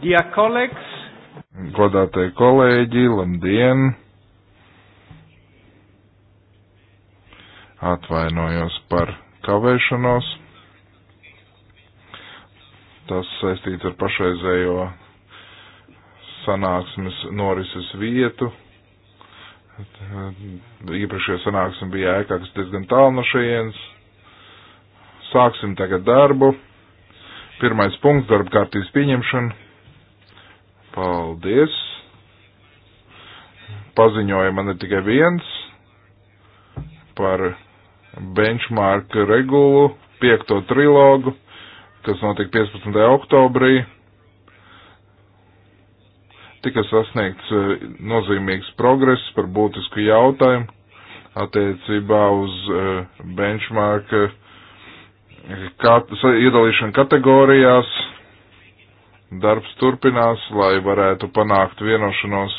Dear colleagues, godātie kolēģi, labdien! Atvainojos par kavēšanos. Tas saistīts ar pašreizējo sanāksmes norises vietu. Iepriekšējā sanāksme bija ēkā, kas diezgan tālu no šejienes. Sāksim tagad darbu. Pirmais punkts - darba kārtības pieņemšana. Paldies. Paziņoja man ir tikai viens par benchmark regulu, piekto trilogu, kas notika 15. oktobrī. Tika sasniegts e, nozīmīgs progress par būtisku jautājumu attiecībā uz e, benchmark e, kat iedalīšanu kategorijās Darbs turpinās, lai varētu panākt vienošanos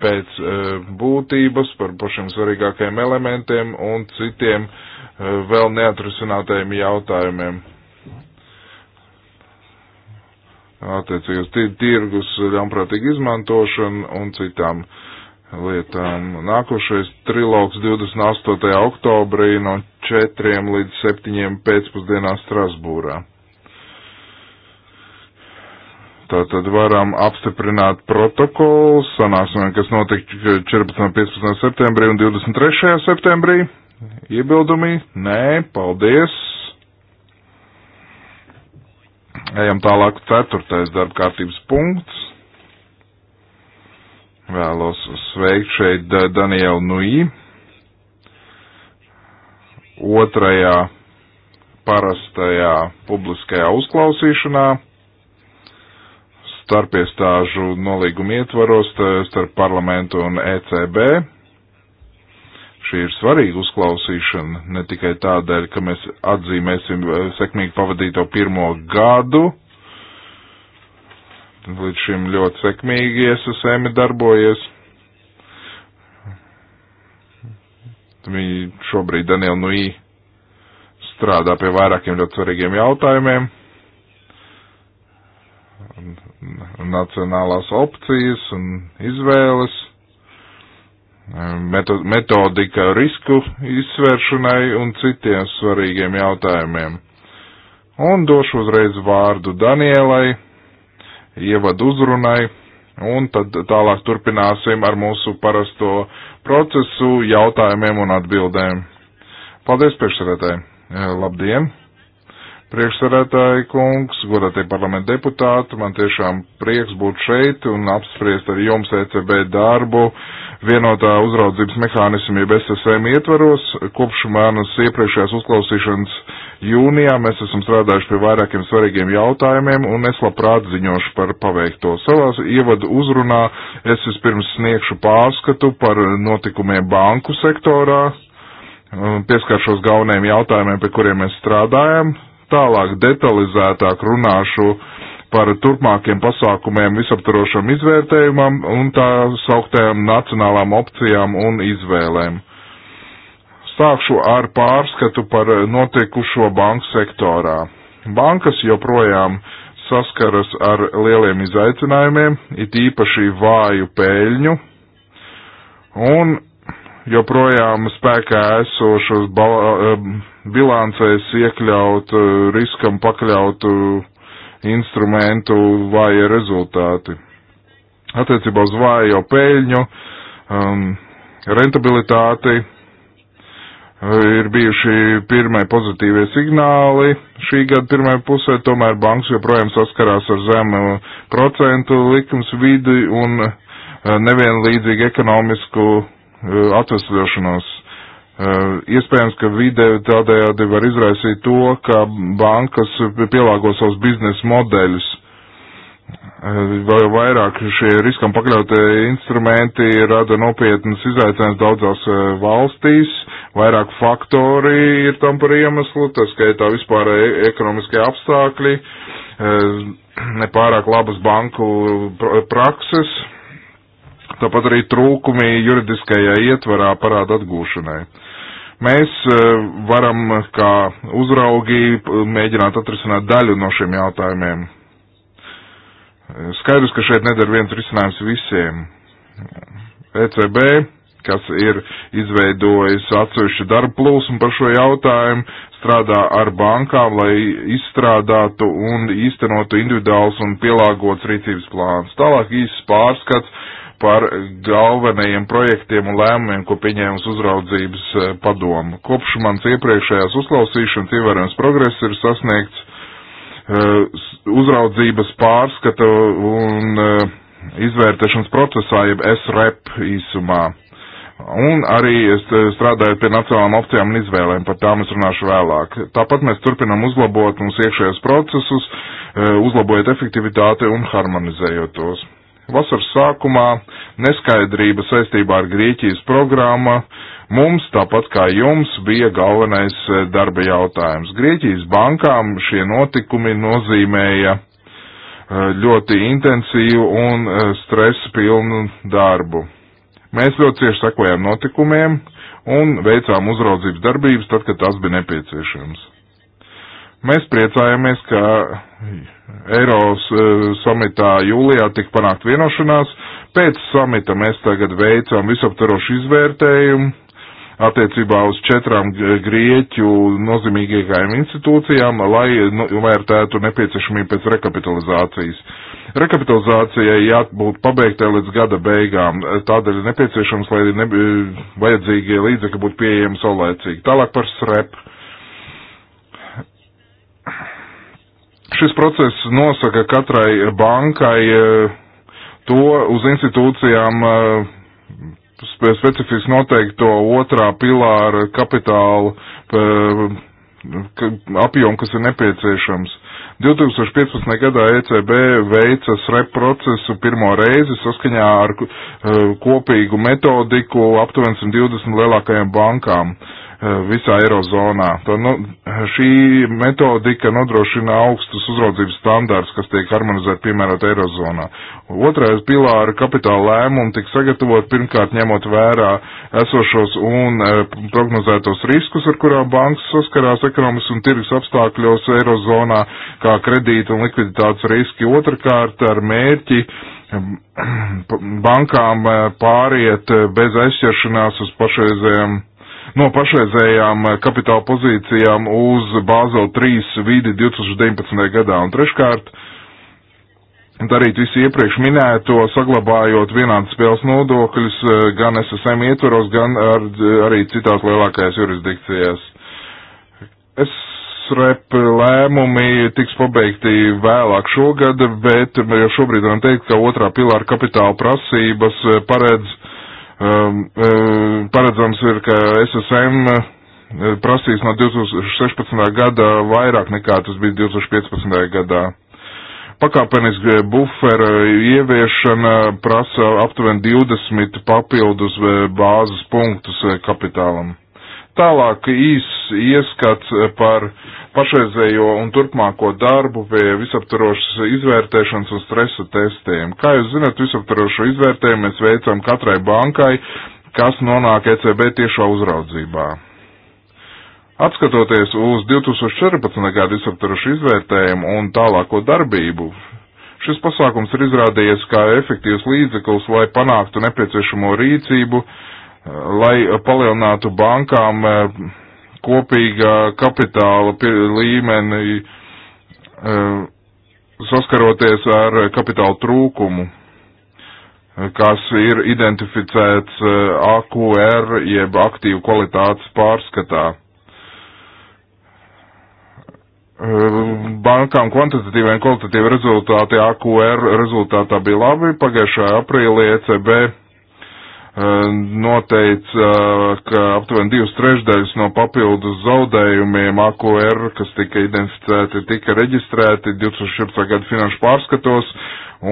pēc e, būtības par pašiem svarīgākajiem elementiem un citiem e, vēl neatrisinātajiem jautājumiem. Attiecīgi uz tirgus ļaunprātīgu izmantošanu un citām lietām. Nākošais trilogs 28. oktobrī no 4 līdz 7 pēcpusdienā Strasbūrā. Tātad varam apstiprināt protokolu sanāksmēm, kas notika 14. un 15. septembrī un 23. septembrī. Iebildumi? Nē, paldies. Ejam tālāk, ceturtais darba kārtības punkts. Vēlos sveikt šeit Danielu Nui. Otrajā parastajā publiskajā uzklausīšanā starpiestāžu nolīgumu ietvaros starp parlamentu un ECB. Šī ir svarīga uzklausīšana ne tikai tādēļ, ka mēs atzīmēsim eh, sekmīgi pavadīto pirmo gadu. Līdz šim ļoti sekmīgi SSM darbojies. Viņi šobrīd Daniela Nui strādā pie vairākiem ļoti svarīgiem jautājumiem nacionālās opcijas un izvēles, um, metodika risku izsvēršanai un citiem svarīgiem jautājumiem. Un došu uzreiz vārdu Danielai, ievadu uzrunai, un tad tālāk turpināsim ar mūsu parasto procesu jautājumiem un atbildēm. Paldies priekšsēdētāji! Labdien! priekšsarētāji kungs, godātie parlamenta deputāti, man tiešām prieks būt šeit un apspriest ar jums ECB darbu vienotā uzraudzības mehānismu, jeb SSM ietvaros. Kopš manas iepriekšējās uzklausīšanas jūnijā mēs esam strādājuši pie vairākiem svarīgiem jautājumiem un es labprāt ziņošu par paveikto. Savās ievadu uzrunā es vispirms sniegšu pārskatu par notikumiem banku sektorā. Pieskaršos galvenajiem jautājumiem, pie kuriem mēs strādājam, tālāk detalizētāk runāšu par turpmākiem pasākumiem visaptarošam izvērtējumam un tā sauktējām nacionālām opcijām un izvēlēm. Sākšu ar pārskatu par notiekušo banku sektorā. Bankas joprojām saskaras ar lieliem izaicinājumiem, it īpaši vāju pēļņu un joprojām spēkā esošos eh, bilancēs iekļaut eh, riskam pakļautu eh, instrumentu vāja rezultāti. Attiecībā uz vājo peļņu, um, rentabilitāti ir bijuši pirmie pozitīvie signāli šī gada pirmajā pusē, tomēr banks joprojām saskarās ar zemu procentu likums vidi un nevienlīdzīgu ekonomisku Eh, atvesļošanos. Eh, iespējams, ka vide tādējādi var izraisīt to, ka bankas pielāgo savus biznesa modeļus. Eh, vēl vairāk šie riskam pakļautie instrumenti rada nopietnas izaicinājumus daudzās valstīs. Vairāk faktori ir tam par iemeslu, tas skaitā vispār ekonomiskie apstākļi, nepārāk labas banku prakses, tāpat arī trūkumi juridiskajā ietvarā parāda atgūšanai. Mēs e, varam kā uzraugi mēģināt atrisināt daļu no šiem jautājumiem. Skaidrs, ka šeit nedara viens risinājums visiem. ECB, kas ir izveidojis atsevišķu darba plūsmu par šo jautājumu, strādā ar bankām, lai izstrādātu un īstenotu individuāls un pielāgots rīcības plāns. Tālāk īsts pārskats par galvenajiem projektiem un lēmumiem, ko pieņēmis uzraudzības e, padomu. Kopš mans iepriekšējās uzklausīšanas ievērojams progress ir sasniegts e, uzraudzības pārskata un e, izvērtēšanas procesā, jeb SREP īsumā. Un arī strādājot pie nacionālām opcijām un izvēlēm, par tām es runāšu vēlāk. Tāpat mēs turpinam uzlabot mūsu iekšējos procesus, uzlabojot efektivitāti un harmonizējot tos. Vasaras sākumā neskaidrība saistībā ar Grieķijas programmu mums, tāpat kā jums, bija galvenais eh, darba jautājums. Grieķijas bankām šie notikumi nozīmēja eh, ļoti intensīvu un eh, stresa pilnu darbu. Mēs ļoti cieši sekojām notikumiem un veicām uzraudzības darbības tad, kad tas bija nepieciešams. Mēs priecājamies, ka Eiros e, samitā jūlijā tika panākt vienošanās. Pēc samita mēs tagad veicam visaptarošu izvērtējumu attiecībā uz četrām Grieķu nozīmīgākajām institūcijām, lai nu, vērtētu nepieciešamību pēc rekapitalizācijas. Rekapitalizācijai jābūt pabeigtai līdz gada beigām, tādēļ nepieciešams, lai ne, vajadzīgie līdzekļi būtu pieejami saulēcīgi. Tālāk par SREP. Šis process nosaka katrai bankai e, to uz institūcijām e, specifiski noteikto otrā pilāra kapitāla e, apjomu, kas ir nepieciešams. 2015. gadā ECB veica SREP procesu pirmo reizi saskaņā ar kopīgu metodiku aptuveni 120 lielākajām bankām. Uh, Eh, visā Eirozonā. Tā, nu, šī metodika nodrošina augstus uzraudzības standārts, kas tiek harmonizēti piemērot Eirozonā. Otrais pilāra kapitāla lēmumi tika sagatavot pirmkārt ņemot vērā esošos un e, prognozētos riskus, ar kurām bankas saskarās ekonomikas un tirgus apstākļos Eirozonā, kā kredīta un likviditātes riski. Otrakārt ar mērķi ehm, bankām eh, pāriet bez aizķeršanās uz pašreizējiem no pašreizējām eh, kapitāla pozīcijām uz Bāzeli 3 vidi 2019. gadā. Un treškārt, darīt visu iepriekš minēto, saglabājot vienādas spēles nodokļus eh, gan SSM ietvaros, gan ar, arī citās lielākajās jurisdikcijās. Es SREP lēmumi tiks pabeigti vēlāk šogad, bet jau šobrīd varam teikt, ka otrā pilāra kapitāla prasības eh, paredz uh, Um, um, paredzams ir, ka SSM uh, prasīs no 2016. gada vairāk nekā tas bija 2015. gadā. Pakāpeniski bufera uh, ieviešana prasa aptuveni 20 papildus uh, bāzes punktus kapitālam. Tālāk īs ieskats par pašreizējo un turpmāko darbu pie visaptarošas izvērtēšanas un stresa testiem. Kā jūs zināt, visaptarošo izvērtējumu mēs veicam katrai bankai, kas nonāk ECB tiešā uzraudzībā. Atskatoties uz 2014. gada visaptarošu izvērtējumu un tālāko darbību, šis pasākums ir izrādījies kā efektīvs līdzeklis, lai panāktu nepieciešamo rīcību, lai palielinātu bankām eh, kopīgā kapitāla līmeni e, saskaroties ar kapitāla trūkumu, e, kas ir identificēts e, AQR jeb aktīvu kvalitātes pārskatā. Bankām kvantitatīvai un kvalitatīvai rezultāti AQR rezultātā bija labi. Pagājušā aprīlī ECB Eh, noteica, eh, ka aptuveni divas trešdaļas no papildus zaudējumiem AKR, kas tika identificēti, tika reģistrēti 2017. gada finanšu pārskatos,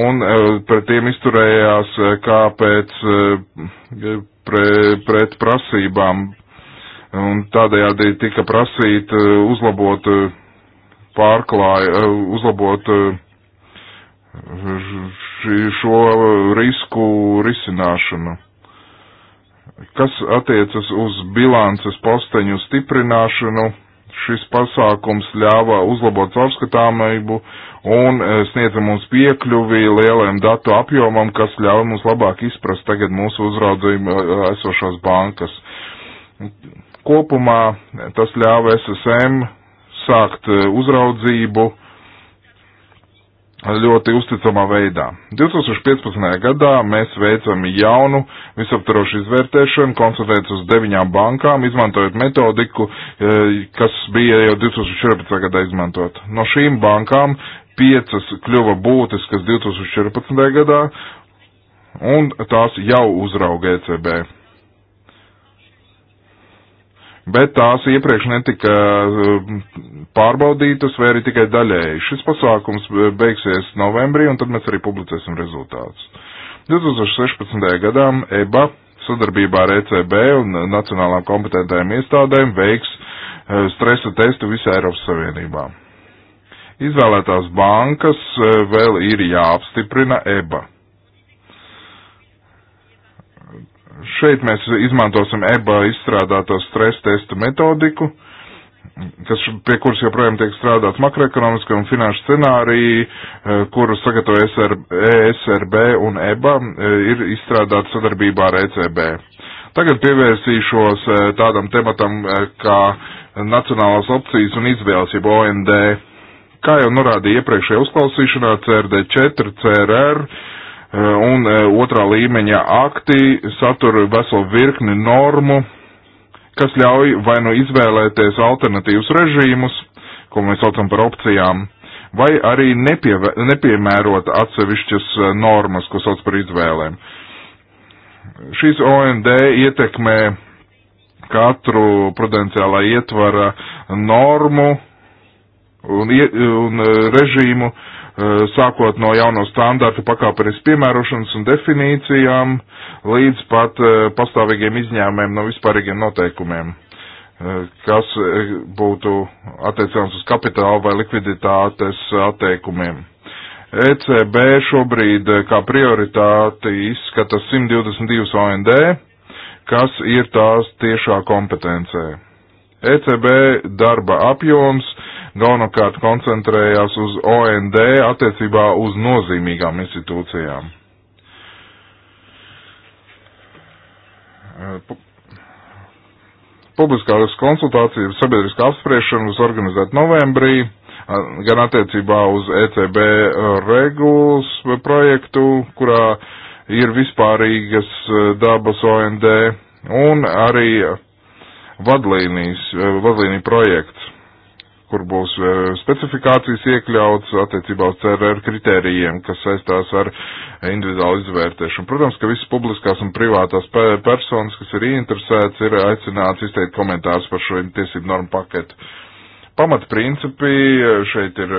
un eh, pret tiem izturējās kā pēc pre, pret prasībām, un tādējādi tika prasīt uzlabot pārklāju, uzlabot šo risku risināšanu. Kas attiecas uz bilances posteņu stiprināšanu, šis pasākums ļāva uzlabot caurskatāmību un eh, sniedza mums piekļuvi lielajam datu apjomam, kas ļauj mums labāk izprast tagad mūsu uzraudzību eh, esošās bankas. Kopumā tas ļāva SSM sākt eh, uzraudzību ļoti uzticamā veidā. 2015. gadā mēs veicam jaunu visaptarošu izvērtēšanu, koncentrēts uz deviņām bankām, izmantojot metodiku, eh, kas bija jau 2014. gadā izmantot. No šīm bankām piecas kļuva būtiskas 2014. gadā, un tās jau uzrauga ECB bet tās iepriekš netika eh, pārbaudītas vai arī tikai daļēji. Šis pasākums eh, beigsies novembrī, un tad mēs arī publicēsim rezultātus. 2016. gadā EBA sadarbībā ar ECB un nacionālām kompetentajām iestādēm veiks eh, stresa testu visā Eiropas Savienībā. Izvēlētās bankas vēl ir jāapstiprina EBA. Šeit mēs izmantosim EBA izstrādāto stresa testu metodiku, kas, pie kuras joprojām tiek strādāts makroekonomiski un finanšu scenāriji, eh, kurus sagatavo ESRB e un EBA, eh, ir izstrādāts sadarbībā ar ECB. Tagad pievērsīšos eh, tādam tematam kā nacionālās opcijas un izvēles, jeb OMD. Kā jau norādīja iepriekšējā uzklausīšanā, CRD4, CRR Eh, un eh, otrā līmeņa akti satura veselu virkni normu, kas ļauj vai nu izvēlēties alternatīvus režīmus, ko mēs saucam par opcijām, vai arī nepievē, nepiemērot atsevišķas eh, normas, ko sauc par izvēlēm. Šīs OMD ietekmē katru prudenciālā ietvara normu un, un režīmu, uh, Eh, sākot no jauno standartu pakāpenes piemērošanas un definīcijām līdz pat eh, pastāvīgiem izņēmumiem no vispārīgiem noteikumiem eh, kas būtu attiecams uz kapitāla vai likviditātes atteikumiem. ECB šobrīd kā prioritāti izskata 122 OND, kas ir tās tiešā kompetencē. ECB darba apjoms galvenokārt koncentrējās uz OND attiecībā uz nozīmīgām institūcijām. Eh, Publiskās konsultācijas sabiedriskā apspriešana būs organizēta novembrī, eh, gan attiecībā uz ECB eh, regulas projektu, kurā ir vispārīgas dabas OND, un arī vadlīnijas, vadlīnija projekts kur būs e, specifikācijas iekļauts attiecībā uz CRR kritērijiem, kas saistās ar e, individuālu izvērtēšanu. Protams, ka visas publiskās un privātās personas, kas ir ieinteresēts, ir aicināts izteikt komentārus par šo tiesību normu paketu. Pamatprincipi e, šeit ir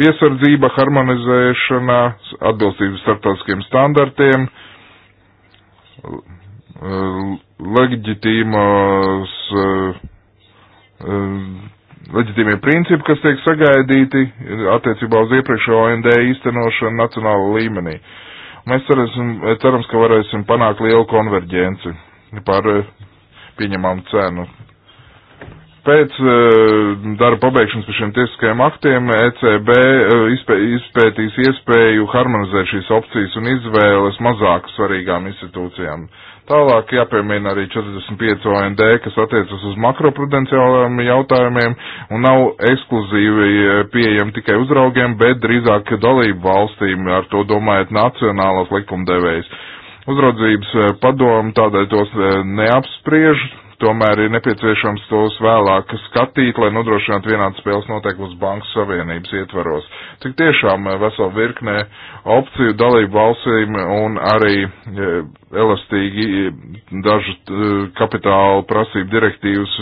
piesardzība, harmonizēšana, atbilstība starptautiskiem standartiem, leģitīmas uh, Ehm, leģitīmie principi, kas tiek sagaidīti attiecībā uz iepriekšējo OMD īstenošanu nacionāla līmenī. Mēs cerēsim, cerams, ka varēsim panākt lielu konverģenci par eh, pieņemamu cenu. Pēc eh, darba pabeigšanas par šiem tiesiskajiem aktiem ECB eh, izpē, izpētīs iespēju harmonizēt šīs opcijas un izvēles mazāk svarīgām institūcijām. Tālāk jāpiemina arī 45 OND, kas attiecas uz makroprudenciālajiem jautājumiem un nav ekskluzīvi eh, pieejami tikai uzraugiem, bet drīzāk dalību valstīm, ar to domājot nacionālās likumdevējas. Uzraudzības eh, padomu tādēļ tos eh, neapspriež, Tomēr ir nepieciešams tos vēlāk skatīt, lai nodrošinātu vienādas spēles noteikumus Bankas Savienības ietvaros. Cik tiešām eh, vesela virknē opciju dalību valstīm un arī eh, elastīgi eh, dažu kapitāla prasību direktīvas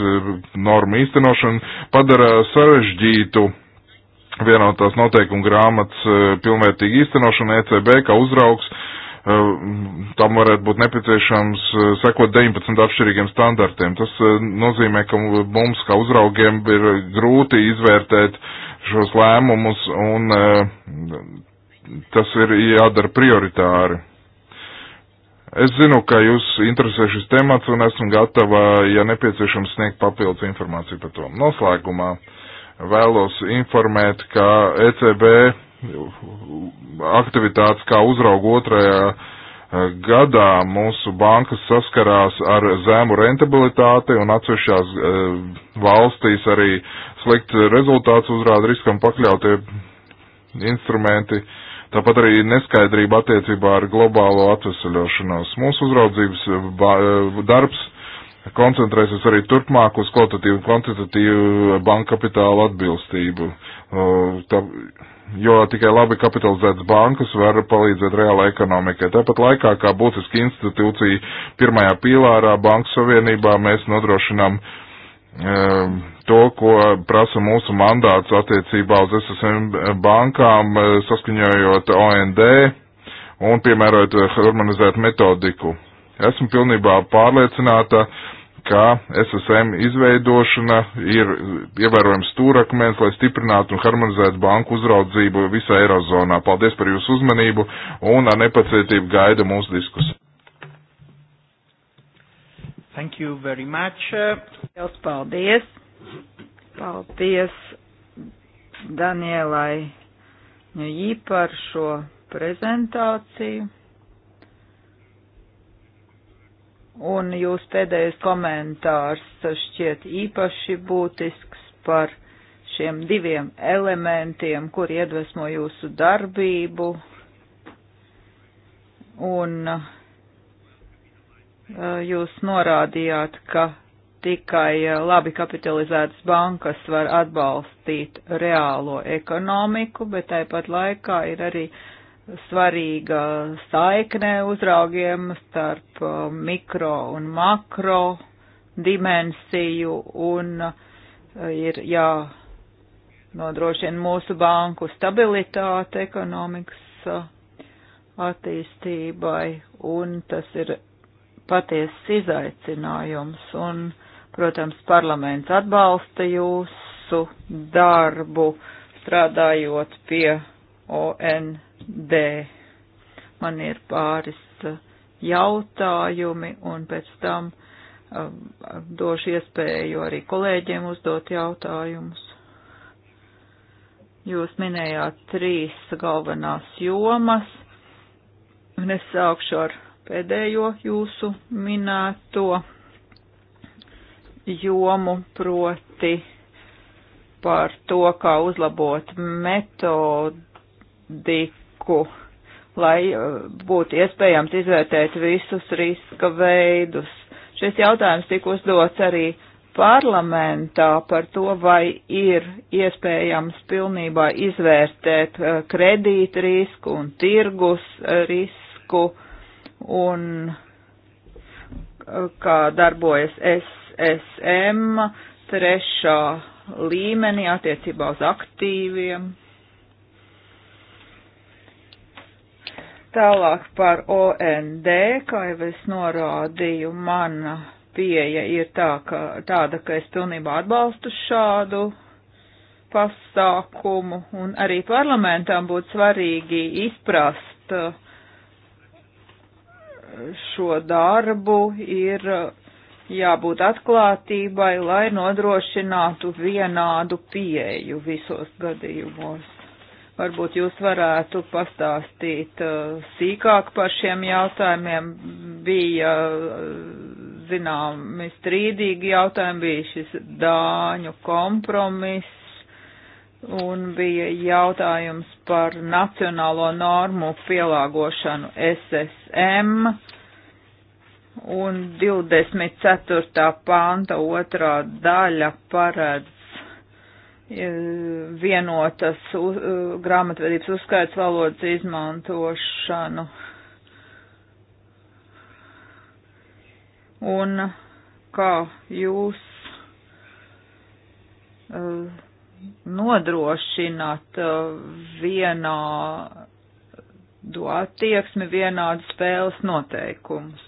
normu īstenošanu padara sarežģītu vienotās noteikumu grāmatas pilnvērtīgu īstenošanu ECB kā uzraugs Eh, tam varētu būt nepieciešams eh, sekot 19 atšķirīgiem standartiem. Tas eh, nozīmē, ka mums, kā uzraugiem, ir grūti izvērtēt šos lēmumus, un tas ir jādara prioritāri. Es zinu, ka jūs interesē šis temats, un esmu gatava, ja nepieciešams, sniegt papildus informāciju par to. Noslēgumā vēlos informēt, ka ECB aktivitātes kā uzraugu otrajā eh, gadā mūsu bankas saskarās ar zēmu rentabilitāti un atsevišķās eh, valstīs arī slikts rezultāts uzrāda riskam pakļautie instrumenti. Tāpat arī neskaidrība attiecībā ar globālo atvesaļošanos. Mūsu uzraudzības eh, darbs koncentrēsies arī turpmāk uz kvalitatīvu un kvantitatīvu banka kapitāla atbilstību. Tā, jo tikai labi kapitalizētas bankas var palīdzēt reāla ekonomikai. Tāpat laikā, kā būtiski institūcija pirmajā pīlārā Banku Savienībā, mēs nodrošinām e, to, ko prasa mūsu mandāts attiecībā uz SSM bankām, e, saskaņojot OND un piemērojot harmonizētu metodiku. Esmu pilnībā pārliecināta, uh, ka SSM izveidošana ir ievērojams stūrakmens, lai stiprinātu un harmonizētu banku uzraudzību visā Eirozonā. Paldies par jūsu uzmanību un ar nepacietību gaida mūsu diskusiju. Thank you very much. Jūs paldies. Paldies Danielai Ņujī par šo prezentāciju. Un jūs pēdējais komentārs šķiet īpaši būtisks par šiem diviem elementiem, kur iedvesmo jūsu darbību. Un jūs norādījāt, ka tikai labi kapitalizētas bankas var atbalstīt reālo ekonomiku, bet tāpat laikā ir arī uh, svarīga saikne uzraugiem starp uh, mikro un makro dimensiju un uh, ir jā nodrošina mūsu banku stabilitāte ekonomikas uh, attīstībai un tas ir patiesas izaicinājums un, protams, parlaments atbalsta jūsu darbu strādājot pie ON D. Man ir pāris uh, jautājumi un pēc tam um, došu iespēju arī kolēģiem uzdot jautājumus. Jūs minējāt trīs galvenās jomas, un es sākšu ar pēdējo jūsu minēto jomu proti par to, kā uzlabot metodiku risku, lai uh, būtu iespējams izvērtēt visus riska veidus. Šis jautājums tika uzdots arī parlamentā par to, vai ir iespējams pilnībā izvērtēt uh, kredīt risku un tirgus uh, risku un kā darbojas SSM trešā līmenī attiecībā uz aktīviem Tālāk par OND, kā jau es norādīju, mana pieeja ir tā, ka, tāda, ka es pilnībā atbalstu šādu pasākumu, un arī parlamentam būtu svarīgi izprast eh, šo darbu, ir jābūt atklātībai, lai nodrošinātu vienādu pieeju visos gadījumos. Varbūt jūs varētu pastāstīt uh, sīkāk par šiem jautājumiem. Bija, uh, zinām, strīdīgi jautājumi, bija šis dāņu kompromiss un bija jautājums par nacionālo normu pielāgošanu SSM un 24. panta otrā daļa paredz E, vienotas e, grāmatvedības uzskaits valodas izmantošanu. Un kā jūs e, nodrošināt vienā do attieksmi vienādu spēles noteikumus?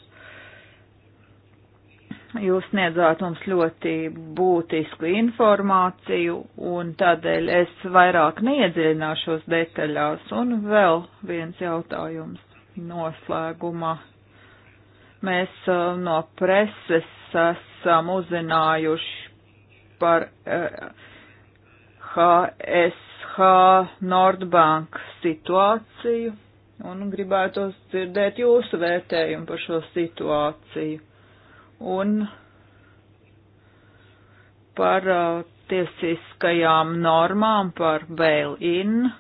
Jūs sniedzāt mums ļoti būtisku informāciju, un tādēļ es vairāk neiedziļināšos detaļās. Un vēl viens jautājums noslēgumā. Mēs uh, no preses esam uzzinājuši par uh, HSH Nordbank situāciju, un gribētos dzirdēt jūsu vērtējumu par šo situāciju un par uh, tiesiskajām normām, par bail-in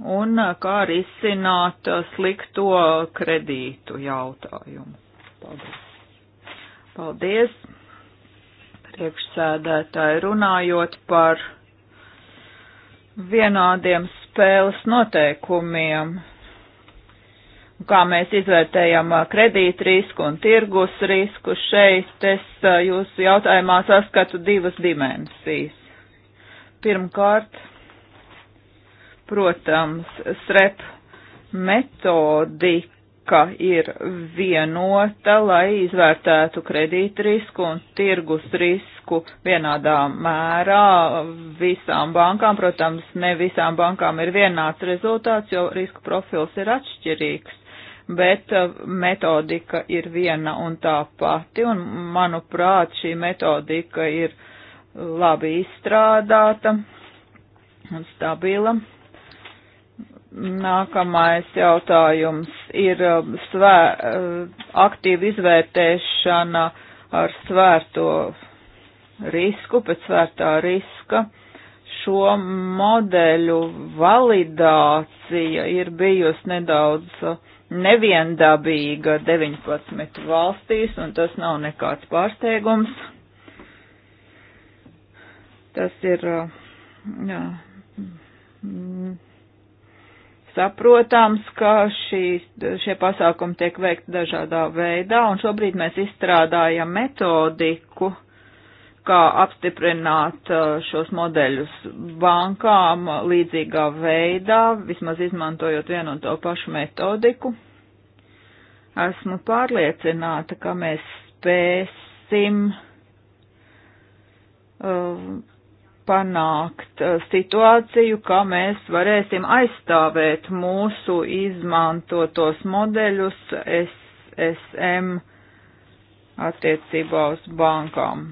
un uh, kā risināt uh, slikto kredītu jautājumu. Paldies! Paldies! Priekšsēdētāji runājot par vienādiem spēles noteikumiem kā mēs izvērtējam uh, kredītrisku un tirgus risku. Šeit es uh, jūsu jautājumā saskatu divas dimensijas. Pirmkārt, protams, SREP metodika ir vienota, lai izvērtētu kredītrisku un tirgus risku vienādā mērā visām bankām. Protams, ne visām bankām ir vienāds rezultāts, jo riska profils ir atšķirīgs bet uh, metodika ir viena un tā pati, un manuprāt, šī metodika ir labi izstrādāta un stabila. Nākamais jautājums ir uh, svē, uh, aktīva izvērtēšana ar svērto risku, pēc svērtā riska. Šo modeļu validācija ir bijusi nedaudz uh, neviendabīga 19 valstīs, un tas nav nekāds pārsteigums. Tas ir uh, jā, mm, saprotams, ka šī, šie pasākumi tiek veikti dažādā veidā, un šobrīd mēs izstrādājam metodiku, uh, kā apstiprināt uh, šos modeļus bankām līdzīgā veidā, vismaz izmantojot vienu un to pašu metodiku. Esmu pārliecināta, ka mēs spēsim um, panākt uh, situāciju, ka mēs varēsim aizstāvēt mūsu izmantotos modeļus SSM attiecībā uz bankām.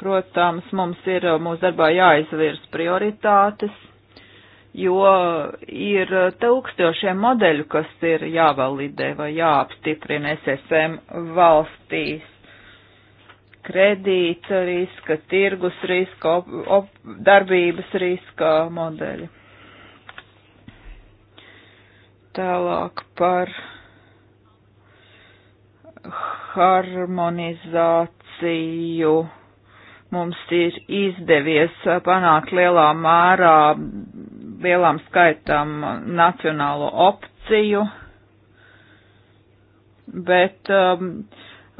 Protams, mums ir uh, mūsu darbā jāizvirs prioritātes, jo ir uh, tūkstošie modeļu, kas ir jāvalidē vai jāapstiprina SSM valstīs kredīta riska, tirgus riska, op, op, darbības riska modeļi. Tālāk par harmonizāciju mums ir izdevies uh, panākt lielā mērā lielam skaitam nacionālo opciju, bet um,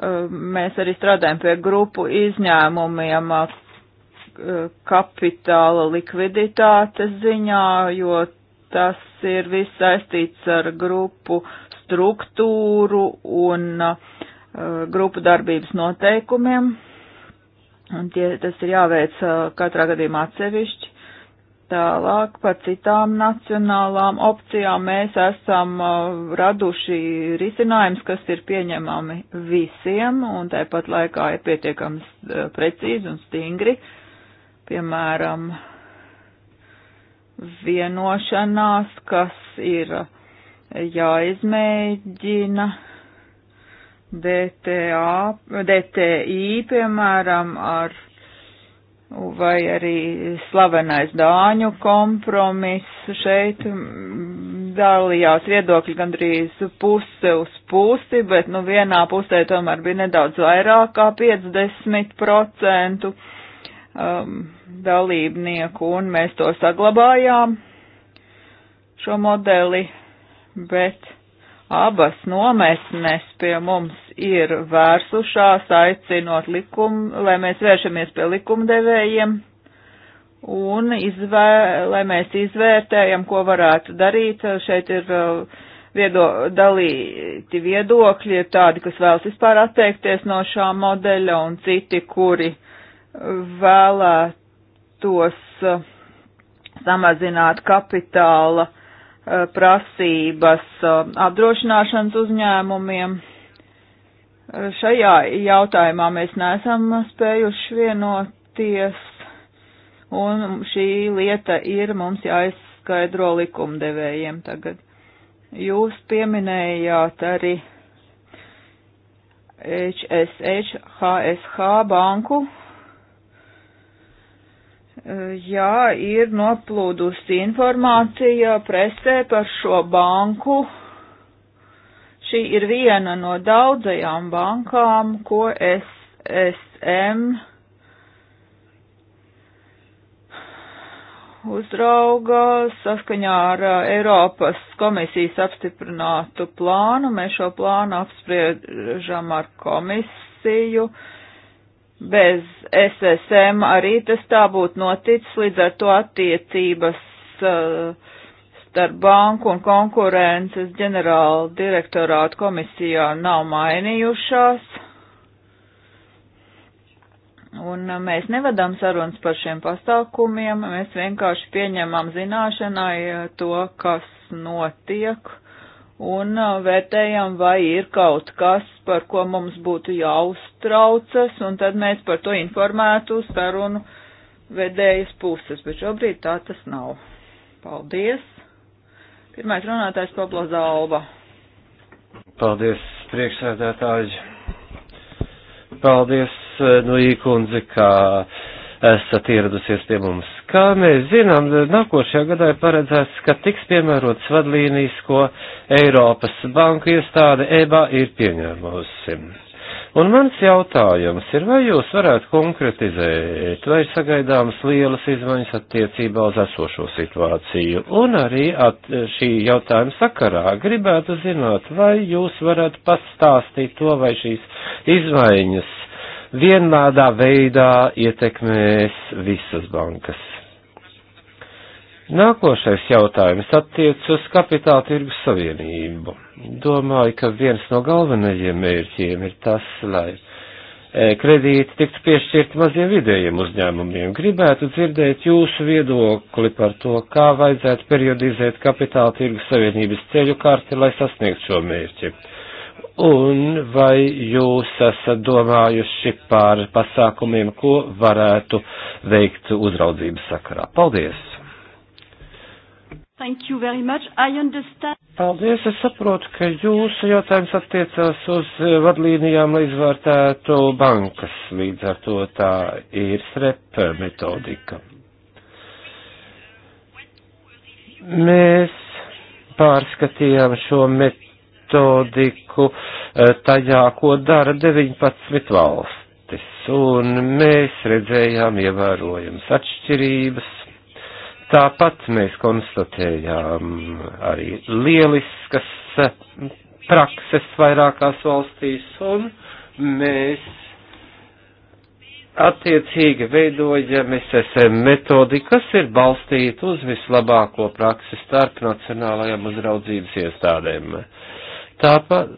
uh, mēs arī strādājam pie grupu izņēmumiem uh, kapitāla likviditātes ziņā, jo tas ir viss saistīts ar grupu struktūru un uh, grupu darbības noteikumiem. Un tie, tas ir jāveic uh, katrā gadījumā atsevišķi. Tālāk par citām nacionālām opcijām mēs esam uh, raduši risinājums, kas ir pieņemami visiem un tāpat laikā ir pietiekams uh, precīzi un stingri. Piemēram, vienošanās, kas ir jāizmēģina DTA, DTI, piemēram, ar vai arī slavenais Dāņu kompromiss šeit mm, dalījās viedokļi gandrīz puse uz pusi, bet nu vienā pusē tomēr bija nedaudz vairāk kā 50% um, dalībnieku un mēs to saglabājām šo modeli, bet abas nometnes pie mums ir vērsušās, aicinot likumu, lai mēs vēršamies pie likumdevējiem un izvē, lai mēs izvērtējam, ko varētu darīt. Šeit ir uh, viedo, dalīti viedokļi, ir tādi, kas vēlas vispār atteikties no šā modeļa un citi, kuri vēlētos uh, samazināt kapitāla Uh, prasības uh, apdrošināšanas uzņēmumiem. Uh, šajā jautājumā mēs neesam spējuši vienoties, un šī lieta ir mums jāizskaidro likumdevējiem tagad. Jūs pieminējāt arī HSH, HSH banku jā, ir noplūdusi informācija presē par šo banku. Šī ir viena no daudzajām bankām, ko SSM uzrauga saskaņā ar uh, Eiropas komisijas apstiprinātu plānu. Mēs šo plānu apspriežam ar komisiju. Uh, bez SSM arī tas tā būtu noticis, līdz ar to attiecības uh, starp banku un konkurences ģenerāla direktorātu komisijā nav mainījušās. Un uh, mēs nevedam sarunas par šiem pasākumiem, mēs vienkārši pieņemam zināšanai uh, to, kas notiek un vērtējam, vai ir kaut kas, par ko mums būtu jāuztraucas, un tad mēs par to informētu sarunu vedējas puses, bet šobrīd tā tas nav. Paldies! Pirmais runātājs Pablo Zalba. Paldies, priekšsēdētāji! Paldies, nu īkundzi, kā. Ka esat ieradusies pie mums. Kā mēs zinām, nākošajā gadā ir paredzēts, ka tiks piemērots vadlīnijas, ko Eiropas banku iestāde EBA ir pieņēmusi. Un mans jautājums ir, vai jūs varētu konkretizēt, vai ir sagaidāmas lielas izmaiņas attiecībā uz esošo situāciju? Un arī at, šī jautājuma sakarā gribētu zināt, vai jūs varētu pastāstīt to, vai šīs izmaiņas vienādā veidā ietekmēs visas bankas. Nākošais jautājums attiec uz kapitāla tirgus savienību. Domāju, ka viens no galvenajiem mērķiem ir tas, lai e, kredīti tiktu piešķirti maziem vidējiem uzņēmumiem. Gribētu dzirdēt jūsu viedokli par to, kā vajadzētu periodizēt kapitāla tirgus savienības ceļu karti, lai sasniegtu šo mērķi. Un vai jūs esat domājuši par pasākumiem, ko varētu veikt uzraudzības sakarā? Paldies! Thank you very much. I understand. Paldies, es saprotu, ka jūsu jautājums attiecās uz vadlīnijām, lai izvērtētu bankas, līdz ar to tā ir SREP metodika. Mēs pārskatījām šo metodiku metodiku eh, tajā, ko dara 19 valstis. Un mēs redzējām ievērojams atšķirības. Tāpat mēs konstatējām arī lieliskas eh, prakses vairākās valstīs, un mēs attiecīgi veidojam SSM metodi, kas ir balstīta uz vislabāko praksi starp nacionālajām uzraudzības iestādēm. Uh, Tāpat,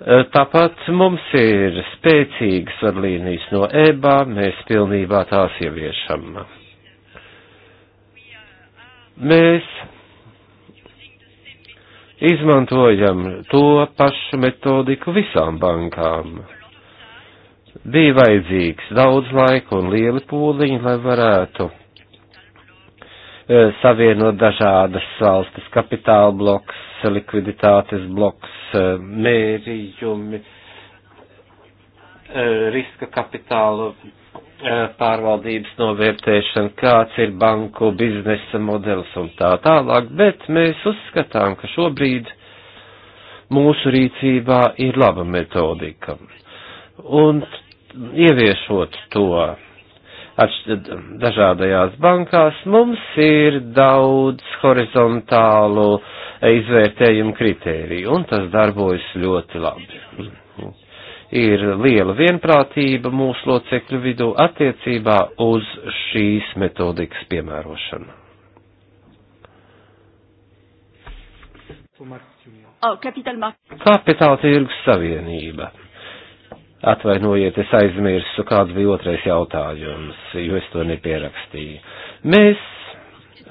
eh, tāpat mums ir spēcīgas vadlīnijas no EBA, mēs pilnībā tās ieviešam. Mēs izmantojam to pašu metodiku visām bankām bija vajadzīgs daudz laika un liela pūliņa, lai varētu eh, savienot dažādas valstis kapitāla bloks, likviditātes bloks, eh, mērījumi, eh, riska kapitāla eh, pārvaldības novērtēšana, kāds ir banku biznesa modelis un tā tālāk, bet mēs uzskatām, ka šobrīd mūsu rīcībā ir laba metodika. Un ieviešot to dažādajās bankās, mums ir daudz horizontālu izvērtējumu kritēriju, un tas darbojas ļoti labi. Ir liela vienprātība mūsu locekļu vidū attiecībā uz šīs metodikas piemērošanu. Kapitāla tirgus savienība Atvainojiet, es aizmirsu, kāds bija otrais jautājums, jo es to nepierakstīju. Mēs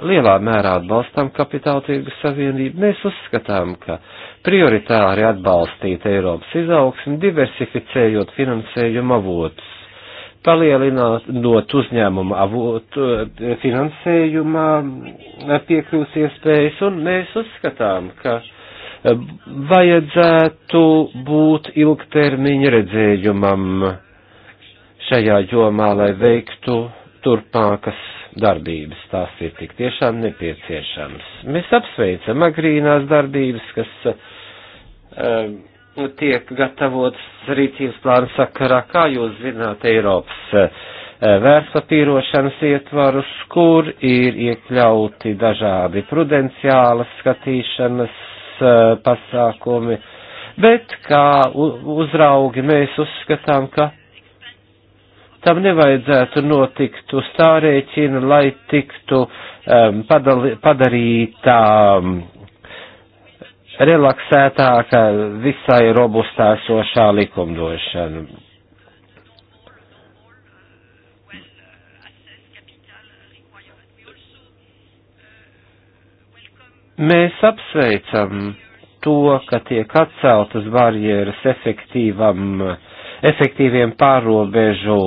lielā mērā atbalstam kapitāla tirgus savienību. Mēs uzskatām, ka prioritāri atbalstīt Eiropas izaugsmi, diversificējot finansējumu avotus, palielinot uzņēmumu avotu finansējumā piekļūs iespējas, un mēs uzskatām, ka vajadzētu būt ilgtermiņa redzējumam šajā jomā, lai veiktu turpmākas darbības. Tās ir tik tiešām nepieciešams. Mēs apsveicam agrīnās darbības, kas um, tiek gatavotas rīcības plāna sakarā, kā jūs zināt, Eiropas uh, vērtspapīrošanas ietvarus, kur ir iekļauti dažādi prudenciālas skatīšanas Eh, pasākumi, bet kā uzraugi mēs uzskatām, ka tam nevajadzētu notikt uz tā rēķina, lai tiktu um, padali, padarītā um, relaksētāka visai robustā sošā likumdošana Mēs apsveicam to, ka tiek atceltas barjeras efektīvam, efektīviem pārobežu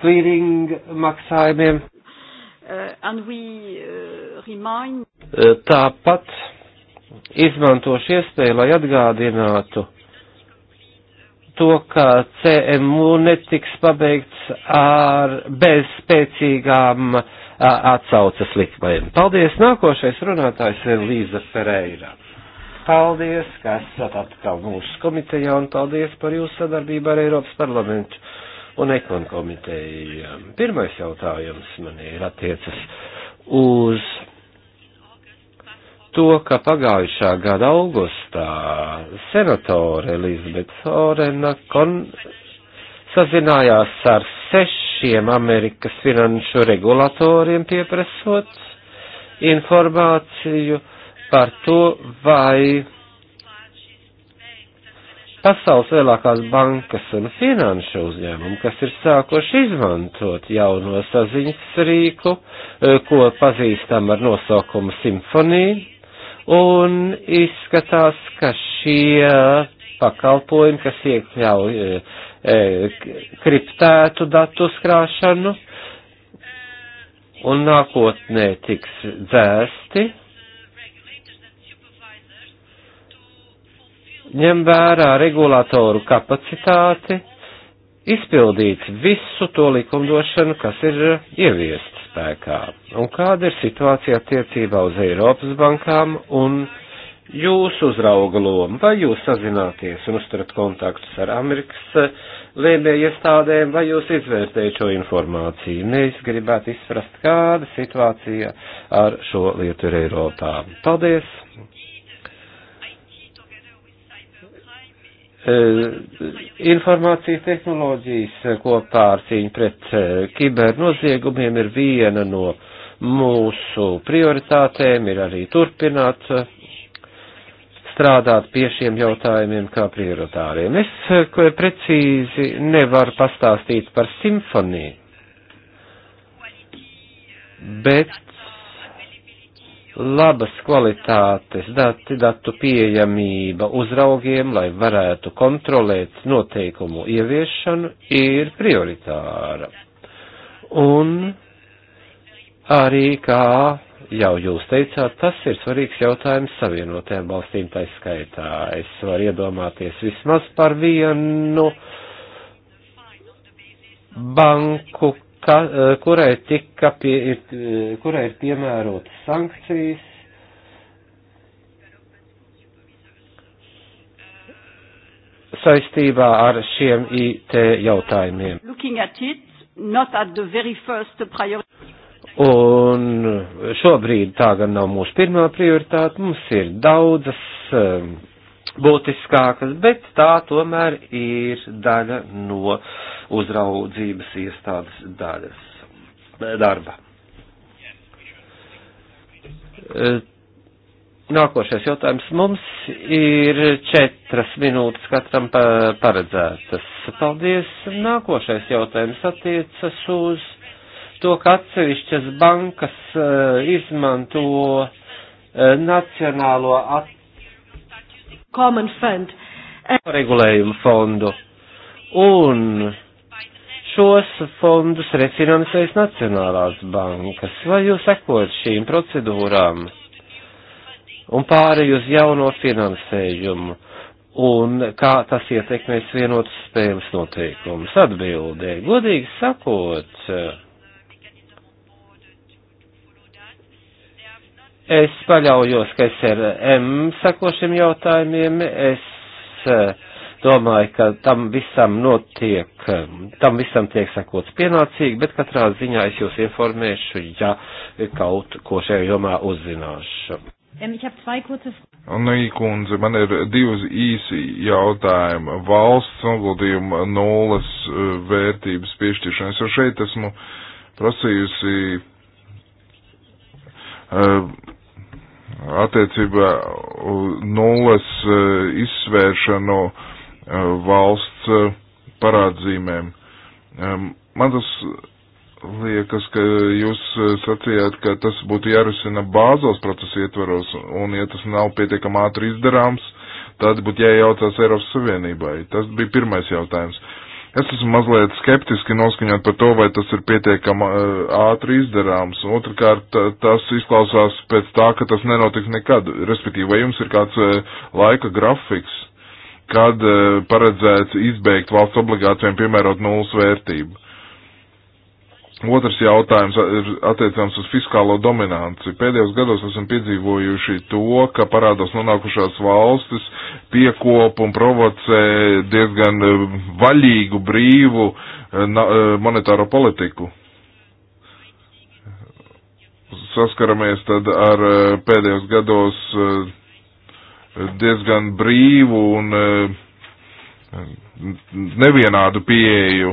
klīringa eh, maksājumiem. Uh, we, uh, remind... Tāpat izmantošu iespēju, lai atgādinātu to, ka CMU netiks pabeigts ar bezspēcīgām uh, atsaucas likmēm. Paldies! Nākošais runātājs ir Līza Ferreira. Paldies, ka esat atkal mūsu komitejā un paldies par jūsu sadarbību ar Eiropas parlamentu un ekon komiteju. Pirmais jautājums man ir attiecas uz to, ka pagājušā gada augustā senatore Elizabeth Sorena kon sazinājās ar sešiem Amerikas finanšu regulatoriem pieprasot informāciju par to, vai pasaules lielākās bankas un finanšu uzņēmumi, kas ir sākuši izmantot jauno saziņas rīku, e, ko pazīstam ar nosaukumu simfonija, un izskatās, ka šie pakalpojumi, kas iekļauj e, e, kriptētu datu skrāšanu un nākotnē tiks dzēsti. Ņem vērā regulātoru kapacitāti izpildīt visu to likumdošanu, kas ir ieviest spēkā. Un kāda ir situācija attiecībā uz Eiropas bankām un jūsu uzrauga loma, vai jūs sazināties un uzturat kontaktus ar Amerikas eh, lēmēju iestādēm, vai jūs izvērtējat šo informāciju. Mēs gribētu izprast, kāda situācija ar šo lietu ir Eiropā. Paldies! Eh, Informācija tehnoloģijas kopā ar cīņu pret eh, kibernoziegumiem ir viena no mūsu prioritātēm, ir arī turpināt strādāt pie šiem jautājumiem kā prioritāriem. Es eh, precīzi nevaru pastāstīt par simfoniju, bet labas kvalitātes dati, datu pieejamība uzraugiem, lai varētu kontrolēt noteikumu ieviešanu, ir prioritāra. Un arī kā jau jūs teicāt, tas ir svarīgs jautājums savienotajām valstīm taiskaitā. Es varu iedomāties vismaz par vienu banku, ka, eh, kurai, tika pie, eh, kurai ir piemērotas sankcijas. saistībā ar šiem IT jautājumiem. Looking at it, not at the very first priority. Un šobrīd tā gan nav mūsu pirmā prioritāte, mums ir daudzas um, būtiskākas, bet tā tomēr ir daļa no uzraudzības iestādes daļas eh, darba. Eh, nākošais jautājums. Mums ir četras minūtes katram paredzētas. Paldies. Nākošais jautājums attiecas uz to, ka atsevišķas bankas uh, izmanto uh, nacionālo at... Eh, regulējumu fondu. Un šos fondus refinansēs Nacionālās bankas. Vai jūs sekojat šīm procedūrām un pārēj uz jauno finansējumu? Un kā tas ietekmēs vienotas spēles noteikumus? Atbildē, godīgi sakot, uh, Es paļaujos, ka SRM sako šiem jautājumiem. Es eh, domāju, ka tam visam notiek, eh, tam visam tiek sakots pienācīgi, bet katrā ziņā es jūs informēšu, ja kaut ko šajā jomā uzzināšu. Ähm, Nī, kundze, man ir divas īsi jautājumi. Valsts noguldījuma nulles eh, vērtības piešķiršana. Es jau šeit esmu prasījusi uh, attiecībā nulles e, izsvēršanu e, valsts e, parādzīmēm. Man tas liekas, ka jūs sacījāt, ka tas būtu jārisina bāzos procesu ietvaros, un ja tas nav pietiekam ātri izdarāms, tad būtu jājaucās Eiropas Savienībai. Tas bija pirmais jautājums. Es esmu mazliet skeptiski noskaņot par to, vai tas ir pietiekami eh, ātri izdarāms. Otrakārt, tas izklausās pēc tā, ka tas nenotiks nekad. Respektīvi, vai jums ir kāds eh, laika grafiks, kad eh, paredzēts izbeigt valsts obligācijām piemērot nulles vērtību? Otrs jautājums ir attiecams uz fiskālo dominanci. Pēdējos gados esam piedzīvojuši to, ka parādos nonākušās valstis piekop un provocē diezgan eh, vaļīgu, brīvu eh, eh, monetāro politiku. Saskaramies tad ar pēdējos gados diezgan brīvu un nevienādu pieeju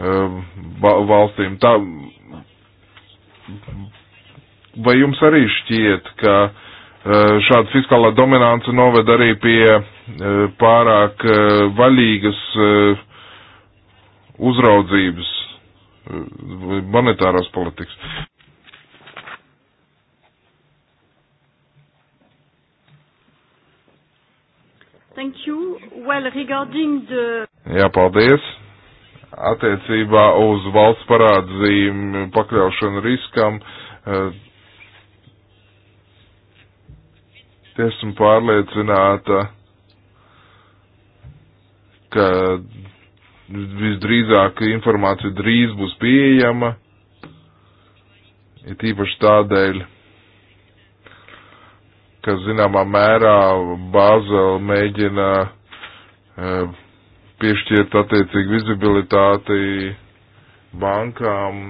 Um, valstīm. Tā, vai jums arī šķiet, ka uh, šāda fiskālā dominance noved arī pie uh, pārāk uh, vaļīgas uzraudzības monetārās politikas? Thank you. Well, regarding the... Jā, paldies attiecībā uz valsts parādzīm pakļaušanu riskam. Eh, esmu pārliecināta, ka visdrīzāk informācija drīz būs pieejama, ir tīpaši tādēļ, ka zināmā mērā Bāzela mēģina uh, piešķirt attiecīgi vizibilitāti bankām,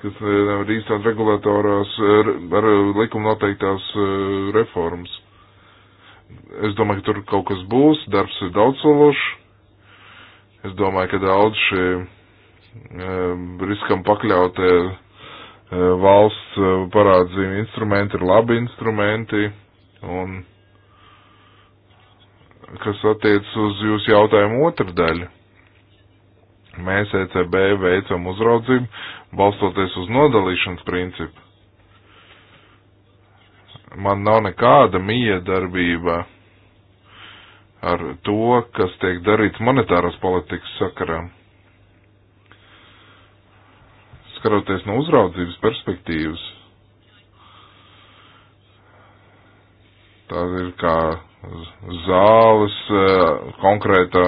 kas nevar īstenot regulatorās ar likuma noteiktās eh, reformas. Es domāju, ka tur kaut kas būs, darbs ir daudzsološs. Es domāju, ka daudz šie eh, riskam pakļautie eh, valsts parādzīmi instrumenti ir labi instrumenti un kas attiec uz jūsu jautājumu otru daļu. Mēs ECB veicam uzraudzību, balstoties uz nodalīšanas principu. Man nav nekāda miedarbība ar to, kas tiek darīts monetāras politikas sakarā. Skaroties no uzraudzības perspektīvas, tā ir kā zāles eh, konkrēta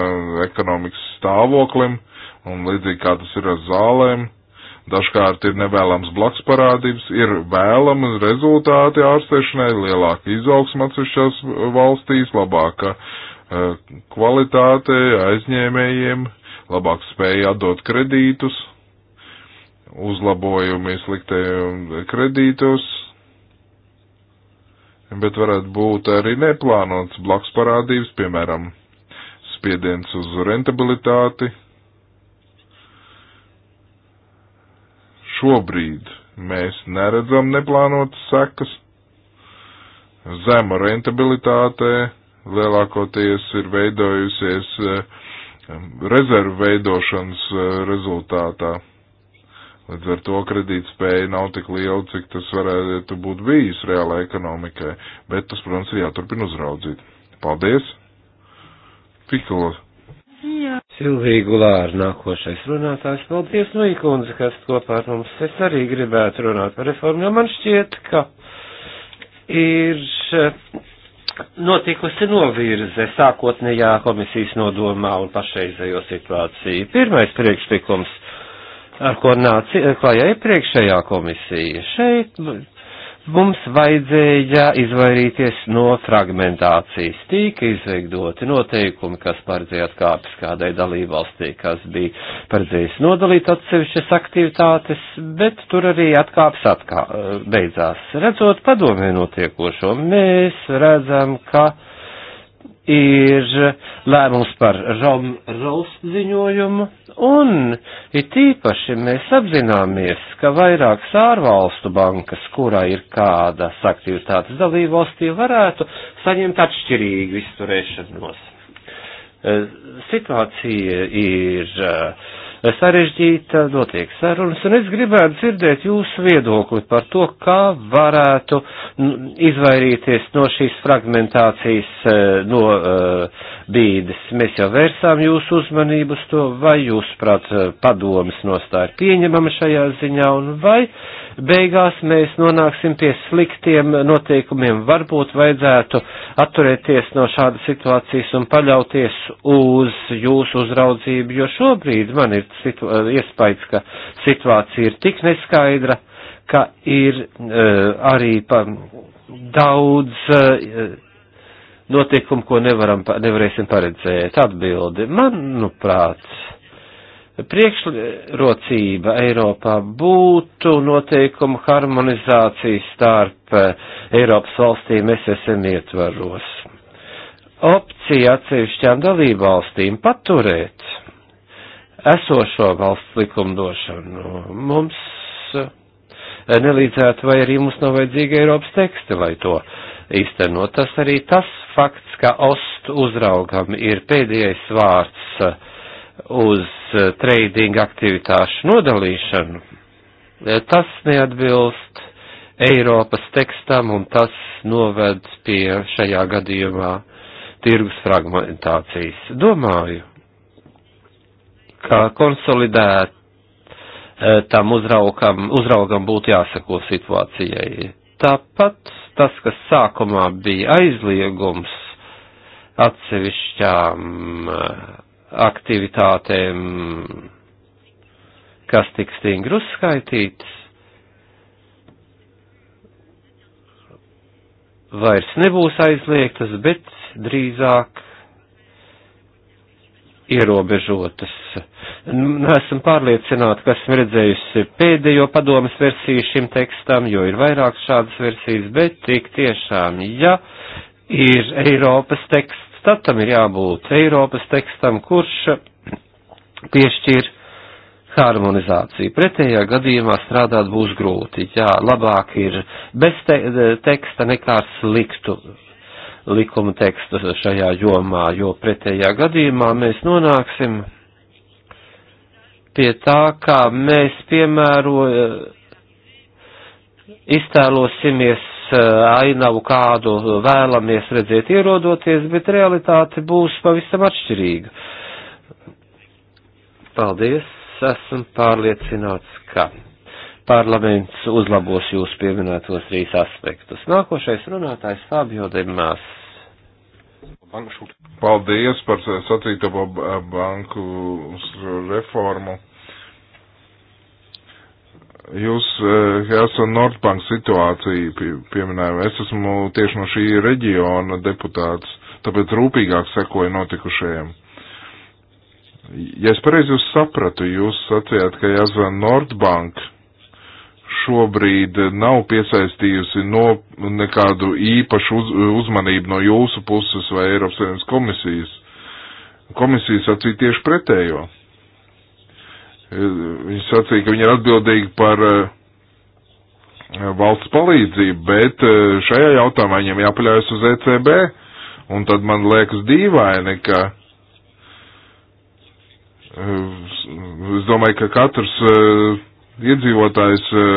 ekonomikas stāvoklim, un līdzīgi kā tas ir ar zālēm, dažkārt ir nevēlams blakus parādības, ir vēlami rezultāti ārstēšanai, lielāka izaugsma atsevišķās valstīs, labāka eh, kvalitāte aizņēmējiem, labāk spēja atdot kredītus, uzlabojumi sliktajiem kredītus, bet varētu būt arī neplānots blakus parādības, piemēram, spiediens uz rentabilitāti. Šobrīd mēs neredzam neplānotas sekas. Zema rentabilitāte lielākoties ir veidojusies eh, rezervu veidošanas eh, rezultātā. Līdz ar to kredītspēja nav tik liela, cik tas varētu būt bijis reālai ekonomikai, bet tas, protams, ir jāturpina uzraudzīt. Paldies! Pikula! Jā. Silvija Gulāra nākošais runātājs. Paldies, no ikundze, kas kopā ar mums. Es arī gribētu runāt par reformu, jo nu, man šķiet, ka ir eh, notikusi novirze sākotnējā komisijas nodomā un pašreizējo situāciju. Pirmais priekšlikums ar ko nāca klājā iepriekšējā komisija. Šeit mums vajadzēja izvairīties no fragmentācijas. Tika izveidoti noteikumi, kas paredzēja atkāpes kādai dalībvalstī, kas bija paredzējis nodalīt atsevišķas aktivitātes, bet tur arī atkāpes atkā, beidzās. Redzot padomē notiekošo, mēs redzam, ka ir lēmums par Rom Rolst ziņojumu, un it īpaši mēs apzināmies, ka vairākas ārvalstu bankas, kurā ir kādas aktivitātes dalībvalstī, varētu saņemt atšķirīgu izturēšanos. Eh, situācija ir uh, sarežģīta, notiek sarunas, un es gribētu dzirdēt jūsu viedokli par to, kā varētu mm, izvairīties no šīs fragmentācijas, eh, no uh, bīdes. Mēs jau vērsām jūsu uzmanību uz to, vai jūs, prāt, eh, padomas nostāja ir pieņemama šajā ziņā, un vai beigās mēs nonāksim pie sliktiem noteikumiem. Varbūt vajadzētu atturēties no šāda situācijas un paļauties uz jūsu uzraudzību, jo šobrīd man ir situ eh, iespējas, ka situācija ir tik neskaidra, ka ir uh, arī pa daudz. Uh, notikumu, ko nevaram, nevarēsim paredzēt. Atbildi, manuprāt, nu, priekšrocība Eiropā būtu noteikumu harmonizācija starp eh, Eiropas valstīm SSM ietvaros. Opcija atsevišķām dalībvalstīm paturēt esošo valsts likumdošanu mums eh, nelīdzētu vai arī mums nav vajadzīgi Eiropas teksti, lai to īstenot. Tas arī tas fakts, ka ost uzraugam ir pēdējais vārds uh, uz uh, trading aktivitāšu nodalīšanu, uh, tas neatbilst Eiropas tekstam un tas noved pie šajā gadījumā tirgus fragmentācijas. Domāju, ka konsolidētam uzraugam, uzraugam būtu jāsako situācijai. Tāpat tas, kas sākumā bija aizliegums atsevišķām eh, aktivitātēm, kas tik stingri uzskaitīts, vairs nebūs aizliegtas, bet drīzāk ierobežotas. Nu, nu, esmu pārliecināta, ka esmu redzējusi pēdējo padomas versiju šim tekstam, jo ir vairāk šādas versijas, bet tik tiešām, ja ir Eiropas teksts, tad tam ir jābūt Eiropas tekstam, kurš piešķir harmonizāciju. Pretējā gadījumā strādāt būs grūti. Jā, labāk ir bez te teksta nekā sliktu likuma tekstu šajā jomā, jo pretējā gadījumā mēs nonāksim pie tā, kā mēs piemēro eh, iztēlosimies eh, ainavu, kādu vēlamies redzēt ierodoties, bet realitāte būs pavisam atšķirīga. Paldies, esmu pārliecināts, ka parlaments uzlabos jūs pieminētos trīs aspektus. Nākošais runātājs Fabio Demās. Paldies par sacīto banku reformu. Jūs esat eh, Nordbank situāciju pie, pieminējumu. Es esmu tieši no šī reģiona deputāts, tāpēc rūpīgāk sekoju notikušajiem. Ja es pareizi jūs sapratu, jūs sacījāt, ka jāzvan Nordbank šobrīd nav piesaistījusi no nekādu īpašu uz, uzmanību no jūsu puses vai Eiropas Savienības komisijas. Komisija sacīja tieši pretējo. Viņa sacīja, ka viņi ir atbildīgi par eh, valsts palīdzību, bet eh, šajā jautājumā viņam jāpaļaujas uz ECB, un tad man liekas dīvaini, ka eh, es domāju, ka katrs uh, iedzīvotājs eh,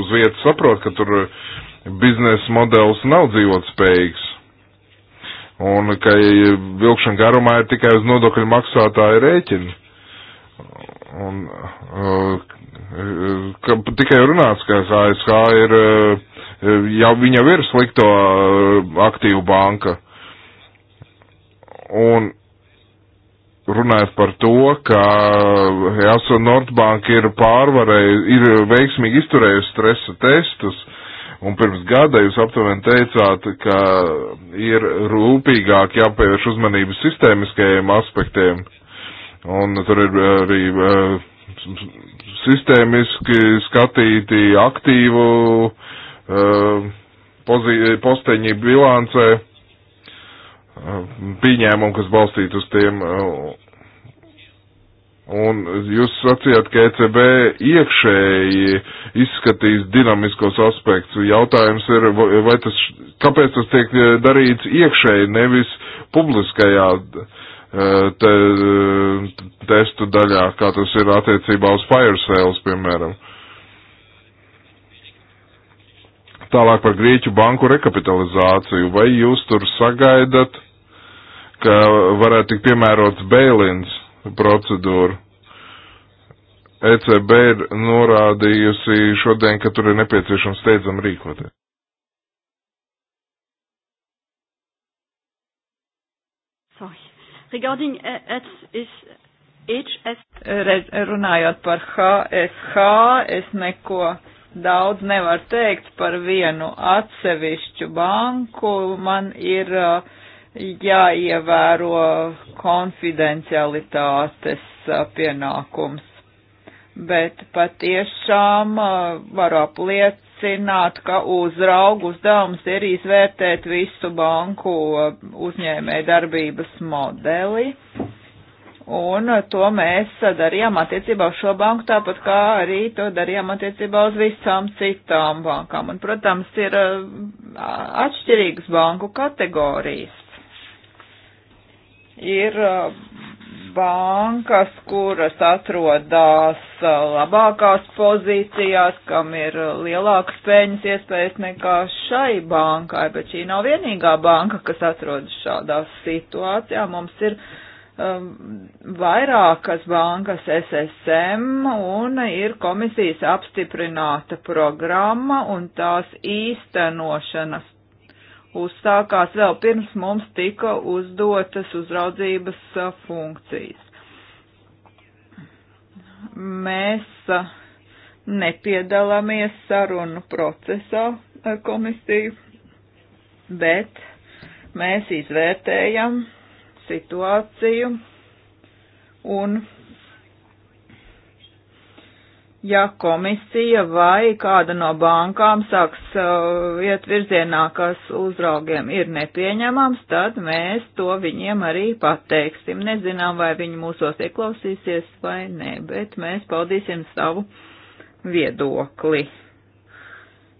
uz vietas saprot, ka tur eh, biznesa modelis nav dzīvotspējīgs. Un ka vilkšana garumā ir tikai uz nodokļu maksātāju rēķinu. Un eh, ka tikai runāts, ka ASH ir, ja viņa ir slikto aktīvu banka. Un runājat par to, ka ASO Nordbank ir pārvarējusi, ir veiksmīgi izturējusi stresa testus, un pirms gada jūs aptuveni teicāt, ka ir rūpīgāk jāpievērš uzmanību sistēmiskajiem aspektiem, un tur ir eh, arī eh, sistēmiski skatīti aktīvu eh, posteņi bilancē pieņēmumu, kas balstītu uz tiem. Uh, un jūs sacījāt, ka ECB iekšēji izskatīs dinamiskos aspektus. Jautājums ir, vai tas, kāpēc tas tiek uh, darīts iekšēji, nevis publiskajā uh, te, testu daļā, kā tas ir attiecībā uz fire sales, piemēram. Uh, Tālāk par Grieķu banku rekapitalizāciju. Vai jūs tur sagaidat, ka varētu tikt piemērots bailins procedūra? ECB ir norādījusi šodien, ka tur ir nepieciešams steidzam rīkoties. Regarding HS... Uh, runājot par HSH, es neko daudz nevar teikt par vienu atsevišķu banku. Man ir uh, jāievēro konfidencialitātes uh, pienākums. Bet patiešām uh, varu apliecināt, ka uzraugu uzdevums ir izvērtēt visu banku uzņēmē darbības modeli Un to mēs darījām attiecībā uz šo banku, tāpat kā arī to darījām attiecībā uz visām citām bankām. Un, protams, ir atšķirīgas banku kategorijas. Ir bankas, kuras atrodas labākās pozīcijās, kam ir lielākas peļņas iespējas nekā šai bankai, bet šī nav vienīgā banka, kas atrodas šādā situācijā. Mums ir uh, Um, vairākas bankas SSM un ir komisijas apstiprināta programma un tās īstenošanas uzsākās vēl pirms mums tika uzdotas uzraudzības uh, funkcijas. Mēs uh, nepiedalāmies sarunu procesā ar uh, komisiju, bet mēs izvērtējam situāciju un ja komisija vai kāda no bankām sāks uh, iet virzienā, kas uzraugiem ir nepieņemams, tad mēs to viņiem arī pateiksim. Nezinām, vai viņi mūsos ieklausīsies vai nē, bet mēs paudīsim savu viedokli.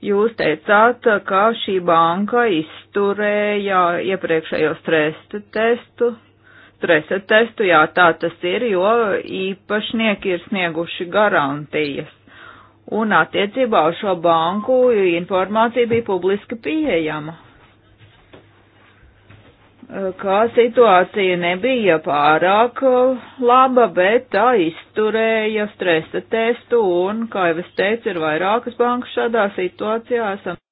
Jūs teicāt, ka šī banka izturēja iepriekšējo stresa testu. Stresa testu, jā, tā tas ir, jo īpašnieki ir snieguši garantijas. Un attiecībā uz šo banku informācija bija publiski pieejama. Eh, kā situācija nebija pārāk eh, laba, bet tā izturēja stresa testu un, kā jau es teicu, ir vairākas bankas šādā situācijā esam.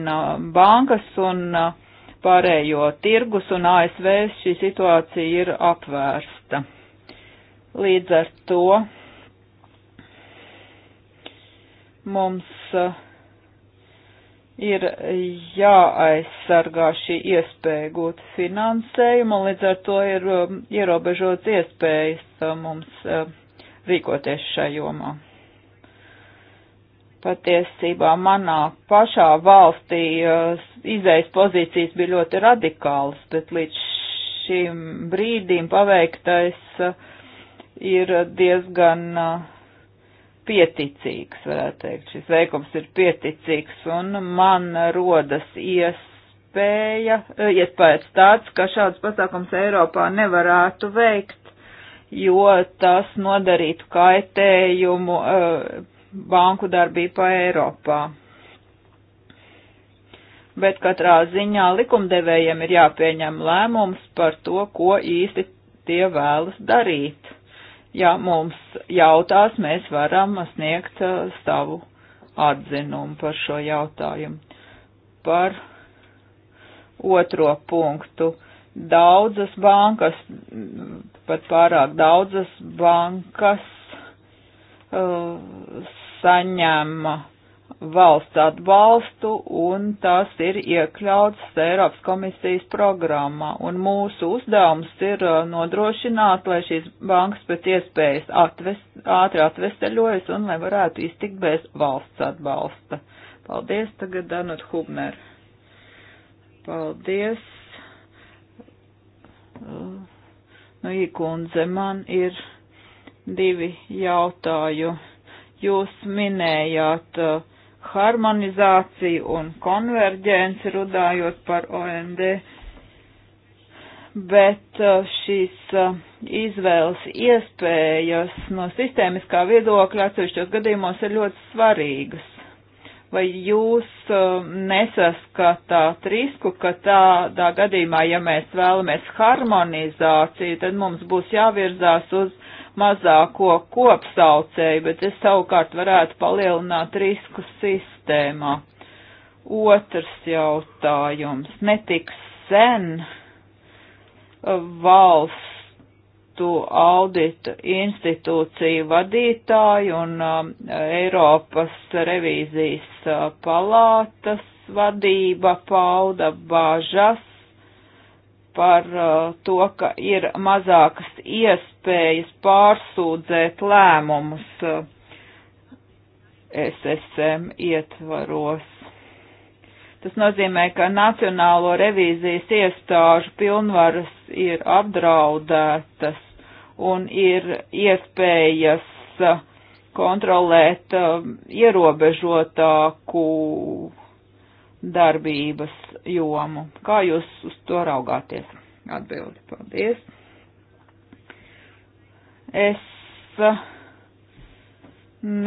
Uh, bankas un uh, pārējo tirgus, un ASV šī situācija ir apvērsta. Līdz ar to mums uh, ir jāaizsargā šī iespēja gūt finansējumu, un līdz ar to ir um, ierobežots iespējas mums rīkoties šajomā. Patiesībā manā pašā valstī eh, izējas pozīcijas bija ļoti radikālas, bet līdz šim brīdim paveiktais eh, ir diezgan eh, pieticīgs, varētu teikt. Šis veikums ir pieticīgs un man rodas ies iespēja, iespējas tāds, ka šāds pasākums Eiropā nevarētu veikt, jo tas nodarītu kaitējumu uh, banku darbību Eiropā. Bet katrā ziņā likumdevējiem ir jāpieņem lēmums par to, ko īsti tie vēlas darīt. Ja mums jautās, mēs varam sniegt uh, savu atzinumu par šo jautājumu. Par otro punktu. Daudzas bankas, pat pārāk daudzas bankas uh, saņem valsts atbalstu un tas ir iekļauts Eiropas komisijas programmā. Un mūsu uzdevums ir uh, nodrošināt, lai šīs bankas pēc iespējas atvest, ātri atvesteļojas un lai varētu iztikt bez valsts atbalsta. Paldies tagad Danut Hubner. Paldies. Uh, nu, īkundze, man ir divi jautājumi Jūs minējāt uh, harmonizāciju un konverģenci runājot par OMD, bet uh, šīs uh, izvēles iespējas no sistēmiskā viedokļa atsevišķos gadījumos ir ļoti svarīgas vai jūs nesaskatāt risku, ka tādā gadījumā, ja mēs vēlamies harmonizāciju, tad mums būs jāvirzās uz mazāko kopsaucēju, bet es savukārt varētu palielināt risku sistēmā. Otrs jautājums. Netiks sen valstu audita institūciju vadītāji un um, Eiropas revīzijas uh, palātas vadība pauda bažas par uh, to, ka ir mazākas iespējas pārsūdzēt lēmumus uh, SSM ietvaros. Tas nozīmē, ka Nacionālo revīzijas iestāžu pilnvaras ir apdraudētas un ir iespējas uh, kontrolēt ierobežotāku darbības jomu. Kā jūs uz to raugāties? Atbildi, paldies. Es eh,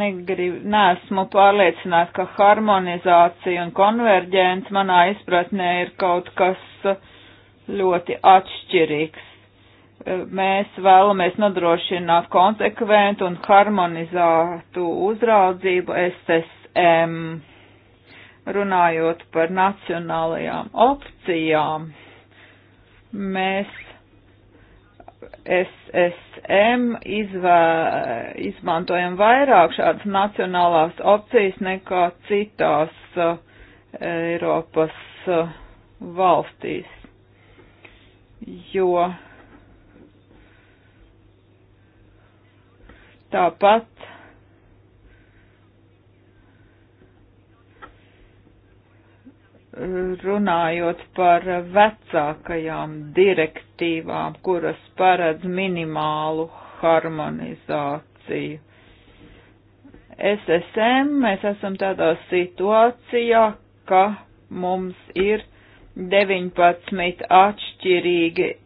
negrib, neesmu pārliecināts, ka harmonizācija un konverģents manā izpratnē ir kaut kas eh, ļoti atšķirīgs. Eh, mēs vēlamies nodrošināt konsekventu un harmonizētu uzraudzību SSM runājot par nacionālajām opcijām, mēs SSM izvē, izmantojam vairāk šādas nacionālās opcijas nekā citās uh, Eiropas uh, valstīs, jo tāpat runājot par vecākajām direktīvām, kuras paredz minimālu harmonizāciju. SSM mēs esam tādā situācijā, ka mums ir 19 atšķirīgi e,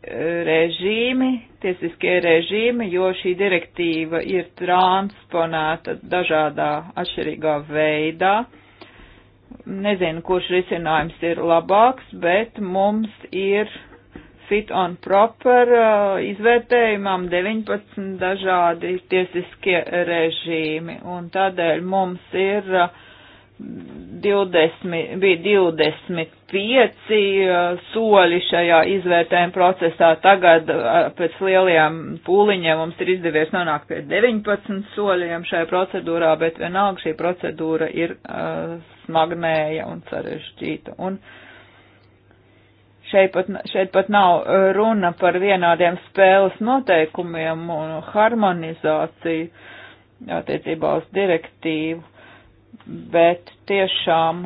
režīmi, tiesiskie režīmi, jo šī direktīva ir transponēta dažādā atšķirīgā veidā Nezinu, kurš risinājums ir labāks, bet mums ir fit on proper uh, izvērtējumam 19 dažādi tiesiskie režīmi, un tādēļ mums ir uh, 20, bija 25 uh, soļi šajā izvērtējuma procesā. Tagad uh, pēc lielajām pūliņiem mums ir izdevies nonākt pie 19 soļiem šajā procedūrā, bet vienalga šī procedūra ir uh, smagnēja un sarežģīta. Un šeit pat, šeit pat nav uh, runa par vienādiem spēles noteikumiem un harmonizāciju attiecībā uz direktīvu bet tiešām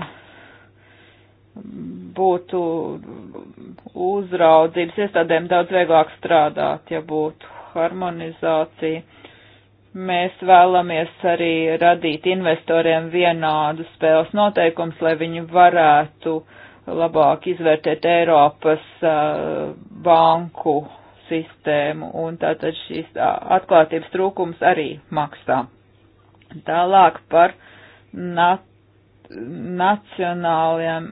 būtu uzraudzības iestādēm daudz vieglāk strādāt, ja būtu harmonizācija. Mēs vēlamies arī radīt investoriem vienādu spēles noteikums, lai viņi varētu labāk izvērtēt Eiropas uh, banku sistēmu, un tātad šis atklātības trūkums arī maksā. Tālāk par nat nacionālajiem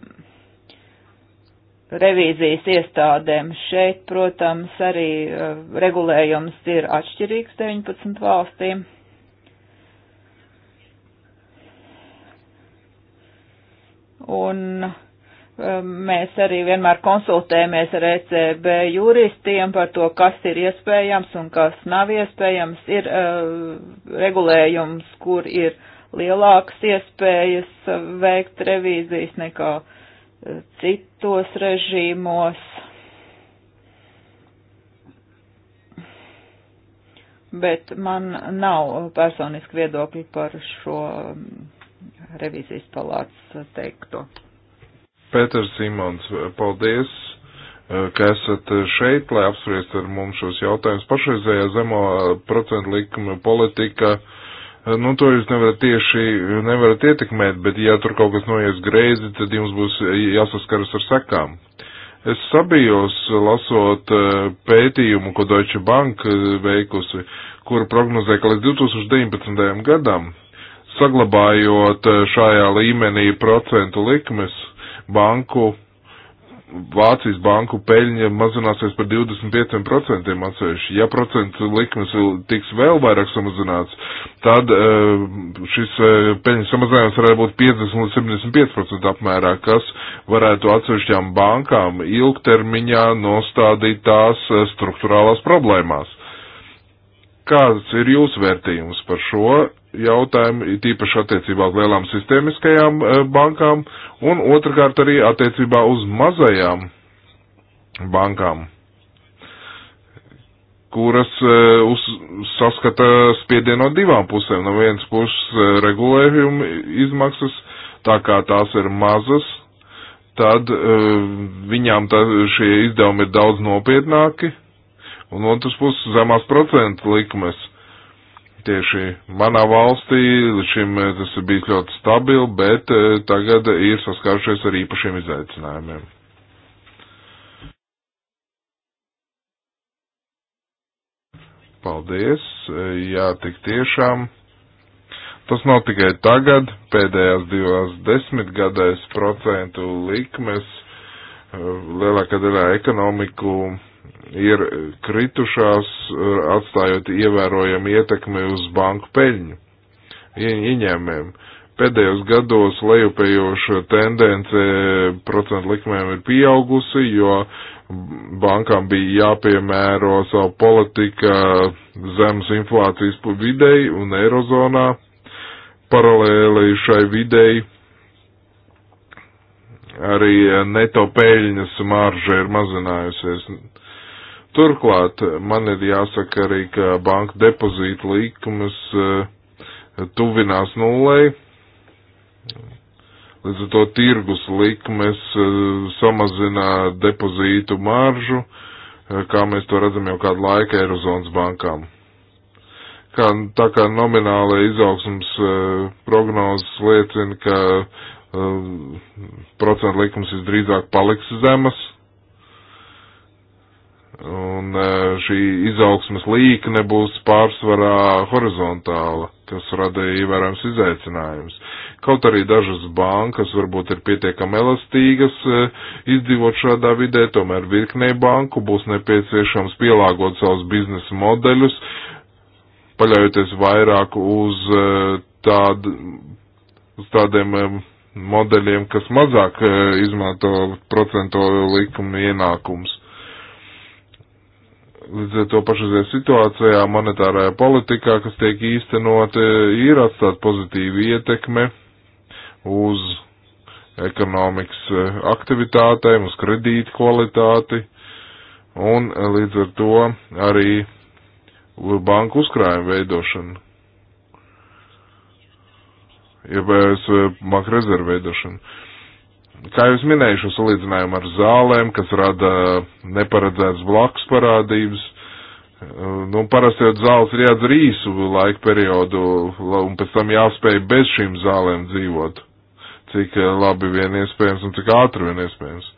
revīzijas iestādēm. Šeit, protams, arī uh, regulējums ir atšķirīgs 19 valstīm. Un um, mēs arī vienmēr konsultējamies ar ECB juristiem par to, kas ir iespējams un kas nav iespējams. Ir uh, regulējums, kur ir lielākas iespējas veikt revīzijas nekā eh, citos režīmos. Bet man nav personiski viedokļi par šo mm, revīzijas palātas eh, teikto. Pēters Simons, eh, paldies, ka esat šeit, lai apspriest ar mums šos jautājumus. Pašreizējā zemo procentu likuma politika Eh, nu, to jūs nevarat tieši, eh, nevarat ietekmēt, bet ja tur kaut kas noies greizi, tad jums būs eh, jāsaskaras ar sekām. Es sabijos lasot pētījumu, ko Deutsche Bank veikusi, kur prognozē, ka līdz 2019. gadam, saglabājot šajā līmenī procentu likmes, banku Vācijas banku peļņa mazināsies par 25% atsevišķi. Ja procentu likmes tiks vēl vairāk samazināts, tad eh, šis eh, peļņas samazinājums varētu būt 50 līdz 75% apmērā, kas varētu atsevišķām bankām ilgtermiņā nostādīt tās eh, struktūrālās problēmās. Kāds ir jūsu vērtījums par šo jautājumi, tīpaši attiecībā uz lielām sistēmiskajām eh, bankām, un otrkārt arī attiecībā uz mazajām bankām, kuras eh, uz, saskata spiedienu no divām pusēm. No vienas puses eh, regulējuma izmaksas, tā kā tās ir mazas, tad viņām tā, šie izdevumi ir daudz nopietnāki, un otrs puses zemās procentu likmes Tieši manā valstī līdz šim eh, tas ir bijis ļoti stabili, bet eh, tagad ir saskārušies ar īpašiem izaicinājumiem. Paldies, jā, tik tiešām. Tas nav tikai tagad, pēdējās divās desmitgadēs procentu likmes eh, lielākā daļā ekonomiku ir kritušās, atstājot ievērojami ietekmi uz banku peļņu ieņēmēm. Pēdējos gados lejupējoša tendence procentu likmēm ir pieaugusi, jo bankām bija jāpiemēro savu politika zemes inflācijas videi un eirozonā paralēli šai videi arī neto peļņas marža ir mazinājusies. Turklāt man ir jāsaka arī, ka banka depozīta līkumas eh, tuvinās nulai. Līdz ar to tirgus likmes eh, samazinā depozītu maržu, eh, kā mēs to redzam jau kādu laiku Eirozonas bankām. Kā, tā kā nomināla izaugsmas prognozes liecina, ka procentu likums visdrīzāk paliks zemas, un e, šī izaugsmas līkne būs pārsvarā horizontāla, kas rada ievērojams izaicinājums. Kaut arī dažas bankas varbūt ir pietiekami elastīgas e, izdzīvot šādā vidē, tomēr virknei banku būs nepieciešams pielāgot savus biznesa modeļus, paļaujoties vairāk uz, e, tād, uz tādiem modeļiem, kas mazāk izmanto procentu likumu ienākums Līdz ar to pašreizējā situācijā, monetārajā politikā, kas tiek īstenot, ir atstāt pozitīvu ietekme uz ekonomikas eh, aktivitātēm, uz kredītu kvalitāti un eh, līdz ar to arī banku uzkrājumu veidošanu. Ja mēs eh, banku rezervu veidošanu. Kā jau es minēju, šo salīdzinājumu ar zālēm, kas rada neparedzētas blakus parādības, nu, parasti jau zāles ir jādzer īsu laika periodu, un pēc tam jāspēj bez šīm zālēm dzīvot, cik labi vien iespējams un cik ātri vien iespējams.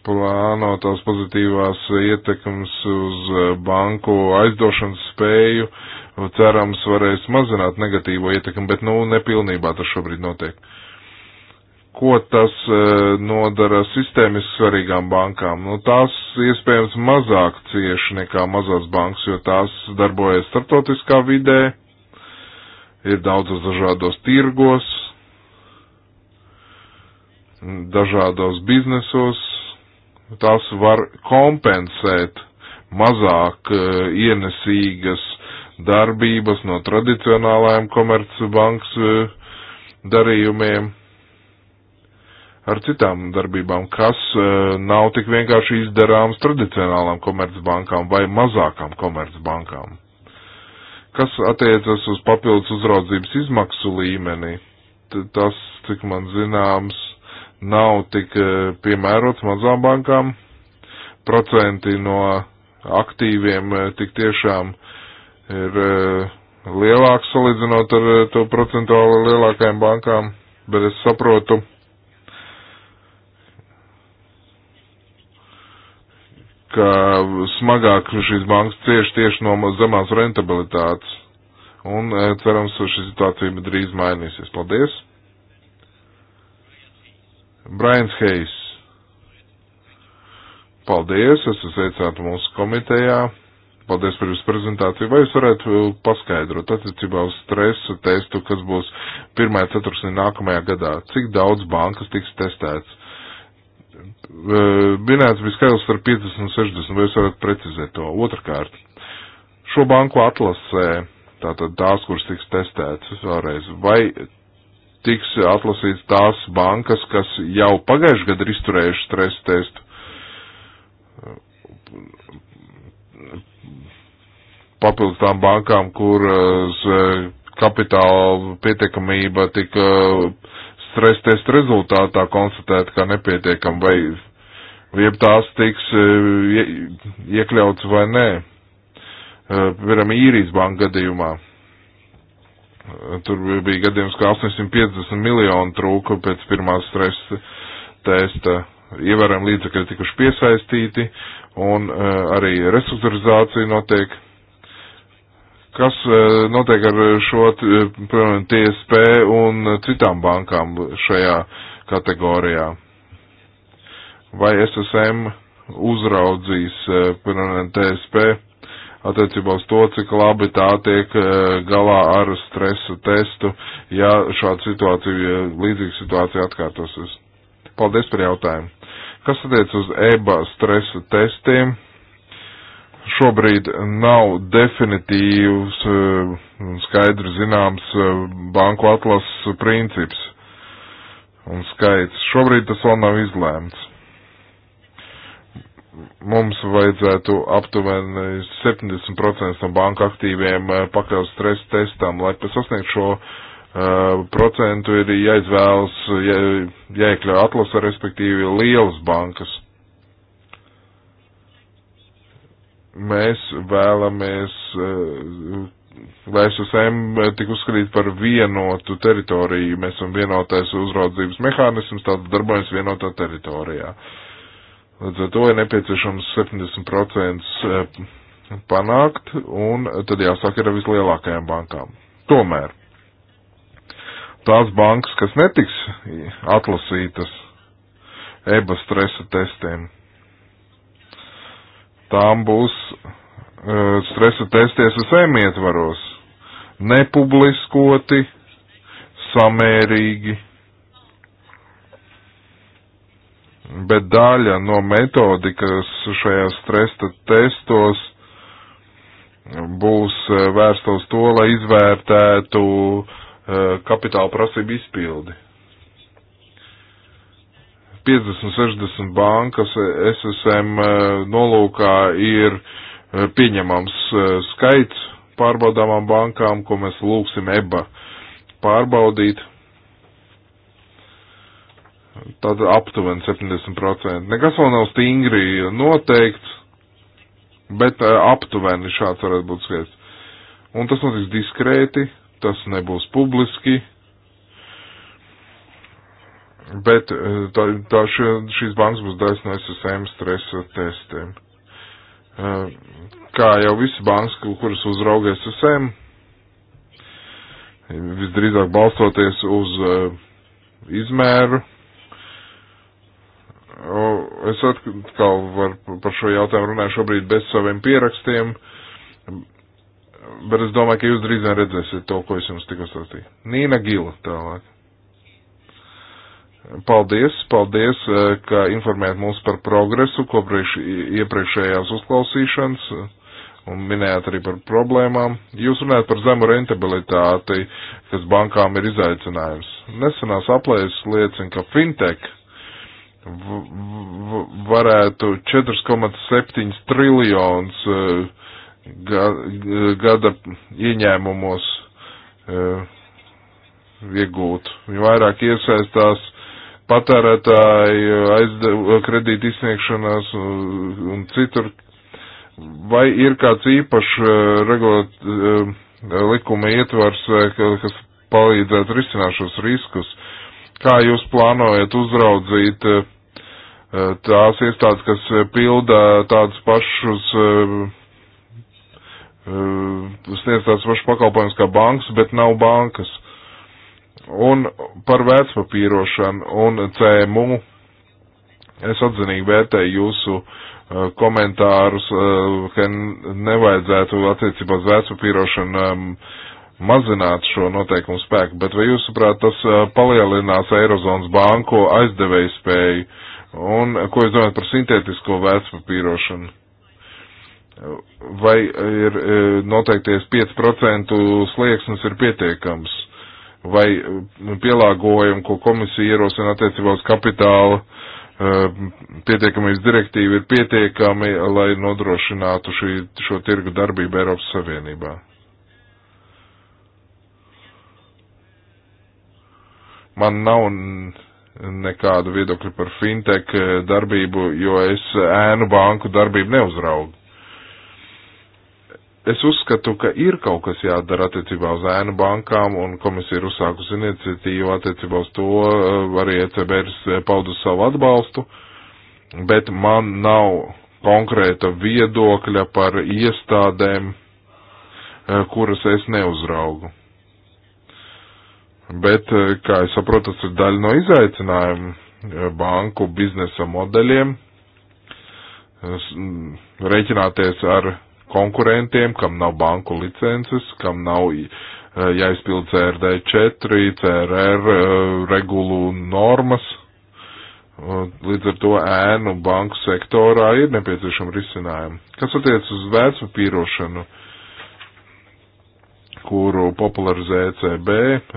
Plānotās pozitīvās ietekmes uz banku aizdošanas spēju uh, cerams varēs mazināt negatīvo ietekmi, bet nu nepilnībā tas šobrīd notiek. Ko tas e, nodara sistēmiski svarīgām bankām? Nu, tās iespējams mazāk cieši nekā mazās bankas, jo tās darbojas starptautiskā vidē, ir daudzos dažādos tirgos, dažādos biznesos, tās var kompensēt mazāk e, ienesīgas darbības no tradicionālajiem komercbanks e, darījumiem ar citām darbībām, kas e, nav tik vienkārši izdarāms tradicionālām komercbankām vai mazākām komercbankām. Kas attiecas uz papildus uzraudzības izmaksu līmeni, tas, cik man zināms, nav tik e, piemērots mazām bankām. Procenti no aktīviem tik tiešām uh, ir eh, lielāks salīdzinot ar eh, to procentuāli lielākajām bankām, bet es saprotu, ka smagāk šīs bankas cieš tieši no zemās rentabilitātes. Un eh, cerams, ka šī situācija drīz mainīsies. Paldies! Brains Heis. Paldies, es esmu sveicināta mūsu komitejā. Paldies par jūsu prezentāciju. Vai jūs varētu paskaidrot attiecībā uz stresu testu, kas būs 1. ceturksnī nākamajā gadā? Cik daudz bankas tiks testēts? Minēts bija skaidrs ar 50 un 60, vai jūs varat precizēt to? Otrakārt, šo banku atlasē, tātad tās, kuras tiks testētas vēlreiz, vai tiks atlasīts tās bankas, kas jau pagājuši gadu ir izturējuši stresu testu? papildus tām bankām, kuras eh, eh, kapitāla pietiekamība tika eh, stresa testa rezultātā konstatēta kā nepietiekama, vai jeb tās tiks iekļauts vai nē. Piemēram, īrijas banka gadījumā. Tur bija gadījums, ka 850 miljonu trūka pēc pirmās stresa testa. Ievērojami līdzekļi tikuši piesaistīti un uh, arī restruktūrizācija notiek. Uh, Kas e, notiek ar šo, e, piemēram, TSP un citām bankām šajā kategorijā? Vai SSM uzraudzīs, e, piemēram, TSP attiecībā uz to, cik labi tā tiek galā ar stresa testu, ja šāda situācija, līdzīga situācija atkārtosies? Paldies par jautājumu. Kas attiec uz EBA stresa testiem? šobrīd nav definitīvs, eh, skaidri zināms eh, banku atlases princips un skaits. Šobrīd tas vēl nav izlēmts. Mums vajadzētu aptuveni 70% no banka aktīviem eh, pakļaut stresa testam, lai sasniegtu šo uh, procentu ir jāizvēlas, jā, jāiekļauj atlasa, respektīvi lielas bankas. mēs vēlamies, eh, lai SSM tik uzskatīt par vienotu teritoriju. Mēs esam vienotais uzraudzības mehānisms, tāds darbojas vienotā teritorijā. Līdz ar to ir nepieciešams 70% eh, panākt, un tad jāsāk ir ar vislielākajām bankām. Tomēr tās bankas, kas netiks atlasītas EBA stresa testiem, tām būs uh, stresa testies uz sēm ietvaros. Nepubliskoti, samērīgi. Bet daļa no metodikas šajā stresa testos būs e, vērsta uz to, lai izvērtētu uh, kapitāla prasību izpildi. 50-60 bankas SSM eh, nolūkā ir eh, pieņemams eh, skaits pārbaudāmām bankām, ko mēs lūgsim EBA pārbaudīt. Tad aptuveni 70%. Nekas vēl nav stingri noteikts, bet aptuveni šāds varētu būt skaits. Un tas notiks diskrēti, tas nebūs publiski, Bet eh, tā, tā šie, šīs bankas būs daļas no SSM stresa testiem. Eh, kā jau visas bankas, kuras uzrauga SSM, visdrīzāk balstoties uz eh, izmēru, es atkal var par šo jautājumu runāju šobrīd bez saviem pierakstiem, bet es domāju, ka jūs drīzāk redzēsiet to, ko es jums tikko stāstīju. Nīna Gila tālāk. Paldies, paldies, eh, ka informējat mūs par progresu kopš iepriekšējās uzklausīšanas un minējāt arī par problēmām. Jūs runājat par zemu rentabilitāti, kas bankām ir izaicinājums. Nesenās aplēses liecina, ka fintech varētu 4,7 triljons eh, ga gada ieņēmumos eh, iegūt. Jo vairāk iesaistās patērētāju aizdev, kredīti izsniegšanās un citur. Vai ir kāds īpašs eh, regulēt eh, likuma ietvars, eh, kas palīdzētu risināt šos riskus? Kā jūs plānojat uzraudzīt tās iestādes, kas pilda tādus pašus sniedz tādus pašus pakalpojumus kā bankas, bet nav bankas? Un par vērtspapīrošanu un CMU es atzinīgi vērtēju jūsu eh, komentārus, eh, ka nevajadzētu attiecībā uz vērtspapīrošanu ehm, mazināt šo noteikumu spēku, bet vai jūsuprāt tas eh, palielinās Eirozonas banko aizdevēju spēju? Un ko jūs domājat par sintētisko vērtspapīrošanu? Vai ir noteikties 5% slieksnis ir pietiekams? vai nu, pielāgojumu, ko komisija ierosina attiecībā uz kapitālu eh, pietiekamības direktīva ir pietiekami, lai nodrošinātu šī, šo tirgu darbību Eiropas Savienībā. Man nav nekādu viedokļu par fintech eh, darbību, jo es ēnu banku darbību neuzraugu es uzskatu, ka ir kaut kas jādara attiecībā uz ēnu bankām, un komisija ir uzsākusi iniciatīvu attiecībā uz to, eh, arī ECB ir eh, paudus savu atbalstu, bet man nav konkrēta viedokļa par iestādēm, eh, kuras es neuzraugu. Bet, kā es saprotu, tas ir daļa no izaicinājuma banku biznesa modeļiem, rēķināties ar konkurentiem, kam nav banku licences, kam nav eh, jāizpild CRD4, CRR eh, regulu normas. Eh, līdz ar to ēnu banku sektorā ir nepieciešama risinājuma. Kas attiec uz vērtspapīrošanu, kuru popularizē ECB,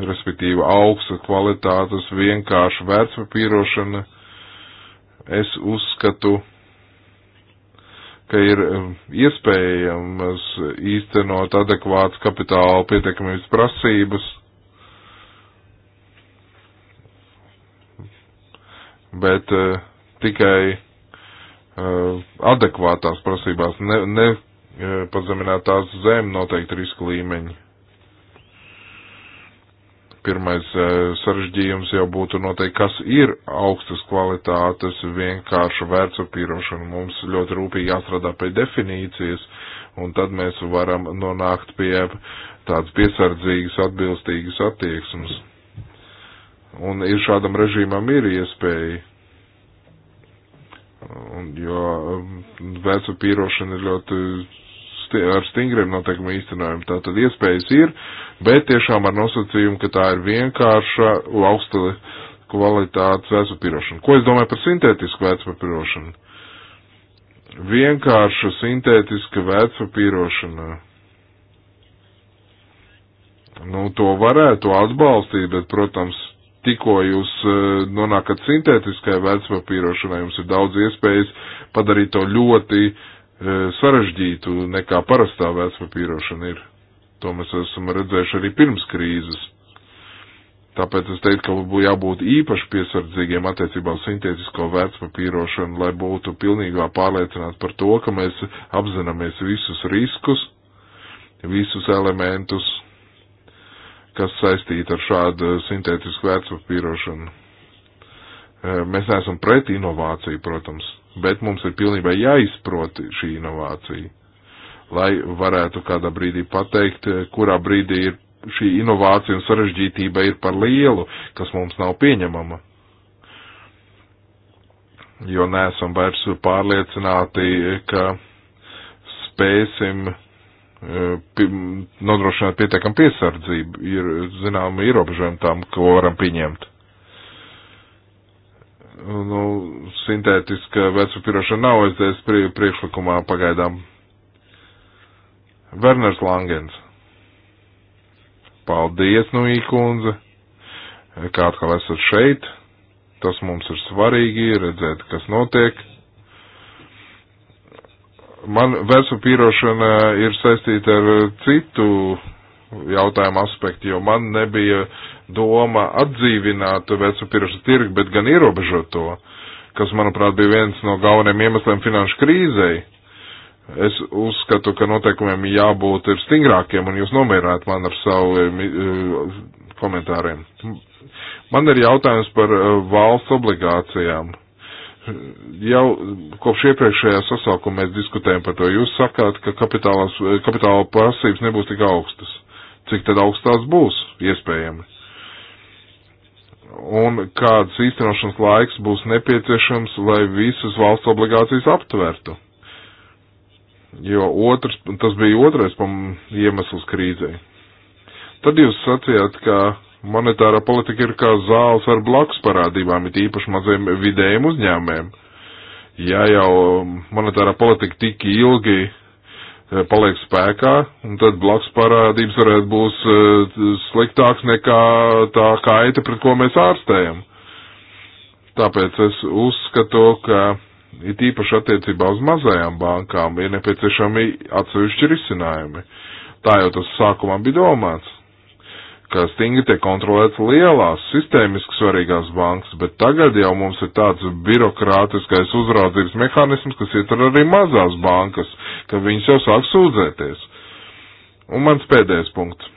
respektīvi augsta kvalitātes vienkārša vērtspapīrošana, es uzskatu, ka ir um, iespējams īstenot adekvāts kapitāla pietiekamības prasības, bet uh, tikai uh, adekvātās prasībās, ne, ne uh, pazemināt tās zem noteikti riska līmeņi pirmais eh, sarežģījums jau būtu noteikti, kas ir augstas kvalitātes vienkārša vērtspapīrošana. Mums ļoti rūpīgi jāstrādā pie definīcijas, un tad mēs varam nonākt pie tādas piesardzīgas, atbilstīgas attieksmes. Un ir šādam režīmam ir iespēja, un, jo mm, vērtspapīrošana ir ļoti sti ar stingriem noteikumu īstenojumu. Tā tad iespējas ir, bet tiešām ar nosacījumu, ka tā ir vienkārša, augsta kvalitātes vēstupirošana. Ko es domāju par sintētisku vēstupirošanu? Vienkārša sintētiska vēstupirošana. Nu, to varētu atbalstīt, bet, protams, tikko jūs eh, nonākat sintētiskai vecpapīrošanai, jums ir daudz iespējas padarīt to ļoti E, sarežģītu nekā parastā vērtspapīrošana ir. To mēs esam redzējuši arī pirms krīzes. Tāpēc es teiktu, ka būtu jābūt īpaši piesardzīgiem attiecībā uz sintētisko vērtspapīrošanu, lai būtu pilnīgā pārliecināti par to, ka mēs apzināmies visus riskus, visus elementus, kas saistīti ar šādu sintētisku vērtspapīrošanu. E, mēs neesam pret inovāciju, protams, bet mums ir pilnībā jāizprot šī inovācija, lai varētu kādā brīdī pateikt, kurā brīdī ir šī inovācija un sarežģītība ir par lielu, kas mums nav pieņemama. Jo neesam vairs pārliecināti, ka spēsim e, nodrošināt pietiekam piesardzību, ir, zinām, ierobežojumi tam, ko varam pieņemt nu, sintētiska vecpapirošana nav aizdēs priekšlikumā pagaidām. Werners Langens. Paldies, nu īkundze, kā atkal esat šeit. Tas mums ir svarīgi, redzēt, kas notiek. Man vecpapīrošana ir saistīta ar citu jautājumu aspektu, jo man nebija uh, doma atdzīvināt vecu pirkstu tirgu, bet gan ierobežot to, kas, manuprāt, bija viens no galvenajiem iemesliem finanšu krīzei. Es uzskatu, ka noteikumiem jābūt ir stingrākiem, un jūs nomierināt man ar saviem uh, eh, komentāriem. Man ir jautājums par uh, valsts obligācijām. Jau kopš iepriekšējā sasaukuma mēs diskutējam par to. Jūs sakāt, ka eh, kapitāla prasības nebūs tik augstas. Cik tad augstās būs iespējams? un kāds īstenošanas laiks būs nepieciešams, lai visas valsts obligācijas aptvertu. Jo otrs, tas bija otrais iemesls krīzē. Tad jūs sacījāt, ka monetārā politika ir kā zāles ar blakus parādībām, it īpaši maziem vidējiem uzņēmējiem. Ja jau monetārā politika tik ilgi Eh, paliek spēkā, un tad blakus parādības varētu būs eh, sliktāks nekā tā kaita, pret ko mēs ārstējam. Tāpēc es uzskatu, ka it īpaši attiecībā uz mazajām bankām ir nepieciešami atsevišķi risinājumi. Tā jau tas sākumā bija domāts ka stingri tiek kontrolēts lielās, sistēmiski svarīgās bankas, bet tagad jau mums ir tāds birokrātiskais uzraudzības mehānisms, kas ietver arī mazās bankas, ka viņas jau sāk sūdzēties. Un mans pēdējais punkts.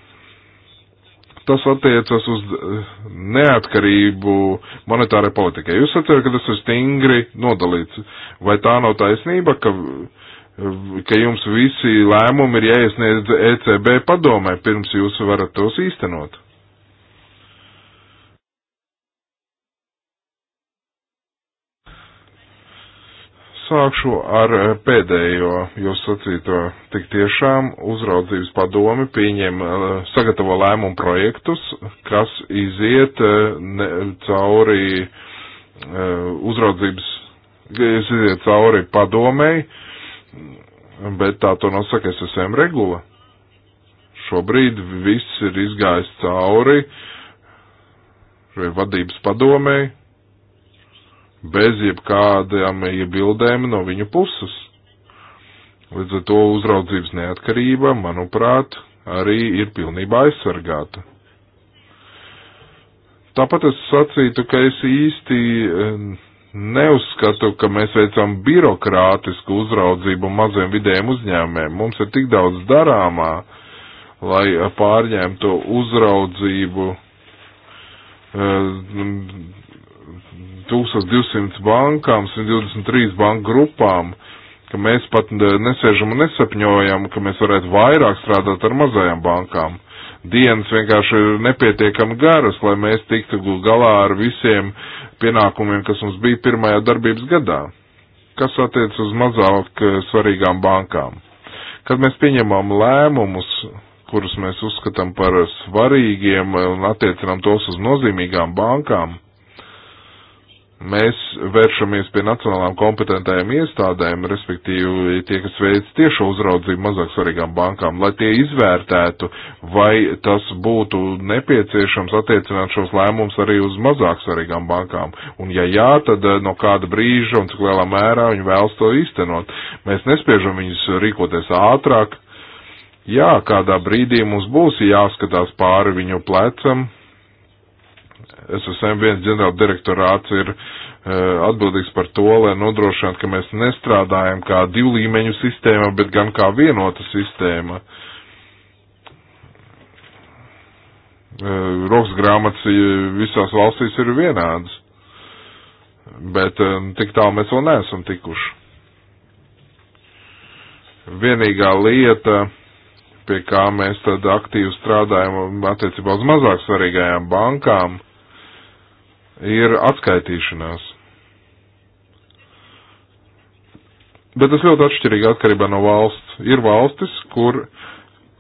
Tas attiecas uz eh, neatkarību monetārai politikai. Jūs atcerat, ka tas ir stingri nodalīts. Vai tā nav taisnība, ka uh, ka jums visi lēmumi ir jāiesniedz ECB padomē, pirms jūs varat tos īstenot. Sākšu ar pēdējo jūs sacīto. Tik tiešām uzraudzības padomi pieņem, uh, sagatavo lēmumu projektus, kas iziet uh, ne, cauri uh, uzraudzības, iziet cauri padomēji, bet tā to nosaka SSM regula. Šobrīd viss ir izgājis cauri vadības padomēji bez jebkādām iebildēm no viņu puses. Līdz ar to uzraudzības neatkarība, manuprāt, arī ir pilnībā aizsargāta. Tāpat es sacītu, ka es īsti eh, neuzskatu, ka mēs veicam birokrātisku uzraudzību maziem vidējiem uzņēmēm. Mums ir tik daudz darāmā, lai pārņemtu uzraudzību 1200 eh, bankām, 123 banku grupām, ka mēs pat eh, nesēžam un nesapņojam, ka mēs varētu vairāk strādāt ar mazajām bankām dienas vienkārši ir nepietiekami garas, lai mēs tiktu galā ar visiem pienākumiem, kas mums bija pirmajā darbības gadā. Kas attiec uz mazāk eh, svarīgām bankām? Kad mēs pieņemam lēmumus, kurus mēs uzskatām par svarīgiem un attiecinām tos uz nozīmīgām bankām, mēs vēršamies pie nacionālām kompetentajām iestādēm, respektīvi tie, kas veids tiešo uzraudzību mazāk svarīgām bankām, lai tie izvērtētu, vai tas būtu nepieciešams attiecināt šos lēmumus arī uz mazāk svarīgām bankām. Un ja jā, tad eh, no kāda brīža un cik lielā mērā viņi vēlas to īstenot. Mēs nespiežam viņus rīkoties ātrāk. Jā, kādā brīdī mums būs jāskatās pāri viņu plecam, SSM1 ģenerāla direktorāts ir uh, atbildīgs par to, lai nodrošinātu, ka mēs nestrādājam kā divu līmeņu sistēma, bet gan kā vienota sistēma. Uh, e, Roks grāmatas visās valstīs ir vienādas, bet uh, tik tālu mēs vēl neesam tikuši. Vienīgā lieta, pie kā mēs tad aktīvi strādājam attiecībā uz mazāk svarīgajām bankām, ir atskaitīšanās. Bet tas ļoti atšķirīgi atkarībā no valsts. Ir valstis, kur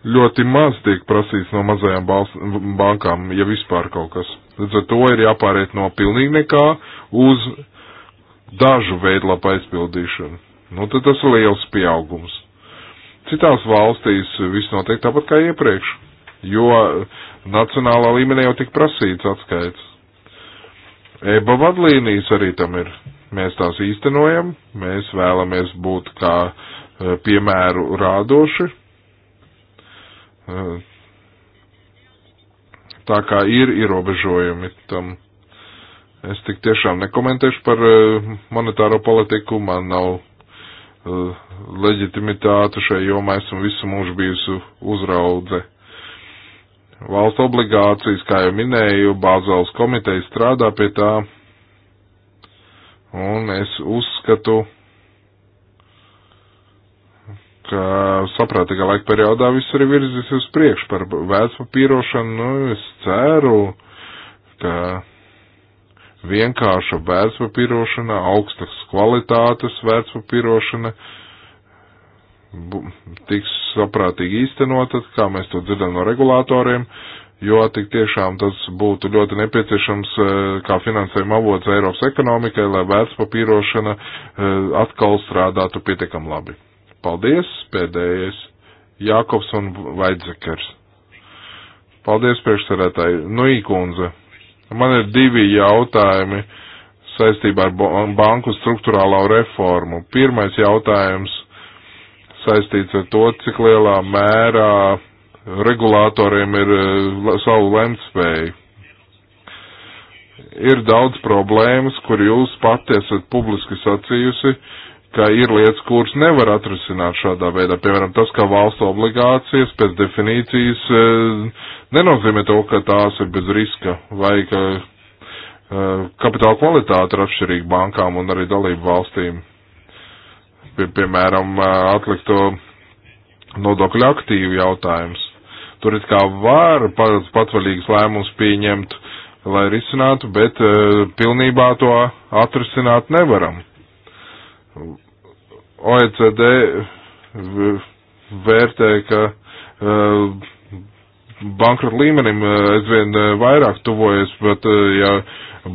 ļoti maz tiek prasīts no mazajām balst, bankām, ja vispār kaut kas. Līdz ar to ir jāpāriet no pilnīgi nekā uz dažu veidlapu aizpildīšanu. Nu, tad tas ir liels pieaugums. Citās valstīs viss notiek tāpat kā iepriekš, jo nacionālā līmenī jau tik prasīts atskaits. EBA vadlīnijas arī tam ir. Mēs tās īstenojam, mēs vēlamies būt kā eh, piemēru rādoši. Eh, tā kā ir ierobežojumi tam. Es tik tiešām nekomentēšu par eh, monetāro politiku, man nav leģitimitāte šai jomā, esmu visu mūžu bijusi uzraudze Valsts obligācijas, kā jau minēju, Bāzels komiteja strādā pie tā, un es uzskatu, ka saprātīgā laika periodā viss arī virzīs uz priekšu par vēstpapīrošanu, nu, es ceru, ka vienkārša vērtspapīrošana, augstas kvalitātes vērtspapīrošana tiks saprātīgi īstenota, kā mēs to dzirdam no regulātoriem, jo tik tiešām tas būtu ļoti nepieciešams eh, kā finansējuma avots Eiropas ekonomikai, lai vērtspapīrošana eh, atkal strādātu pietiekam labi. Paldies, pēdējais Jākovs un Vaidzekers. Paldies, priekšsarētāji. Nu, īkundze, man ir divi jautājumi saistībā ar banku struktūrālo reformu. Pirmais jautājums saistīts ar to, cik lielā mērā regulātoriem ir eh, savu lemtspēju. Ir daudz problēmas, kur jūs pati esat publiski sacījusi, ka ir lietas, kuras nevar atrisināt šādā veidā. Piemēram, tas, ka valsts obligācijas pēc definīcijas eh, nenozīmē to, ka tās ir bez riska vai ka eh, kapitāla kvalitāte ir atšķirīga bankām un arī dalību valstīm pie, piemēram, atlikto nodokļu aktīvu jautājums. Tur it kā var pats patvaļīgs lēmums pieņemt, lai risinātu, bet pilnībā to atrisināt nevaram. OECD vērtē, ka bankrota līmenim aizvien vairāk tuvojas, bet ja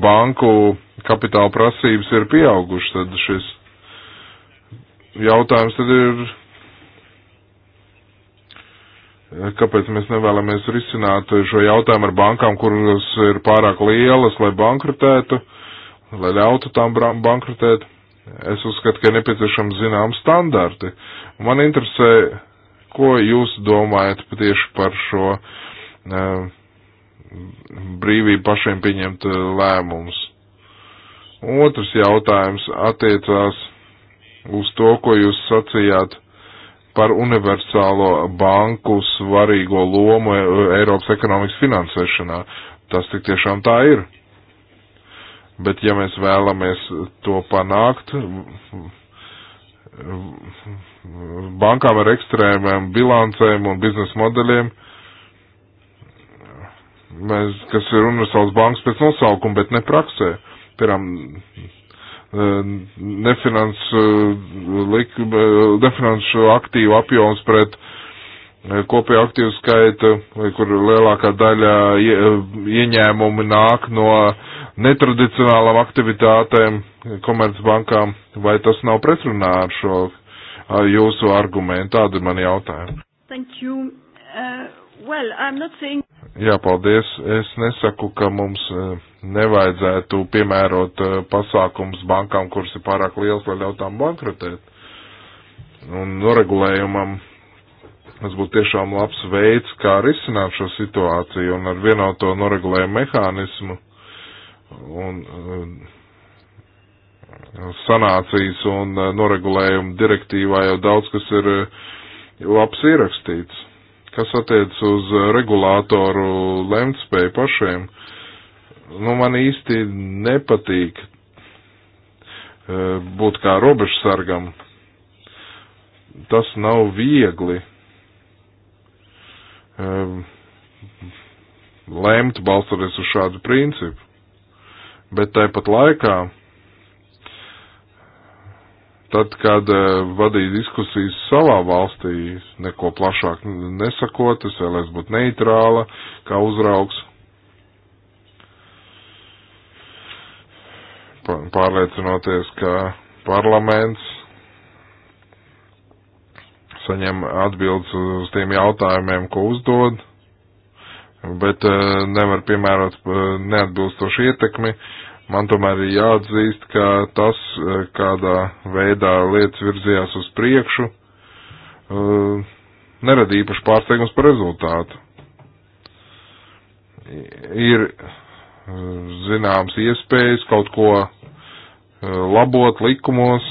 banku kapitāla prasības ir pieaugušas, tad šis jautājums tad ir, eh, kāpēc mēs nevēlamies risināt šo jautājumu ar bankām, kuras ir pārāk lielas, lai bankrutētu, lai ļautu tām bankrutēt. Es uzskatu, ka ir nepieciešams zinām standarti. Man interesē, ko jūs domājat tieši par šo ne, eh, brīvību pašiem pieņemt eh, lēmumus. Otrs jautājums attiecās uz to, ko jūs sacījāt par universālo banku svarīgo lomu e- Eiropas ekonomikas finansēšanā. Tas tik tiešām tā ir. Bet ja mēs vēlamies to panākt, bankām ar ekstrēmiem bilancēm un biznesa modeļiem, mēs, kas ir universāls banks pēc nosaukuma, bet ne praksē, piemēram, nefinansu, eh, lik, eh, nefinansu aktīvu apjoms pret eh, kopēju aktīvu skaitu, kur lielākā daļa ieņēmumi nāk no netradicionālām aktivitātēm komercbankām, vai tas nav pretrunā ar šo jūsu argumentu? Tāda ir man jautājuma. Thank you. Uh, well, I'm not saying... Jā, paldies. Es nesaku, ka mums. Uh, nevajadzētu piemērot eh, pasākums bankām, kuras ir pārāk liels, lai ļautām bankrotēt. Un noregulējumam tas būtu tiešām labs veids, kā risināt šo situāciju un ar vienoto noregulējumu mehānismu un eh, sanācijas un eh, noregulējumu direktīvā jau daudz kas ir labs ierakstīts. Kas attiec uz regulātoru lemtspēju pašiem, nu, man īsti nepatīk e, būt kā robežsargam. Tas nav viegli e, lemt balstoties uz šādu principu. Bet tāpat laikā, tad, kad e, vadīja diskusijas savā valstī, neko plašāk nesakot, es vēlēs būt neitrāla, kā uzraugs, pārliecinoties, ka parlaments saņem atbildes uz tiem jautājumiem, ko uzdod, bet eh, nevar piemērot eh, neatbilstošu ietekmi. Man tomēr ir jāatzīst, ka tas, eh, kādā veidā lietas virzījās uz priekšu, neradīja īpaši pārsteigums par rezultātu. Ir zināmas iespējas kaut ko eh, labot likumos,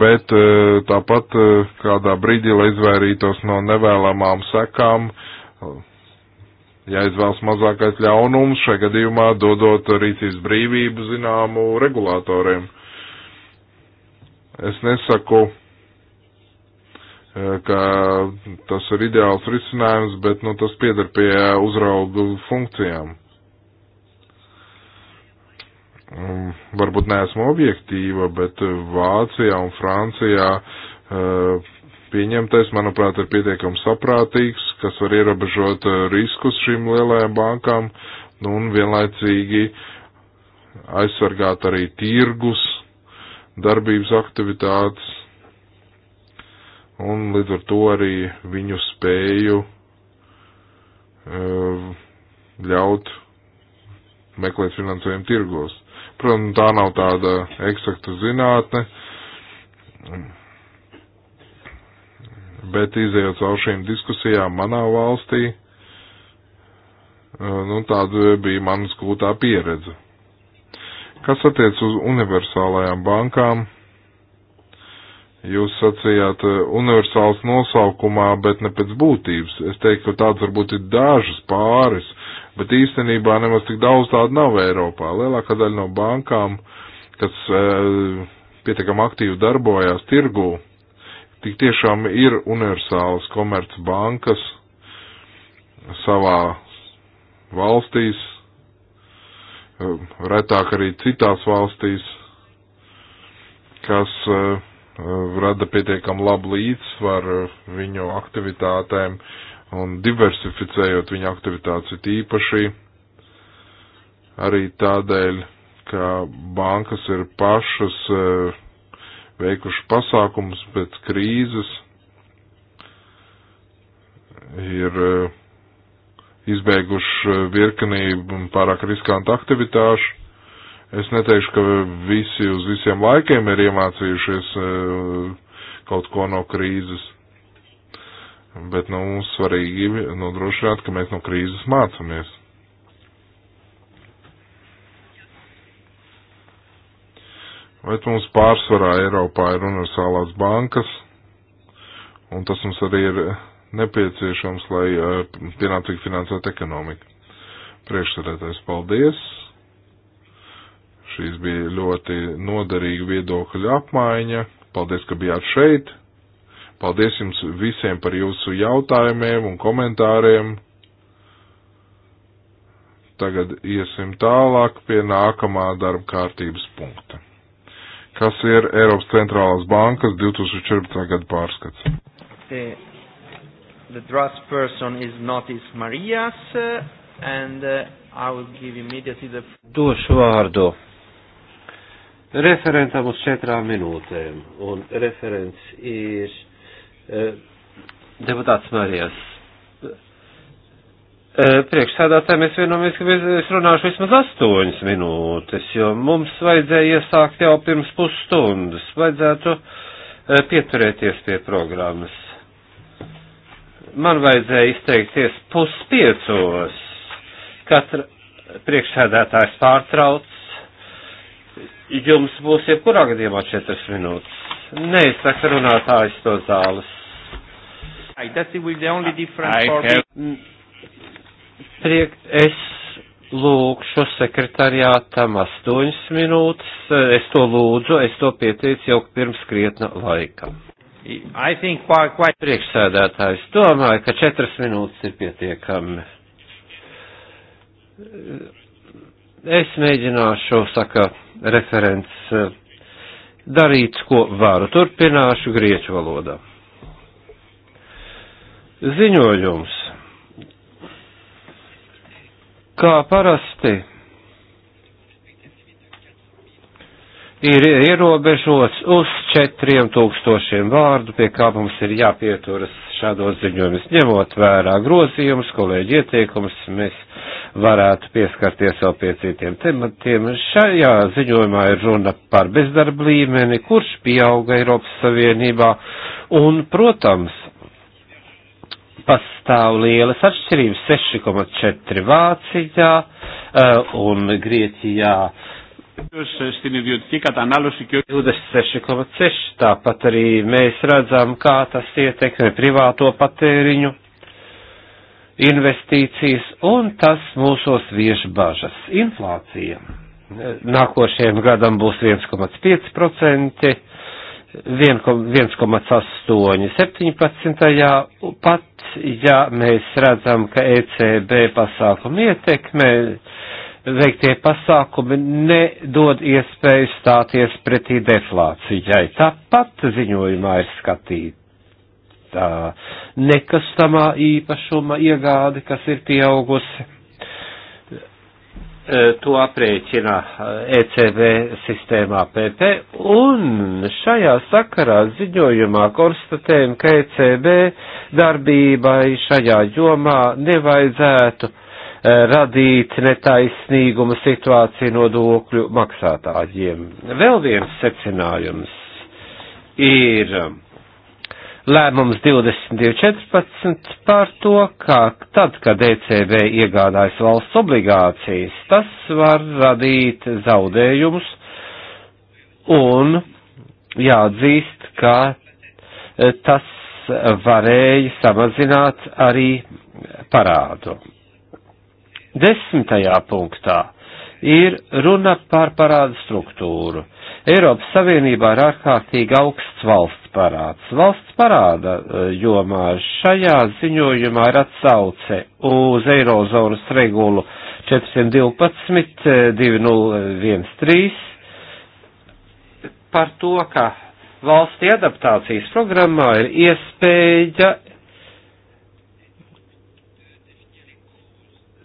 bet eh, tāpat eh, kādā brīdī, lai izvairītos no nevēlamām sekām, jāizvēlas mazākais ļaunums, šajā gadījumā dodot rīcības brīvību zināmu regulātoriem. Es nesaku, ka tas ir ideāls risinājums, bet nu, tas piedar pie uzraugu funkcijām. Um, varbūt neesmu objektīva, bet Vācijā un Francijā uh, pieņemtais, manuprāt, ir pietiekami saprātīgs, kas var ierobežot uh, riskus šīm lielajām bankām nu, un vienlaicīgi aizsargāt arī tirgus, darbības aktivitātes un līdz ar to arī viņu spēju uh, ļaut meklēt finansējumu tirgos. Protams, tā nav tāda eksakta zinātne, bet izējot caur šīm diskusijām manā valstī, eh, nu, tāda bija manas gūtā pieredze. Kas attiec uz universālajām bankām? Jūs sacījāt eh, universāls nosaukumā, bet ne pēc būtības. Es teiktu, ka tāds varbūt ir dažas pāris bet īstenībā nemaz tik daudz tādu nav Eiropā. Lielākā daļa no bankām, kas e, pietiekam aktīvi darbojās tirgū, tik tiešām ir universālas komercbankas savā valstīs, e, retāk arī citās valstīs, kas uh, rada pietiekam labu līdzsvaru viņu aktivitātēm uh, un diversificējot viņa aktivitātes īpaši arī tādēļ, ka bankas ir pašas eh, veikuši pasākumus pēc krīzes, ir eh, izbeiguši eh, virknību pārāk riskantu aktivitāšu. Es neteikšu, ka visi uz visiem laikiem ir iemācījušies kaut ko no krīzes bet nu, mums svarīgi nodrošināt, ka mēs no krīzes mācāmies. Bet mums pārsvarā Eiropā ir universālās bankas, un tas mums arī ir nepieciešams, lai eh, pienācīgi finansētu ekonomiku. Priekšsēdētājs, paldies! Šīs bija ļoti noderīga viedokļa apmaiņa. Paldies, ka bijāt šeit! Paldies jums visiem par jūsu jautājumiem un komentāriem. Tagad iesim tālāk pie nākamā darba kārtības punkta, kas ir Eiropas centrālās bankas 2014. gada pārskats. The, the draft person is Notis Marijas, uh, and uh, I will give immediately the... Došu vārdu referentam uz četrām minūtēm, un referents ir Deputāts Marijas. Priekšsēdētāji, mēs vienojamies, ka es runāšu vismaz astoņas minūtes, jo mums vajadzēja iesākt jau pirms pusstundas. Vajadzētu pieturēties pie programmas. Man vajadzēja izteikties puspiecos. Katra priekšsēdētājs pārtrauc. Jums būs jebkurā gadījumā četras minūtes neizsaka runātājs to zāles. Mm. Priek, es lūkšu sekretariātam astoņas minūtes, es to lūdzu, es to pieteicu jau pirms krietna laika. Quite, quite... Priekšsēdētājs domāju, ka četras minūtes ir pietiekami. Es mēģināšu, saka referents darīt, ko varu. Turpināšu grieķu valodā. Ziņojums. Kā parasti ir ierobežots uz 4000 vārdu, pie kā mums ir jāpieturas šādos ziņojumus. Ņemot vērā grozījumus, kolēģi ieteikumus, mēs varētu pieskarties vēl pie citiem tematiem. Šajā ziņojumā ir runa par bezdarba līmeni, kurš pieauga Eiropas Savienībā, un, protams, pastāv lielas atšķirības 6,4 Vācijā uh, un Grieķijā. Uh, 26,6 tāpat arī mēs redzam, kā tas ietekmē privāto patēriņu, investīcijas, un tas mūsos vieš bažas. Inflācija nākošajam gadam būs 1,5%, 1,817. Pat ja mēs redzam, ka ECB pasākumu ietekmē veiktie pasākumi nedod iespēju stāties pretī deflācijai. Tāpat ziņojumā ir skatīta nekastamā īpašuma iegāde, kas ir pieaugusi. E, to aprēķina ECB e sistēmā PP, un šajā sakarā ziņojumā konstatējam, ka ECB darbībai šajā jomā nevajadzētu Eh, radīt netaisnīguma situāciju nodokļu maksātājiem. Vēl viens secinājums ir eh, lēmums 2214 par to, ka tad, kad ECB iegādājas valsts obligācijas, tas var radīt zaudējumus un jāatzīst, ka eh, tas varēja samazināt arī parādu. Desmitajā punktā ir runa par parādu struktūru. Eiropas Savienībā ir ārkārtīgi augsts valsts parāds. Valsts parāda eh, jomā šajā ziņojumā ir atsauce uz Eirozonas regulu 412 2013 eh, par to, ka valstī adaptācijas programmā ir iespēja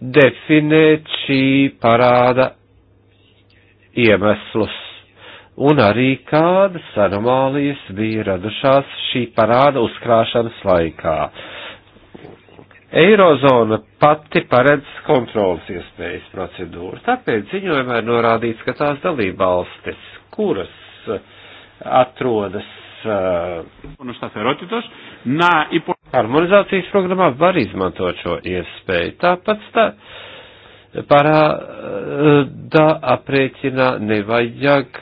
definēt šī parāda iemeslus un arī kādas anomālijas bija radušās šī parāda uzkrāšanas laikā. Eirozona pati paredz kontrolas iespējas procedūru, tāpēc ziņojumā ir norādīts, ka tās dalībvalstis, kuras atrodas Uh, harmonizācijas programmā var izmantot šo iespēju. Tāpat tā, parāda uh, aprēķinā nevajag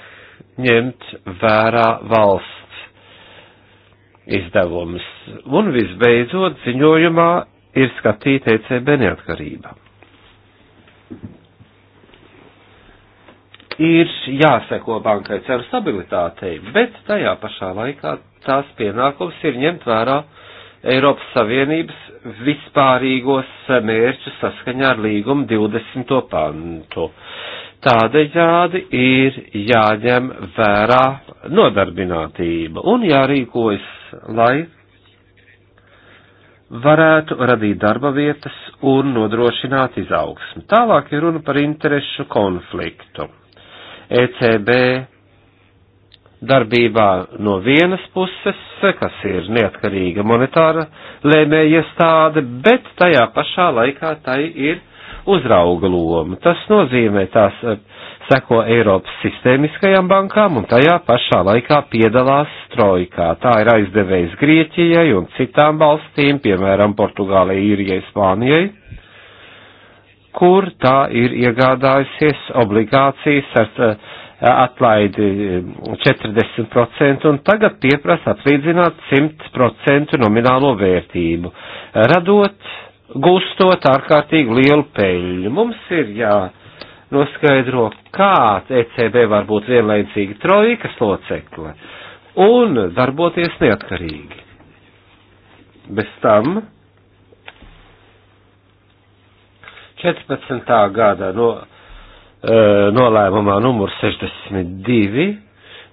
ņemt vērā valsts izdevumus. Un visbeidzot, ziņojumā ir skatīta ECB neatkarība. Thank you ir jāseko bankai cenu stabilitātei, bet tajā pašā laikā tās pienākums ir ņemt vērā Eiropas Savienības vispārīgos mērķus saskaņā ar līgumu 20. pantu. Tādējādi ir jāņem vērā nodarbinātība un jārīkojas, lai varētu radīt darba vietas un nodrošināt izaugsmu. Tālāk ir runa par interešu konfliktu. ECB darbībā no vienas puses, kas ir neatkarīga monetāra lēmēja iestāde, bet tajā pašā laikā tai ir uzrauga loma. Tas nozīmē, tās eh, seko Eiropas sistēmiskajām bankām un tajā pašā laikā piedalās trojkā. Tā ir aizdevējs Grieķijai un citām valstīm, piemēram, Portugālei, Irijai, Spānijai kur tā ir iegādājusies obligācijas ar eh, atlaidi 40% eh, un tagad pieprasa atlīdzināt 100% nominālo vērtību, radot, gūstot ārkārtīgi lielu peļņu. Mums ir jānoskaidro, kā ECB var būt vienlaicīgi trojkas locekle un darboties neatkarīgi. Bez tam 14. gada no, e, nolēmumā numur 62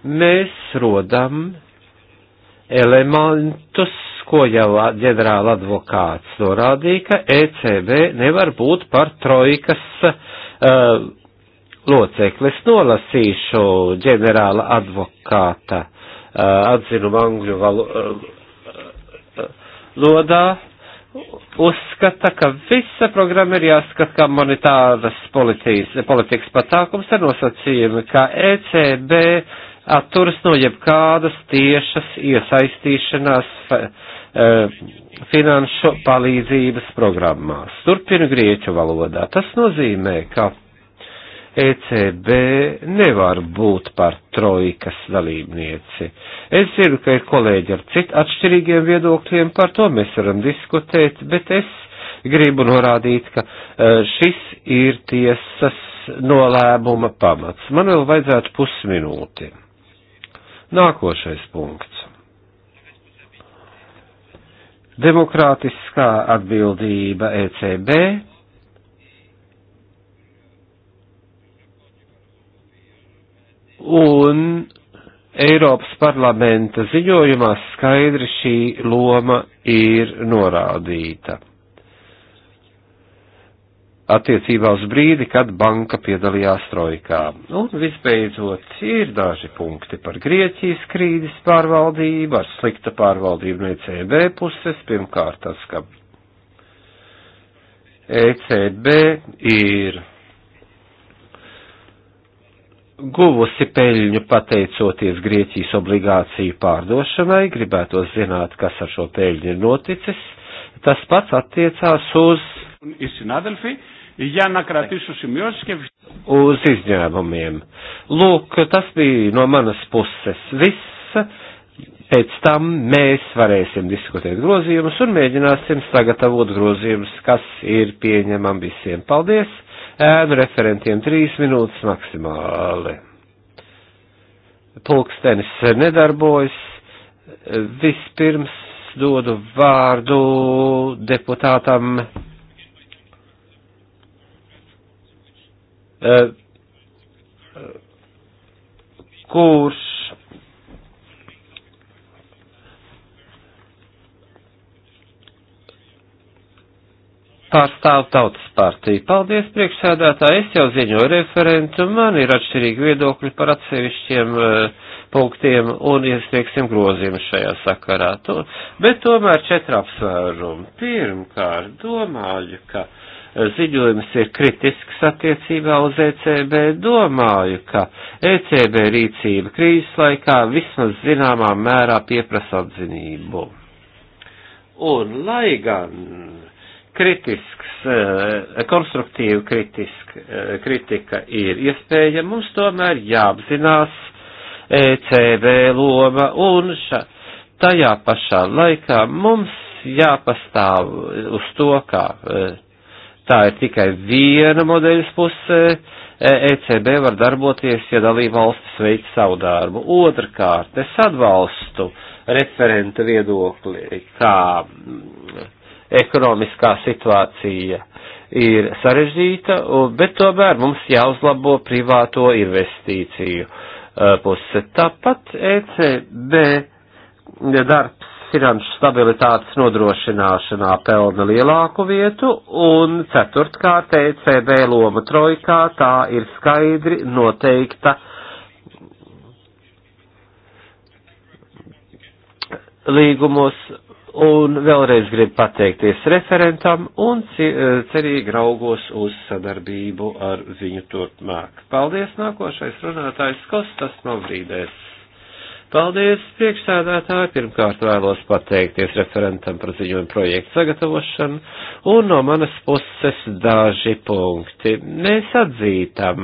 mēs rodam elementus, ko jau ģenerāla advokāts norādīja, ka ECB nevar būt par trojkas uh, loceklis. Nolasīšu ģenerāla advokāta uh, atzinumu angļu valodā. Uh, uh, uzskata, ka visa programma ir jāskat kā monetāras politikas patākums ar nosacījumu, ka ECB atturas no jebkādas tiešas iesaistīšanās e, finanšu palīdzības programmās. Turpinu grieķu valodā. Tas nozīmē, ka ECB nevar būt par trojkas dalībnieci. Es zinu, ka ir kolēģi ar citu atšķirīgiem viedokļiem, par to mēs varam diskutēt, bet es gribu norādīt, ka e, šis ir tiesas nolēmuma pamats. Man vēl vajadzētu pusminūti. Nākošais punkts. Demokrātiskā atbildība ECB un Eiropas parlamenta ziņojumā skaidri šī loma ir norādīta attiecībā uz brīdi, kad banka piedalījās trojkā. Un visbeidzot, ir daži punkti par Grieķijas krīzes pārvaldību, ar slikta pārvaldību no ECB puses. Pirmkārt, tas, ka ECB ir guvusi peļņu pateicoties Grieķijas obligāciju pārdošanai, gribētu zināt, kas ar šo peļņu ir noticis. Tas pats attiecās uz, uz izņēmumiem. Lūk, tas bija no manas puses viss. Pēc tam mēs varēsim diskutēt grozījumus un mēģināsim sagatavot grozījumus, kas ir pieņemam visiem. Paldies! ēnu referentiem trīs minūtes maksimāli. Pulkstenis nedarbojas. Vispirms dodu vārdu deputātam kurš pārstāv tautas partiju. Paldies, priekšsēdētāji, es jau ziņoju referentu, man ir atšķirīgi viedokļi par atsevišķiem uh, punktiem un iesniegsim grozījumu šajā sakarā. To, bet tomēr četri apsvērumi. Pirmkārt, domāju, ka eh, ziņojums ir kritisks attiecībā uz ECB. Domāju, ka ECB rīcība krīzes laikā vismaz zināmā mērā pieprasa atzinību. Un lai gan kritisks, eh, konstruktīva kritiska, eh, kritika ir iespēja, mums tomēr jāapzinās ECB loma un ša, tajā pašā laikā mums jāpastāv uz to, ka eh, tā ir tikai viena modeļas puse, ECB e var darboties, ja dalība valstis veic savu darbu. Otrkārt, es atbalstu referenta viedokli, kā ekonomiskā situācija ir sarežģīta, bet tomēr mums jāuzlabo privāto investīciju uh, puse. Tāpat ECB darbs finanšu stabilitātes nodrošināšanā pelna lielāku vietu, un ceturtkārt ECB loma trojkā tā ir skaidri noteikta. Līgumos Un vēlreiz gribu pateikties referentam un e, cerīgi raugos uz sadarbību ar viņu turpmāk. Paldies, nākošais runātājs Kostas Mavrīdēs. Paldies, priekšsēdētāji! Pirmkārt vēlos pateikties referentam par ziņojumu projektu sagatavošanu, un no manas puses daži punkti. Mēs atzītam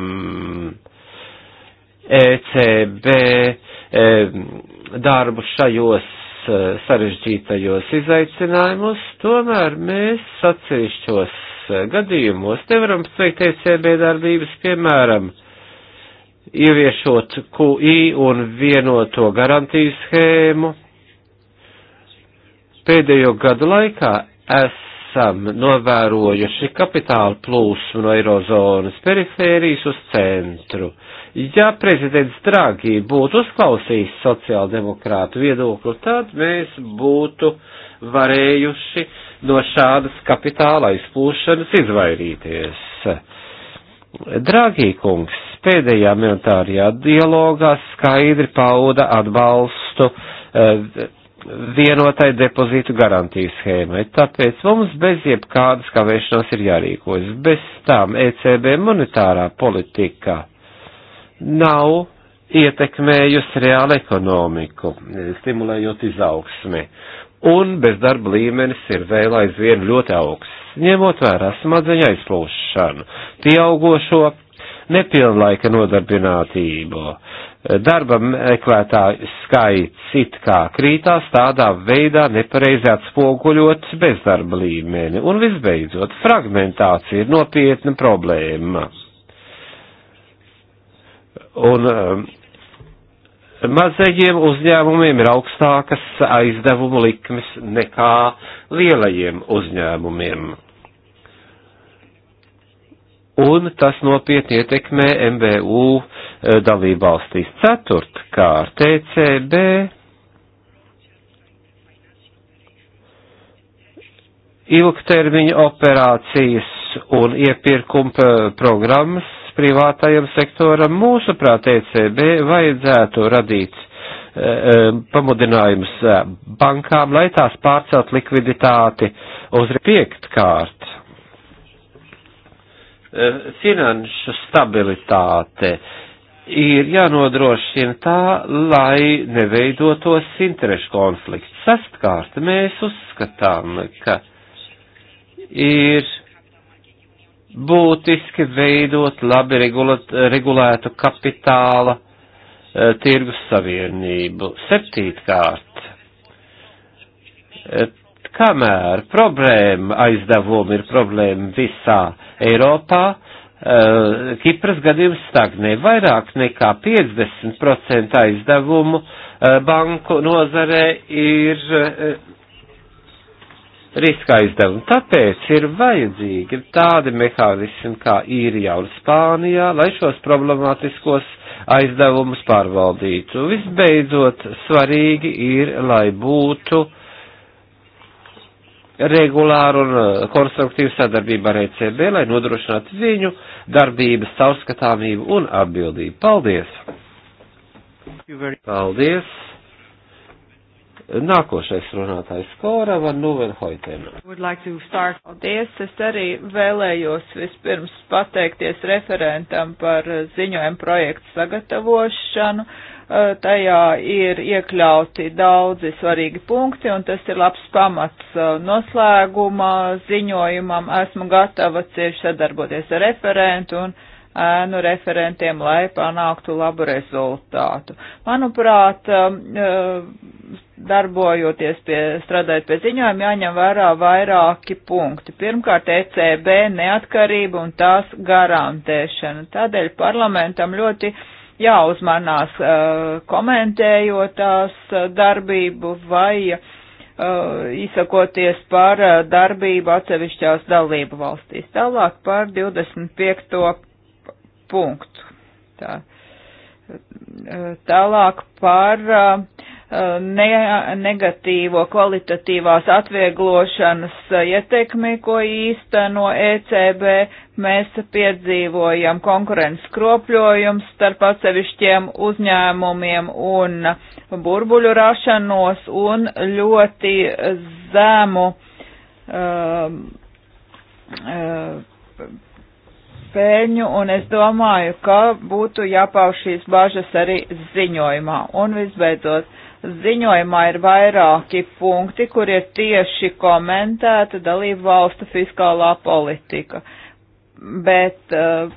ECB e, darbu šajos Eh, sarežģītajos izaicinājumus, tomēr mēs atsevišķos eh, gadījumos nevaram sveikt ECB darbības, piemēram, ieviešot QI un vienoto garantiju schēmu. Pēdējo gadu laikā es esam novērojuši kapitāla plūsmu no Eirozonas perifērijas uz centru. Ja prezidents Dragi būtu uzklausījis sociāldemokrātu viedokli, tad mēs būtu varējuši no šādas kapitāla aizplūšanas izvairīties. Dragi kungs pēdējā militārajā dialogā skaidri pauda atbalstu uh, vienotai depozītu garantiju schēmai. Tāpēc mums bez jebkādas kavēšanās ir jārīkojas. Bez tām ECB monetārā politika nav ietekmējusi reālu ekonomiku, stimulējot izaugsmi. Un bezdarba līmenis ir vēl aizvien ļoti augsts, ņemot vērā smadzeņu aizplūšanu, pieaugošo nepilnlaika nodarbinātību, darba meklētāju skaits it kā krītās, tādā veidā nepareizi atspoguļot bezdarba līmeni. Un visbeidzot, fragmentācija ir nopietna problēma. Un um, mazajiem uzņēmumiem ir augstākas aizdevumu likmes nekā lielajiem uzņēmumiem un tas nopietni ietekmē MBU eh, dalību valstīs. Ceturtkārt, TCB ilgtermiņa operācijas un iepirkuma programmas privātajam sektoram mūsuprāt ECB vajadzētu radīt e, eh, eh, pamudinājums bankām, lai tās pārcelt likviditāti uz piektkārt. Eh, finanšu stabilitāte ir jānodrošina tā, lai neveidotos interešu konflikts. Sastkārt, mēs uzskatām, ka ir būtiski veidot labi regulat, regulētu kapitāla e, tirgus savienību. Septītkārt, e, Kamēr problēma aizdevumi ir problēma visā Eiropā, uh, Kipras gadījums stagnē vairāk nekā 50% aizdevumu uh, banku nozarē ir uh, riska aizdevumi. Tāpēc ir vajadzīgi tādi mehānismi kā īrijā un Spānijā, lai šos problemātiskos aizdevumus pārvaldītu. Visbeidzot, svarīgi ir, lai būtu regulāru un eh, konstruktīvu sadarbību ar ECB, lai nodrošinātu viņu darbības caurskatāmību un atbildību. Paldies! Paldies! Nākošais runātājs Kora van Nuvenhoitena. Like Paldies, es arī vēlējos vispirms pateikties referentam par ziņojumu projektu sagatavošanu Eh, tajā ir iekļauti daudzi svarīgi punkti, un tas ir labs pamats eh, noslēguma ziņojumam. Esmu gatava cieši sadarboties ar referentu un ēnu referentiem, lai panāktu labu rezultātu. Manuprāt, eh, darbojoties pie, strādājot pie ziņojuma, jāņem vērā vairāki punkti. Pirmkārt, ECB neatkarība un tās garantēšana. Tādēļ parlamentam ļoti jāuzmanās uh, komentējot tās uh, darbību vai uh, izsakoties par darbību atsevišķās dalību valstīs. Tālāk par 25. punktu. Tā. Tālāk par ne, negatīvo kvalitatīvās atvieglošanas eh, ietekmi, ko īsteno ECB, mēs piedzīvojam konkurences kropļojums starp atsevišķiem uzņēmumiem un burbuļu rašanos un ļoti zemu um, ehm, um, eh, pēļņu, un es domāju, ka būtu jāpauž šīs bažas arī ziņojumā. Un visbeidzot, Ziņojumā ir vairāki punkti, kur ir tieši komentēta dalību valstu fiskālā politika, bet uh,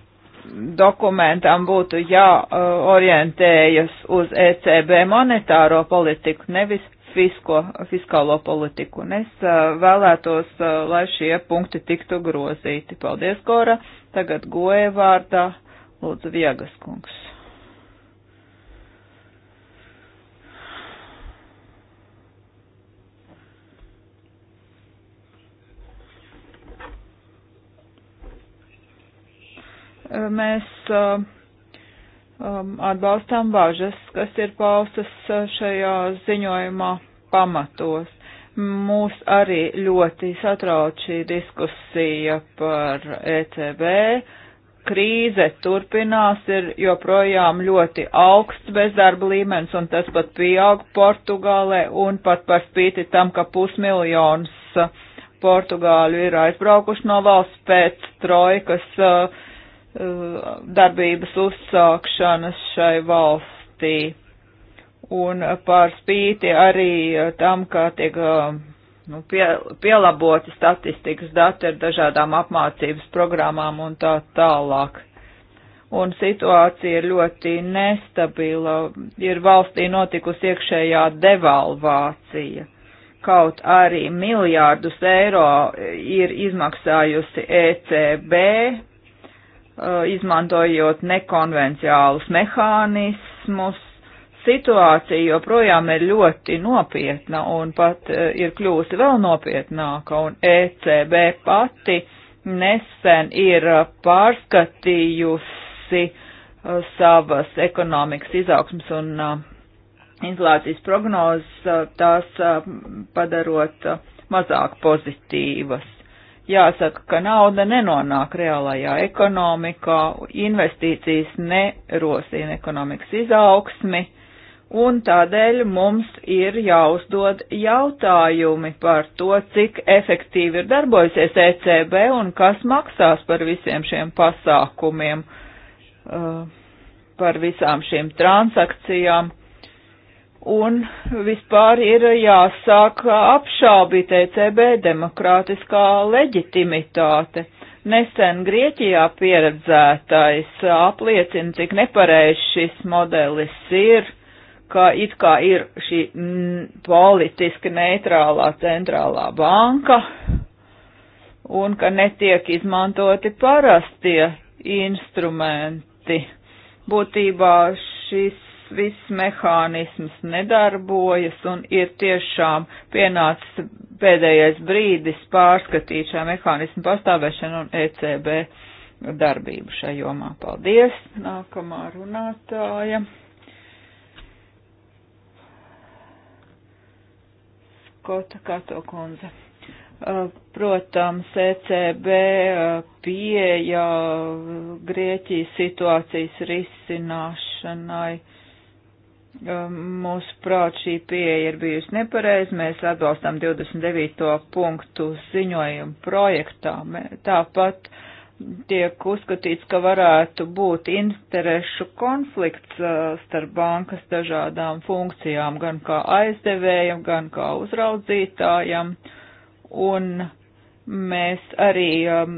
dokumentam būtu jāorientējas uz ECB monetāro politiku, nevis fisko, fiskālo politiku. Un es uh, vēlētos, uh, lai šie punkti tiktu grozīti. Paldies, Kora. Tagad goja vārdā. Lūdzu, Viegas kungs. Mēs atbalstām bažas, kas ir paustas šajā ziņojumā pamatos. Mūs arī ļoti satrauc šī diskusija par ECB. Krīze turpinās, ir joprojām ļoti augsts bezdarba līmenis, un tas pat pieaug Portugālē, un pat par spīti tam, ka pusmiljons Portugāļu ir aizbraukuši no valsts pēc trojkas uh, Uh, darbības uzsākšanas šai valstī. Un par spīti arī uh, tam, kā tiek uh, nu, pie, pielaboti statistikas dati ar dažādām apmācības programmām un tā tālāk un situācija ir ļoti nestabila, ir valstī notikusi iekšējā devalvācija. Kaut arī miljārdus eiro ir izmaksājusi ECB, Uh, izmantojot nekonvenciālus mehānismus. Situācija joprojām ir ļoti nopietna un pat uh, ir kļūsi vēl nopietnāka, un ECB pati nesen ir uh, pārskatījusi savas ekonomikas izaugsmas un inflācijas prognozes, tās padarot mazāk pozitīvas jāsaka, ka nauda nenonāk reālajā ekonomikā, investīcijas nerosina ekonomikas izaugsmi, un tādēļ mums ir jāuzdod jautājumi par to, cik efektīvi ir darbojusies ECB un kas maksās par visiem šiem pasākumiem, uh, par visām šīm transakcijām un vispār ir jāsāk apšaubīt ECB demokrātiskā leģitimitāte. Nesen Grieķijā pieredzētais apliecina, cik nepareizs šis modelis ir, ka it kā ir šī mm, politiski neitrālā centrālā banka un ka netiek izmantoti parastie instrumenti. Būtībā šis viss mehānisms nedarbojas un ir tiešām pienācis pēdējais brīdis pārskatīt šā mehānismu pastāvēšanu un ECB darbību šajā jomā. Paldies! Nākamā runātāja. Skota Kato kundze. Uh, protams, ECB uh, pieeja uh, Grieķijas situācijas risināšanai Um, mūsu prāt šī pieeja ir bijusi nepareiz, mēs atbalstām 29. punktu ziņojumu projektā. Tāpat tiek uzskatīts, ka varētu būt interešu konflikts uh, starp bankas dažādām funkcijām, gan kā aizdevējam, gan kā uzraudzītājam, un mēs arī um,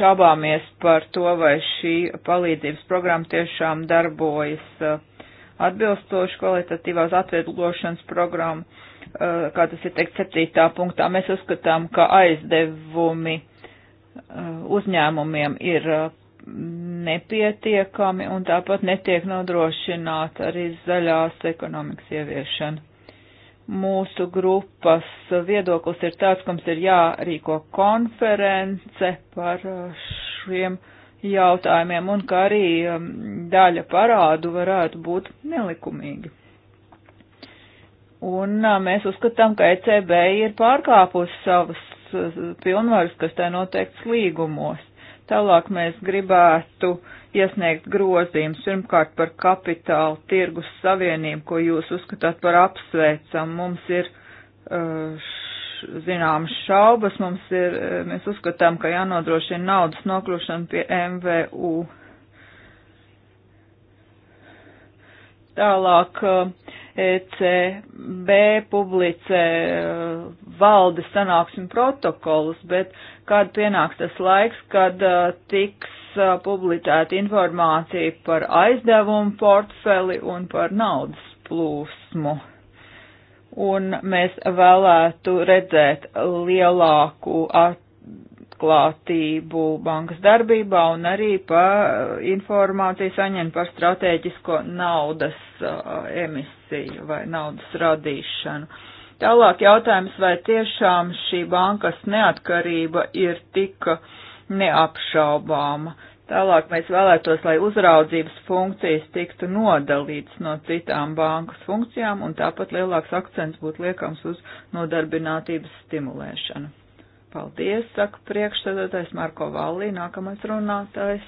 šābāmies par to, vai šī palīdzības programma tiešām darbojas uh, atbilstoši kvalitatīvās atvieglošanas programmu, eh, kā tas ir teikt septītā punktā. Mēs uzskatām, ka aizdevumi eh, uzņēmumiem ir eh, nepietiekami un tāpat netiek nodrošināta arī zaļās ekonomikas ieviešana. Mūsu grupas viedoklis ir tāds, ka mums ir jārīko konference par šiem uh, jautājumiem un ka arī um, daļa parādu varētu būt nelikumīgi. Un uh, mēs uzskatām, ka ECB ir pārkāpusi savas uh, pilnvaras, kas tā noteikts līgumos. Tālāk mēs gribētu iesniegt grozījums pirmkārt par kapitālu tirgus savienību, ko jūs uzskatāt par apsveicamu. Mums ir uh, zinām šaubas, mums ir, eh, mēs uzskatām, ka jānodrošina naudas nokļūšana pie MVU. Tālāk ECB eh, e publicē eh, valdes sanāksmi protokolus, bet kad pienāks tas laiks, kad tiks publicēta informācija par aizdevumu portfeli un par naudas plūsmu un mēs vēlētu redzēt lielāku atklātību bankas darbībā un arī pa informāciju saņemt par strateģisko naudas emisiju vai naudas radīšanu. Tālāk jautājums, vai tiešām šī bankas neatkarība ir tik neapšaubāma. Tālāk mēs vēlētos, lai uzraudzības funkcijas tiktu nodalītas no citām bankas funkcijām, un tāpat lielāks akcents būtu liekams uz nodarbinātības stimulēšanu. Paldies, saka priekšsēdētājs Marko Vallī, nākamais runātājs.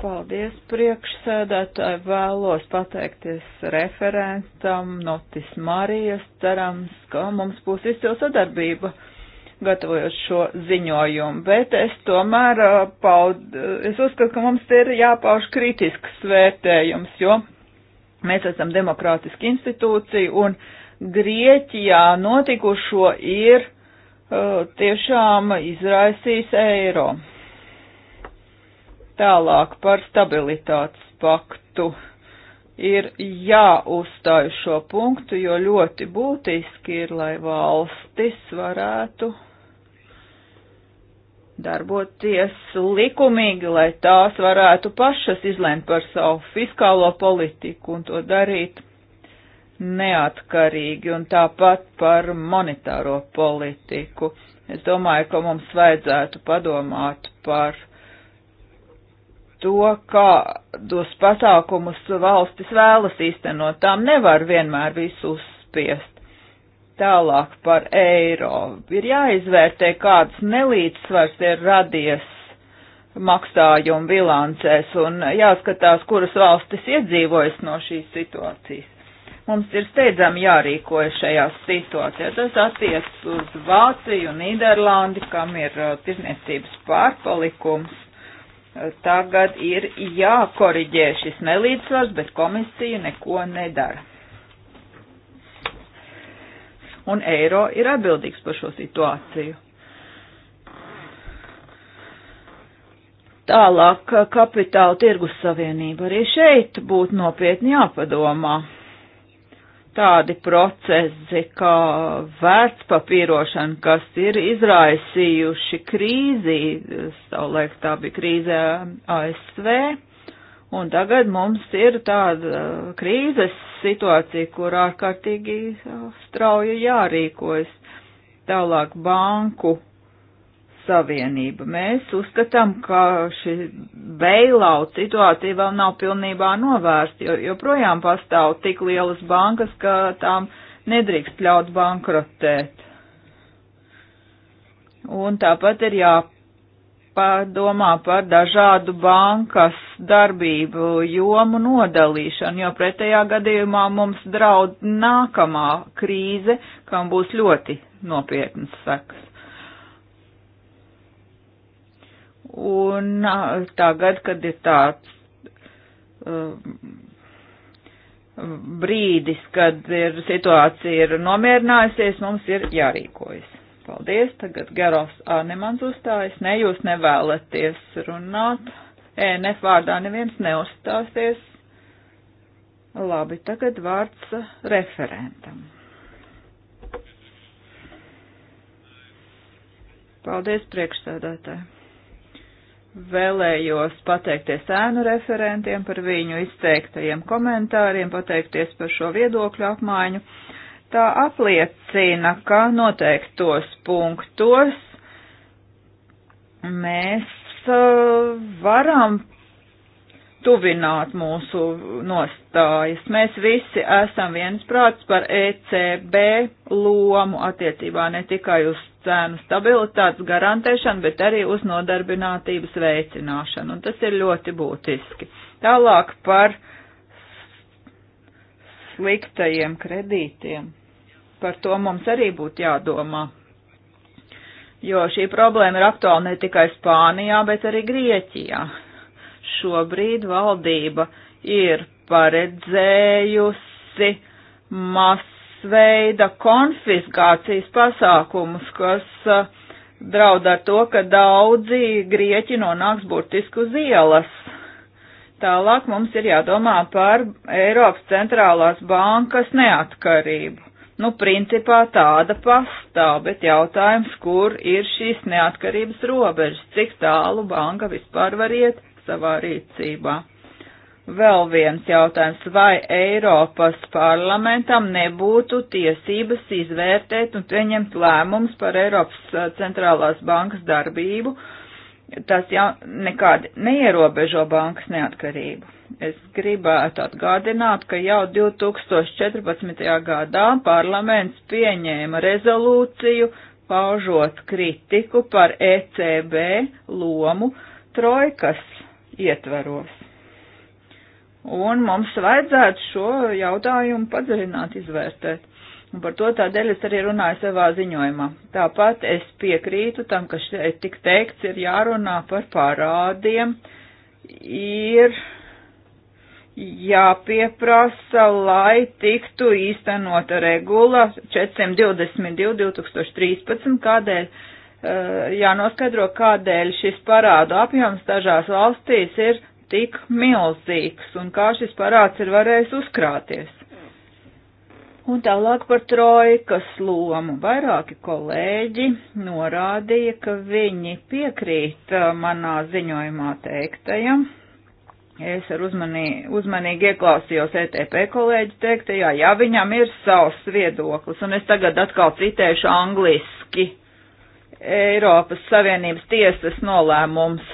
Paldies, priekšsēdētāji, vēlos pateikties referentam Notis Marijas, cerams, ka mums būs izcila sadarbība gatavojot šo ziņojumu, bet es tomēr uh, paud, uh, es uzskatu, ka mums ir jāpauž kritisks vērtējums, jo mēs esam demokrātiski institūcija un Grieķijā notikušo ir uh, tiešām izraisījis eiro. Tālāk par stabilitātes paktu ir jāuzstāj šo punktu, jo ļoti būtiski ir, lai valstis varētu darboties likumīgi, lai tās varētu pašas izlēmt par savu fiskālo politiku un to darīt neatkarīgi un tāpat par monetāro politiku. Es domāju, ka mums vajadzētu padomāt par to, kādus pasākumus valstis vēlas īstenot. Tām nevar vienmēr visu uzspiest. Tālāk par eiro. Ir jāizvērtē, kāds nelīdzsvars ir radies maksājumu bilancēs un jāskatās, kuras valstis iedzīvojas no šīs situācijas. Mums ir steidzami jārīkojas šajās situācijās. Tas attiec uz Vāciju un Nīderlandi, kam ir uh, tirzniecības pārpalikums. Tagad ir jākoriģē šis nelīdzsvars, bet komisija neko nedara un eiro ir atbildīgs par šo situāciju. Tālāk eh, kapitāla tirgus savienība arī šeit būtu nopietni jāpadomā. Tādi procesi kā vērtspapīrošana, kas ir izraisījuši krīzi, eh, savulaik tā bija krīze ASV, Un tagad mums ir tāda uh, krīzes situācija, kur ārkārtīgi uh, strauji jārīkojas tālāk banku savienība. Mēs uzskatām, ka šī bailout situācija vēl nav pilnībā novērsta, jo joprojām pastāv tik lielas bankas, ka tām nedrīkst ļaut bankrotēt. Un tāpat ir jāpārāk jāpadomā par dažādu bankas darbību jomu nodalīšanu, jo pretējā gadījumā mums draud nākamā krīze, kam būs ļoti nopietnas sekas. Un tagad, kad ir tāds um, brīdis, kad ir situācija ir nomierinājusies, mums ir jārīkojas. Paldies, tagad Gerovs Ārnemans uzstājas. Ne, jūs nevēlaties runāt. ENF vārdā neviens neuzstāsies. Labi, tagad vārds referentam. Paldies priekšsēdētāji. Vēlējos pateikties ēnu referentiem par viņu izteiktajiem komentāriem, pateikties par šo viedokļu apmaiņu tā apliecina, ka noteiktos punktos mēs uh, varam tuvināt mūsu nostājas. Mēs visi esam viensprāts par ECB lomu attiecībā ne tikai uz cēnu stabilitātes garantēšanu, bet arī uz nodarbinātības veicināšanu. Un tas ir ļoti būtiski. Tālāk par sliktajiem kredītiem. Par to mums arī būtu jādomā. Jo šī problēma ir aktuāla ne tikai Spānijā, bet arī Grieķijā. Šobrīd valdība ir paredzējusi masveida konfiskācijas pasākumus, kas uh, draud ar to, ka daudzi grieķi nonāks burtiski uz ielas. Tālāk mums ir jādomā par Eiropas centrālās bankas neatkarību. Nu, principā tāda pastāv, bet jautājums, kur ir šīs neatkarības robežas, cik tālu banka vispār var iet savā rīcībā. Vēl viens jautājums, vai Eiropas parlamentam nebūtu tiesības izvērtēt un pieņemt lēmums par Eiropas eh, centrālās bankas darbību tas jau nekādi neierobežo bankas neatkarību. Es gribētu atgādināt, ka jau 2014. gadā parlaments pieņēma rezolūciju paužot kritiku par ECB lomu trojkas ietveros. Un mums vajadzētu šo jautājumu padziļināt, izvērtēt. Un par to tādēļ es arī runāju savā ziņojumā. Tāpat es piekrītu tam, ka šeit tik teikts ir jārunā par parādiem, ir jāpieprasa, lai tiktu īstenota regula 422.2013, kādēļ eh, jānoskaidro, kādēļ šis parādu apjoms dažās valstīs ir tik milzīgs un kā šis parāds ir varējis uzkrāties. Un tālāk par trojkas lomu. Vairāki kolēģi norādīja, ka viņi piekrīt uh, manā ziņojumā teiktajam. Es ar uzmanī, uzmanīgi ieklausījos ETP kolēģi teiktajā, ja viņam ir savs viedoklis, un es tagad atkal citēšu angliski Eiropas Savienības tiesas nolēmums,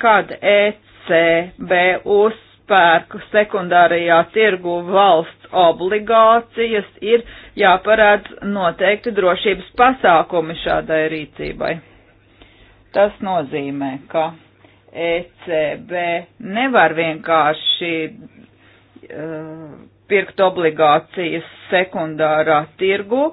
kad ECB uzspērku sekundārajā tirgu valsts obligācijas, ir jāparāds noteikti drošības pasākumi šādai rīcībai. Tas nozīmē, ka ECB nevar vienkārši uh, pirkt obligācijas sekundārā tirgu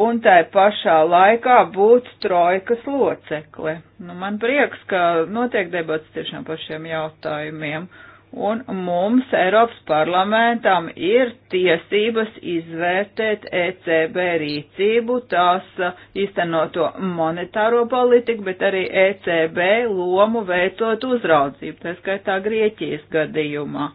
un tai pašā laikā būt trojkas locekle. Nu, man prieks, ka notiek debats tiešām par šiem jautājumiem. Uh, Un mums, Eiropas parlamentam, ir tiesības izvērtēt ECB rīcību, tās īstenoto monetāro politiku, bet arī ECB lomu veicot uzraudzību, tā skaitā Grieķijas gadījumā.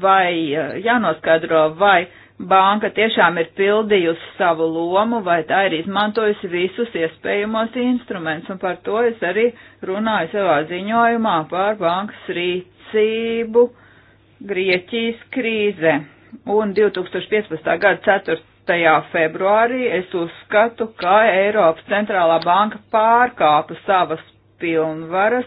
Vai jānoskaidro, vai banka tiešām ir pildījusi savu lomu, vai tā ir izmantojusi visus iespējamos instrumentus, un par to es arī runāju savā ziņojumā par bankas rīcību Grieķijas krīze. Un 2015. gada 4. februārī es uzskatu, ka Eiropas centrālā banka pārkāpa savas pilnvaras,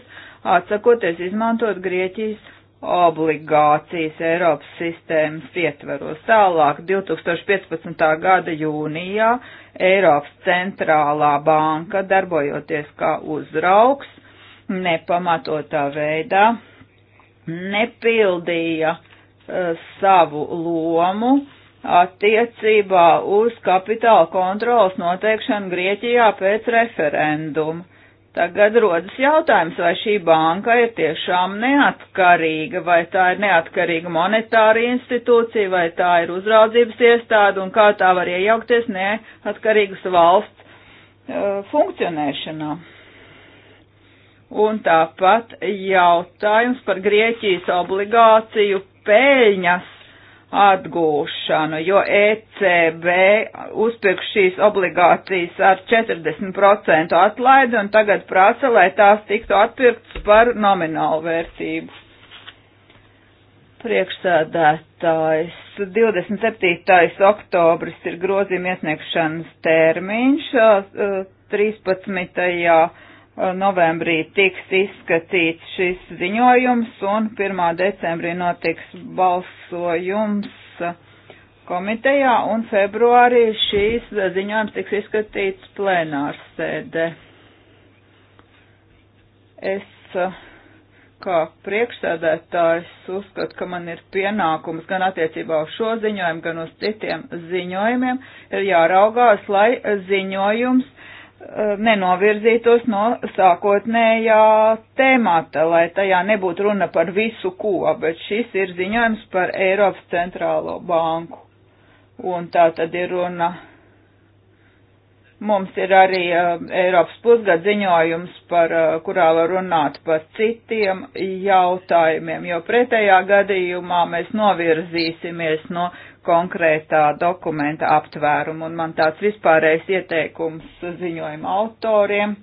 atsakoties izmantot Grieķijas obligācijas Eiropas sistēmas ietveros. Tālāk 2015. gada jūnijā Eiropas centrālā banka darbojoties kā uzraugs nepamatotā veidā nepildīja uh, savu lomu attiecībā uz kapitāla kontrolas noteikšanu Grieķijā pēc referenduma Tagad rodas jautājums, vai šī banka ir tiešām neatkarīga, vai tā ir neatkarīga monetāra institūcija, vai tā ir uzraudzības iestāde un kā tā var iejaukties neatkarīgas valsts uh, funkcionēšanā. Un tāpat jautājums par Grieķijas obligāciju peļņas atgūšanu, jo ECB uzpirk šīs obligācijas ar 40% atlaidi un tagad prasa, lai tās tiktu atpirktas par nominālu vērtību. Priekšsādātājs 27. oktobris ir grozījuma iesniegšanas termiņš, 13. Uh, Eh, novembrī tiks izskatīts šis ziņojums un 1. decembrī notiks balsojums komitejā un februārī šīs ziņojums tiks izskatīts plenārsēdē. Es eh, kā priekšsēdētājs uzskatu, ka man ir pienākums gan attiecībā uz šo ziņojumu, gan uz citiem ziņojumiem, ir jāraugās, lai ziņojums Eh, nenovirzītos no sākotnējā temata, lai tajā nebūtu runa par visu ko, bet šis ir ziņojums par Eiropas centrālo banku. Un tā tad ir runa. Mums ir arī uh, Eiropas pusgad ziņojums, par, uh, kurā var runāt par citiem jautājumiem, jo pretējā gadījumā mēs novirzīsimies no konkrētā dokumenta aptvērumu, un man tāds vispārējais ieteikums ziņojuma autoriem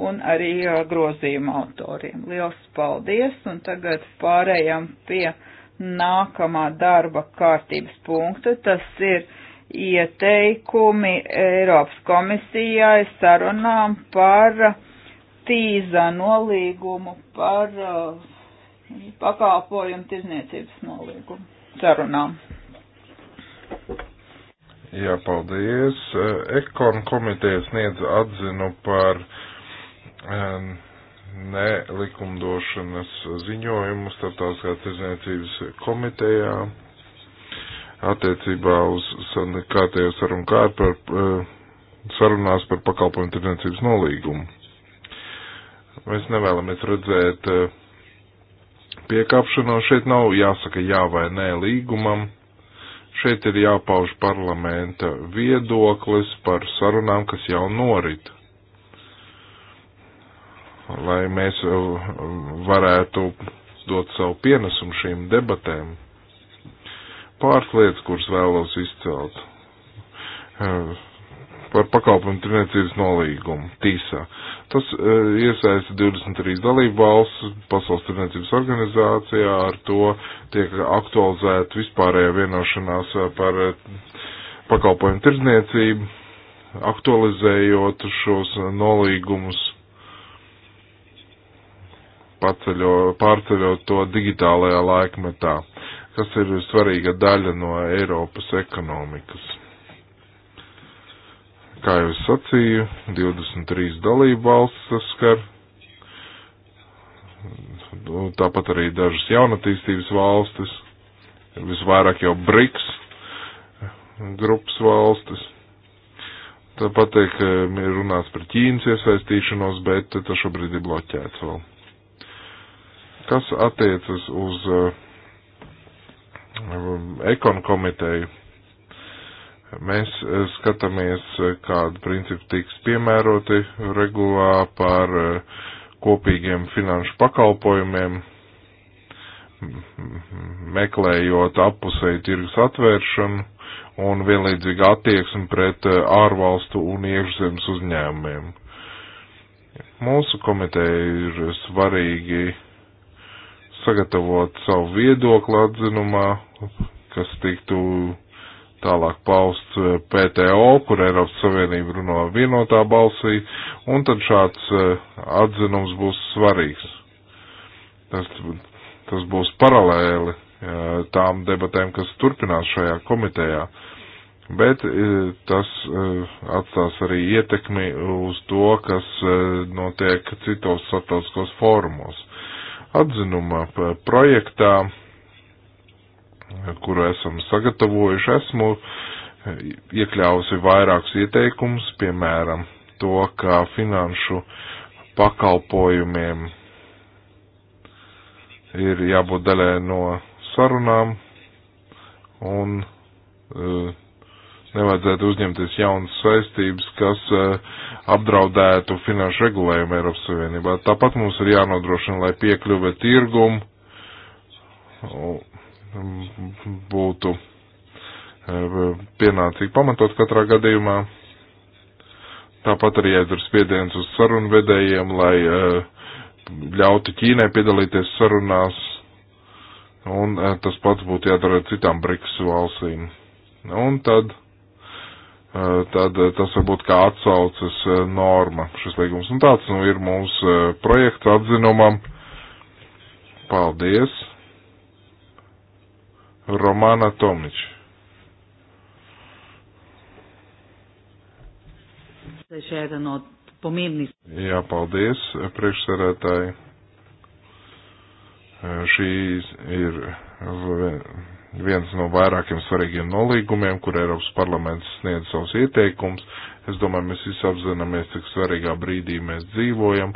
un arī uh, grozījuma autoriem. Liels paldies, un tagad pārējām pie nākamā darba kārtības punkta. Tas ir ieteikumi Eiropas komisijai sarunām par tīza nolīgumu, par uh, pakalpojumu tirzniecības nolīgumu sarunām. Jā, paldies. Ekon komiteja sniedz atzinu par nelikumdošanas ziņojumu starptautiskā tirzniecības komitejā attiecībā uz kārtējo sarunu kārtu par eh, sarunās par pakalpojumu tirdzniecības nolīgumu. Mēs nevēlamies redzēt eh, piekāpšanos. Šeit nav jāsaka jā vai nē līgumam Šeit ir jāpauž parlamenta viedoklis par sarunām, kas jau norit, lai mēs e, varētu dot savu pienesumu šīm debatēm. Pāris lietas, kuras vēlos izcelt. E, par pakalpojumu tirniecības nolīgumu, TISA. Tas e, iesaista 23 dalību valsts pasaules tirniecības organizācijā, ar to tiek aktualizēta vispārējā vienošanās e, par e, pakalpojumu tirniecību, aktualizējot šos nolīgumus, paceļo, pārceļot to digitālajā laikmetā, kas ir svarīga daļa no Eiropas ekonomikas kā jau es sacīju, 23 dalību valsts saskar, tāpat arī dažas jaunatīstības valstis, visvairāk jau BRICS grupas valstis. Tāpat tiek eh, runāts par Ķīnas iesaistīšanos, bet tas šobrīd ir bloķēts vēl. Kas attiecas uz uh, ekonu komiteju, Mēs eh, skatāmies, eh, kādu principu tiks piemēroti regulā par eh, kopīgiem finanšu pakalpojumiem, meklējot appusēju tirgus atvēršanu un vienlīdzīgu attieksmi pret ārvalstu un iekšzemes uzņēmumiem. Mūsu komiteja ir svarīgi sagatavot savu viedokli atzinumā, kas tiktu tālāk pausts eh, PTO, kur Eiropas Savienība runā vienotā balsī, un tad šāds eh, atzinums būs svarīgs. Tas, tas būs paralēli eh, tām debatēm, kas turpinās šajā komitejā, bet tas atstās arī ietekmi uz to, kas notiek citos starptautiskos fórumos. Atzinuma projektā kuru esam sagatavojuši, esmu e, iekļāvusi vairākus ieteikumus, piemēram, to, ka finanšu pakalpojumiem ir jābūt daļai no sarunām un uh, nevajadzētu uzņemties jaunas saistības, kas uh, apdraudētu finanšu regulējumu Eiropas Savienībā. Tāpat mums ir jānodrošina, lai piekļuve tirgumu būtu e, pienācīgi pamatot katrā gadījumā. Tāpat arī aizver spiediens uz sarunu vedējiem, lai e, ļautu Ķīnai piedalīties sarunās, un e, tas pats būtu jādara citām BRICS valstīm. Un tad, tad tas varbūt kā atsaucas norma šis līgums. Un tāds nu ir mūsu projekts atzinumam. Paldies! Romana Tomić. Jā, paldies, priekšsarētāji. Šī ir viens no vairākiem svarīgiem nolīgumiem, kur Eiropas parlaments sniedz savus ieteikumus. Es domāju, mēs visi apzināmies, cik svarīgā brīdī mēs dzīvojam. Uh,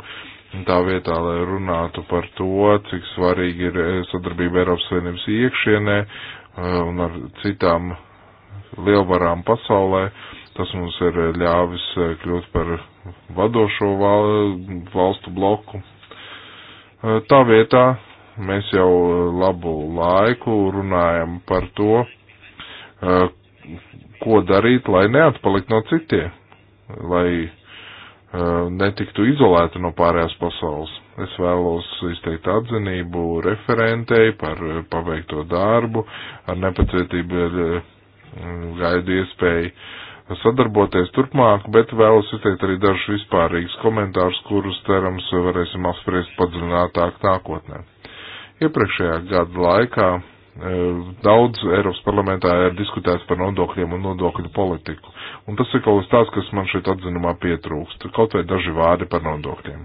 Tā vietā, lai runātu par to, cik svarīgi ir eh, sadarbība Eiropas Savienības iekšienē eh, un ar citām lielvarām pasaulē, tas mums ir ļāvis eh, kļūt par vadošo valstu bloku. Tā vietā mēs jau labu laiku runājam par to, ko darīt, lai neatpalikt no citiem, lai Uh, netiktu izolēta no pārējās pasaules. Es vēlos izteikt atzinību referentei par uh, paveikto darbu, ar nepacietību uh, gaidu iespēju sadarboties turpmāk, bet vēlos izteikt arī dažus vispārīgus komentārus, kurus cerams varēsim apspriest padziļinātāk nākotnē. Iepriekšējā gada laikā Eh, daudz Eiropas parlamentā ir diskutēts par nodokļiem un nodokļu politiku. Un tas ir kaut kas tāds, kas man šeit atzinumā pietrūkst. Kaut vai daži vārdi par nodokļiem.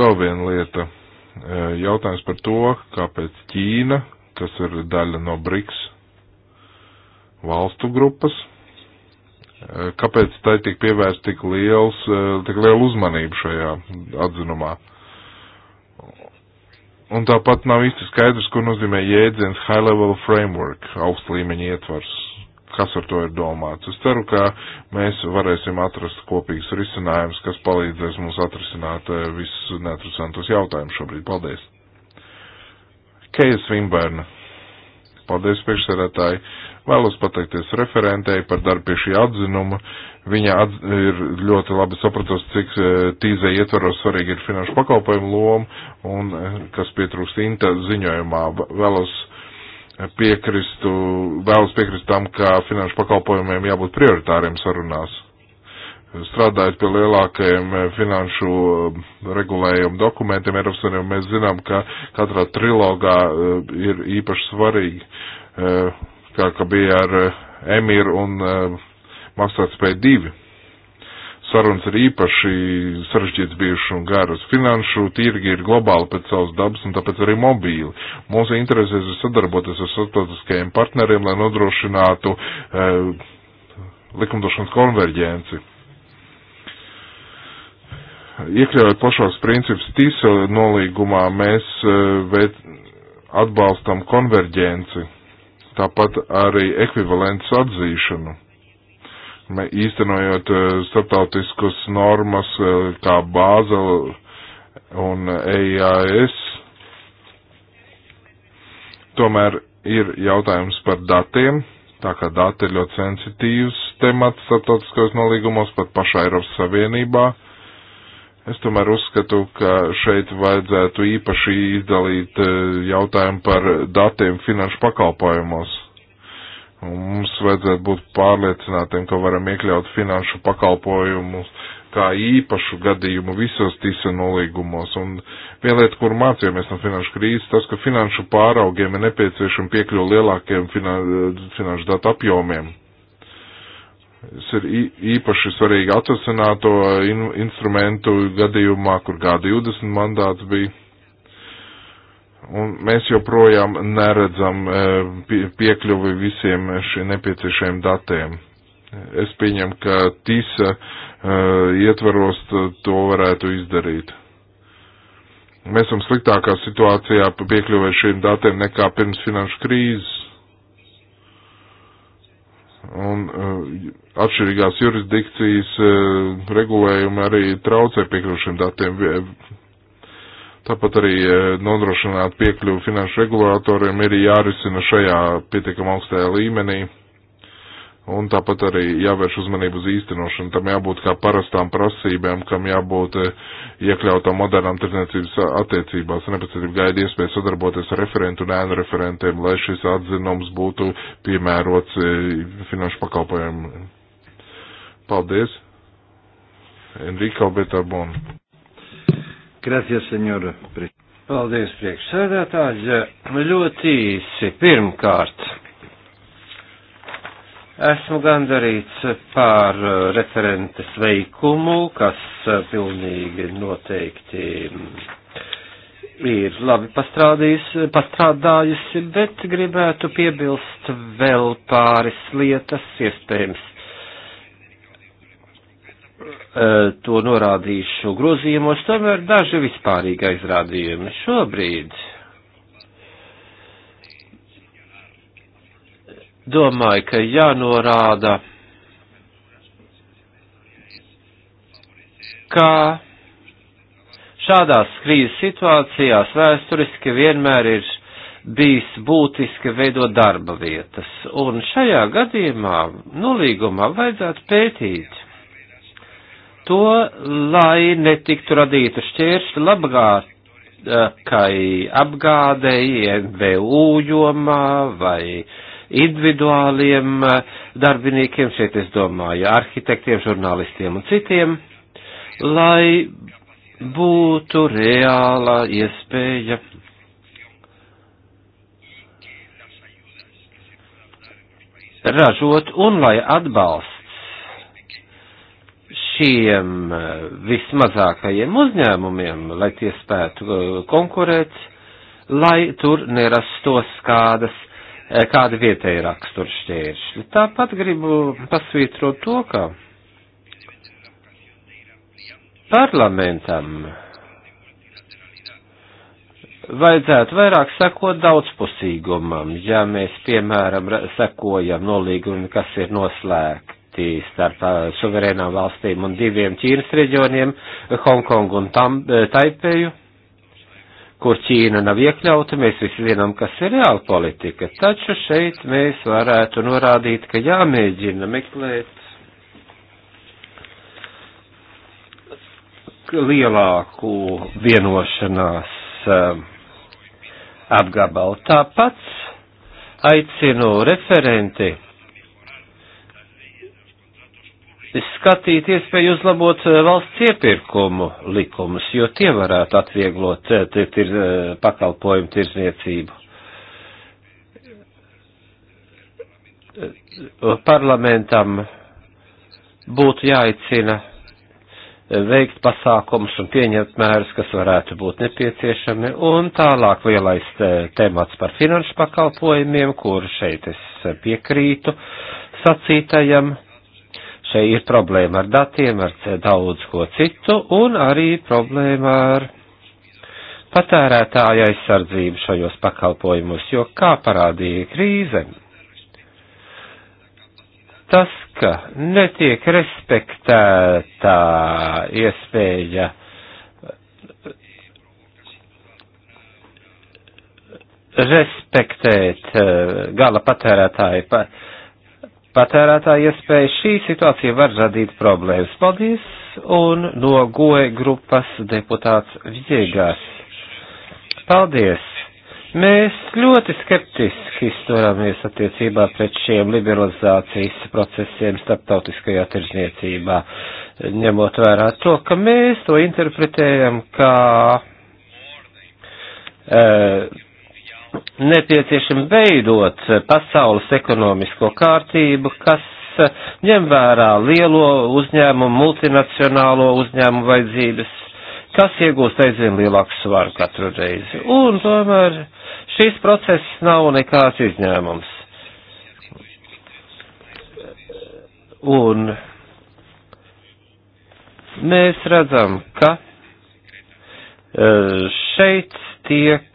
Vēl viena lieta. Eh, jautājums par to, kāpēc Ķīna, kas ir daļa no BRICS valstu grupas, eh, kāpēc tai tik pievērst tik, liels, tik lielu uzmanību šajā atzinumā. Un tāpat nav īsti skaidrs, ko nozīmē jēdziens high level framework, augst līmeņa ietvars, kas ar to ir domāts. Es ceru, ka mēs varēsim atrast kopīgs risinājums, kas palīdzēs mums atrisināt eh, visus neatrisinētos jautājumus šobrīd. Paldies! Kejas Vimberna. Paldies, priekšsēdētāji. Vēlos pateikties referentei par darbu pie šī atzinuma. Viņa ir ļoti labi sapratusi, cik e, tīzē ietvaros svarīgi ir finanšu pakalpojumu loma un e, kas pietrūkst Inta ziņojumā. Vēlos piekristu, vēlos piekrist tam, ka finanšu pakalpojumiem jābūt prioritāriem sarunās. Strādājot pie lielākajiem e, finanšu regulējumu dokumentiem Eiropas Savienībā, mēs zinām, ka katrā trilogā ir īpaši svarīgi, kā, kā bija ar Emīru un uh, maksātspēja divi. Sarunas ir īpaši sarežģītas bijušas un garas. Finanšu tirgi ir globāli pēc savas dabas un tāpēc arī mobīli. Mūsu interesēs ir sadarboties ar starptautiskajiem partneriem, lai nodrošinātu eh, likumdošanas konverģenci iekļaujot plašāks princips TISA nolīgumā, mēs eh, vēd, atbalstam konverģenci, tāpat arī ekvivalents atzīšanu īstenojot eh, starptautiskus normas eh, kā Bāzela un EIAS. Tomēr ir jautājums par datiem, tā kā dati ir ļoti sensitīvs temats starptautiskajos nolīgumos, pat pašā Eiropas Savienībā. Es tomēr uzskatu, ka šeit vajadzētu īpaši izdalīt eh, jautājumu par datiem finanšu pakalpojumos Un mums vajadzētu būt pārliecinātiem, ka varam iekļaut finanšu pakalpojumus kā īpašu gadījumu visos TISA nolīgumos. Un viena lieta, kur mācījāmies no finanšu krīzes, tas, ka finanšu pāraugiem ir nepieciešama piekļuva lielākiem finanšu datu apjomiem. Tas ir īpaši svarīgi atvesināto in instrumentu gadījumā, kur G20 mandāts bija Un mēs joprojām neredzam eh, piekļuvi visiem šiem nepieciešajiem datiem. Es pieņemu, ka TISA eh, ietvaros to varētu izdarīt. Mēs esam sliktākā situācijā piekļuvē šiem datiem nekā pirms finanšu krīzes. Un eh, atšķirīgās jurisdikcijas regulējumi arī traucē piekļuvu šiem datiem Tāpat arī e, nodrošināt piekļuvu finanšu regulātoriem ir jārisina šajā pietiekam augstajā līmenī. Un tāpat arī jāvērš uzmanību uz īstenošanu. Tam jābūt kā parastām prasībām, kam jābūt e, iekļautām modernām tirdzniecības attiecībās. Nepacietība gaida iespēju sadarboties ar referentu un ēnu referentiem, lai šis atzinums būtu piemērots e, finanšu pakalpojumiem. Paldies! Enrico Betarbon. Gracias, senjora. Paldies, priekšsēdētāji. Ļoti īsi. Pirmkārt, esmu gandarīts par uh, referentes veikumu, kas uh, pilnīgi noteikti mm, ir labi pastrādājusi, bet gribētu piebilst vēl pāris lietas, iespējams Eh, to norādīšu grozījumos, tomēr daži vispārīgi aizrādījumi. Šobrīd domāju, ka jānorāda, ka šādās krīzes situācijās vēsturiski vienmēr ir bijis būtiski veidot darba vietas, un šajā gadījumā nolīgumā vajadzētu pētīt to, lai netiktu radīta šķēršļa labgākai apgādēji MVU jomā vai individuāliem darbiniekiem, šeit es domāju arhitektiem, žurnālistiem un citiem, lai būtu reāla iespēja ražot un lai atbalsts šiem eh, vismazākajiem uzņēmumiem, lai tie spētu eh, konkurēt, lai tur nerastos kādas, eh, kādi vietēji raksturšķēršļi. Tāpat gribu pasvītrot to, ka parlamentam vajadzētu vairāk sekot daudzpusīgumam, ja mēs, piemēram, sekojam nolīgumi, kas ir noslēgti konflikti starp suverēnām valstīm un diviem Ķīnas reģioniem - Hongkongu un tam, Taipeju, kur Ķīna nav iekļauta, mēs visi zinām, kas ir reāla politika. Taču šeit mēs varētu norādīt, ka jāmēģina meklēt lielāku vienošanās apgabalu. Tāpat aicinu referenti skatīt iespēju uzlabot eh, valsts iepirkumu likumus, jo tie varētu atvieglot eh, tir, eh, pakalpojumu tirzniecību. Parlamentam būtu jāicina veikt pasākumus un pieņemt mērus, kas varētu būt nepieciešami, un tālāk lielais temats par finanšu pakalpojumiem, kur šeit es piekrītu sacītajam šeit ir problēma ar datiem, ar daudz ko citu, un arī problēma ar patērētāja aizsardzību šajos pakalpojumus, jo kā parādīja krīze, tas, ka netiek respektētā iespēja respektēt eh, gala patērētāju pa, uh, patērētāja iespēja, šī situācija var radīt problēmas. Paldies! Un no GOE grupas deputāts Viegas. Paldies! Mēs ļoti skeptiski izturamies attiecībā pret šiem liberalizācijas procesiem starptautiskajā tirzniecībā, ņemot vērā to, ka mēs to interpretējam kā e, nepieciešami beidot pasaules ekonomisko kārtību, kas ņem vērā lielo uzņēmumu, multinacionālo uzņēmumu vajadzības, kas iegūst aizvien lielāku svaru katru reizi. Un tomēr šīs process nav nekāds izņēmums. Un mēs redzam, ka eh, šeit tiek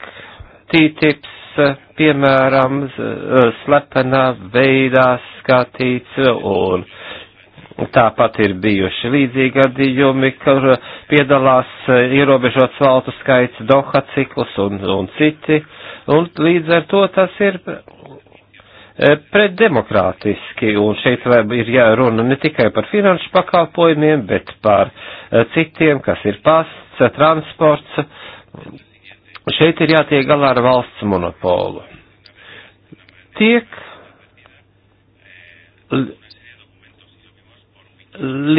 tītips, piemēram, eh, slepenā veidā skatīts un tāpat ir bijuši līdzīgi gadījumi, kur piedalās eh, ierobežots valstu skaits Doha ciklus un, un citi, un līdz ar to tas ir eh, pretdemokrātiski, un šeit ir jārunā ne tikai par finanšu pakalpojumiem, bet par citiem, kas ir pasts, transports, Šeit ir jātiek galā ar valsts monopolu. Tiek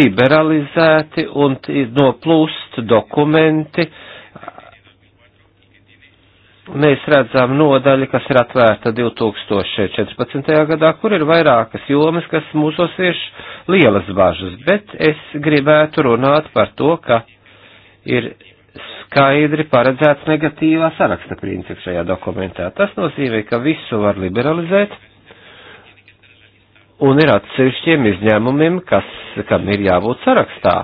liberalizēti un noplūst dokumenti. Mēs redzam nodaļu, kas ir atvērta 2014. gadā, kur ir vairākas jomas, kas mūsos vieš lielas bažas, bet es gribētu runāt par to, ka ir skaidri paredzēts negatīvā saraksta princips šajā dokumentā. Tas nozīmē, ka visu var liberalizēt un ir atsevišķiem izņēmumiem, kas, kam ir jābūt sarakstā.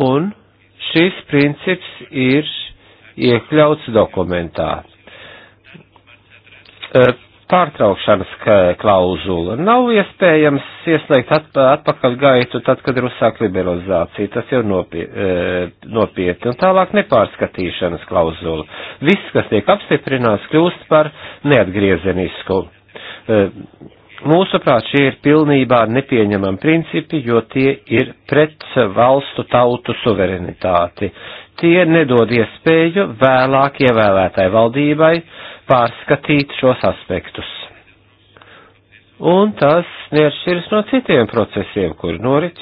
Un šis princips ir iekļauts dokumentā. Eh, pārtraukšanas klauzula. Nav iespējams ieslēgt atpakaļ gaitu tad, kad ir uzsākt liberalizācija. Tas jau e, nopietni. Un tālāk nepārskatīšanas klauzula. Viss, kas tiek apstiprināts, kļūst par neatgriezenisku. E, mūsuprāt, šie ir pilnībā nepieņemami principi, jo tie ir pret valstu tautu suverenitāti. Tie nedod iespēju vēlāk ievēlētai valdībai uh, pārskatīt šos aspektus. Un tas neatšķiras no citiem procesiem, kuri norit,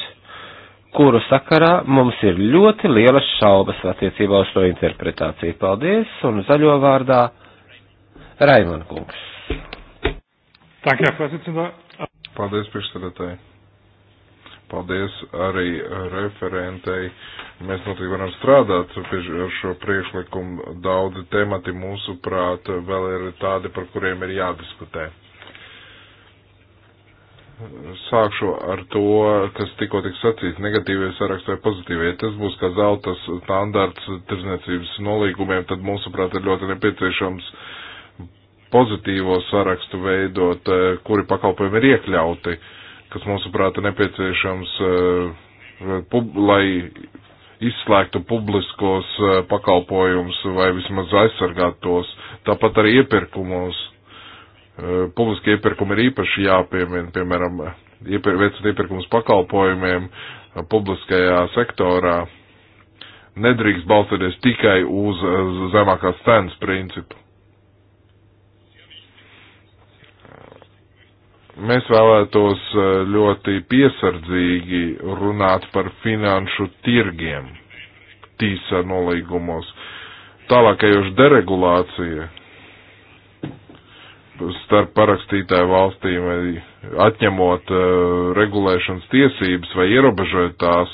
kuru sakarā mums ir ļoti lielas šaubas attiecībā uz to interpretāciju. Paldies, un zaļo vārdā Raimankungs. Tā kā, Paldies, priekšsēdētāji. Paldies arī referentei. Mēs noteikti varam strādāt pie šo priekšlikumu. Daudzi temati mūsuprāt vēl ir tādi, par kuriem ir jādiskutē. Sākšu ar to, kas tikko tik sacīts, negatīvie saraksti vai pozitīvie. Ja tas būs kā zelta standarts tirzniecības nolīgumiem, tad mūsuprāt ir ļoti nepieciešams pozitīvo sarakstu veidot, kuri pakalpojumi ir iekļauti. Uh, kas mūsuprāt ir nepieciešams, eh, lai izslēgtu publiskos eh, pakalpojumus vai vismaz aizsargātu tos. Tāpat arī iepirkumos. Eh, publiski iepirkumi ir īpaši jāpiemina, piemēram, iepir veicot iepirkumus pakalpojumiem publiskajā sektorā. Nedrīkst balstoties tikai uz zemākās cenas principu. Mēs vēlētos eh, ļoti piesardzīgi runāt par finanšu tirgiem tīsa nolīgumos. Tālākajos deregulācija starp parakstītāju valstīm vai atņemot uh, regulēšanas tiesības vai ierobežot tās,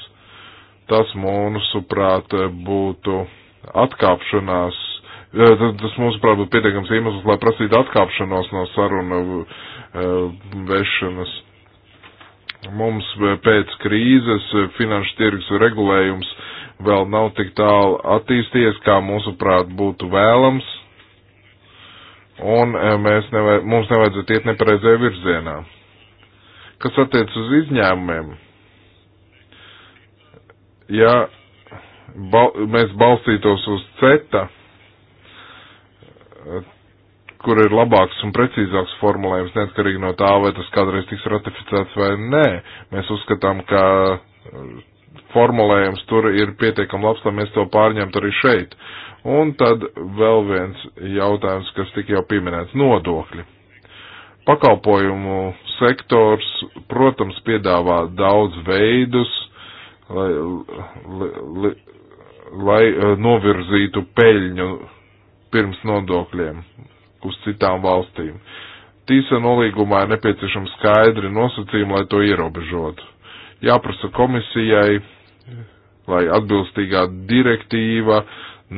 tas mūsuprāt eh, būtu atkāpšanās, tas mūsuprāt būtu pietiekams iemesls, lai prasītu atkāpšanos no saruna Uh, vešanas. Mums uh, pēc krīzes uh, finanšu tirgus regulējums vēl nav tik tālu attīstījies, kā mūsuprāt būtu vēlams, un mēs nevajad, mums nevajadzētu iet nepareizajā virzienā. Kas attiec uz izņēmumiem? Ja bal mēs balstītos uz CETA, kur ir labāks un precīzāks formulējums, neatkarīgi no tā, vai tas kādreiz tiks ratificēts vai nē. Mēs uzskatām, ka uh, formulējums tur ir pietiekam labs, lai mēs to pārņemtu arī šeit. Un tad vēl viens jautājums, kas tik jau pieminēts - nodokļi. Pakalpojumu sektors, protams, piedāvā daudz veidus, lai, lai, lai uh, novirzītu peļņu pirms nodokļiem uz citām valstīm. Tīsa nolīgumā ir nepieciešams skaidri nosacījumi, lai to ierobežotu. Jāprasa komisijai, lai atbilstīgā direktīva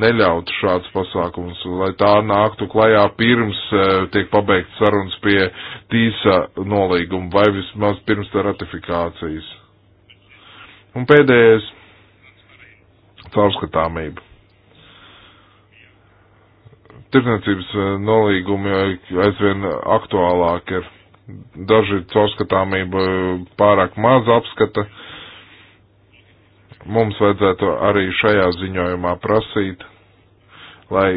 neļautu šāds pasākums, lai tā nāktu klajā pirms e, tiek pabeigts sarunas pie tīsa nolīguma vai vismaz pirms tā ratifikācijas. Un pēdējais - caurskatāmība tirdzniecības eh, nolīgumi aizvien aktuālāk ir. Daži caurskatāmība eh, pārāk maz apskata. Mums vajadzētu arī šajā ziņojumā prasīt, lai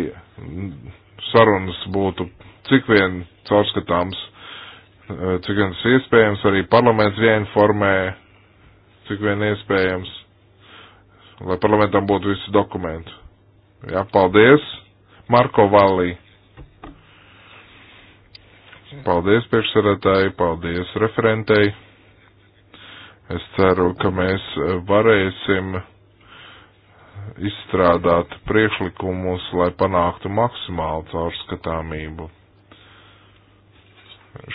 sarunas būtu cik vien caurskatāms, eh, cik vien iespējams, arī parlaments vienformē, cik vien iespējams, lai parlamentam būtu visi dokumenti. Jā, paldies! Marko Vallī. Paldies priekšsarētāji, paldies referentei. Es ceru, ka mēs varēsim izstrādāt priekšlikumus, lai panāktu maksimālu caurskatāmību.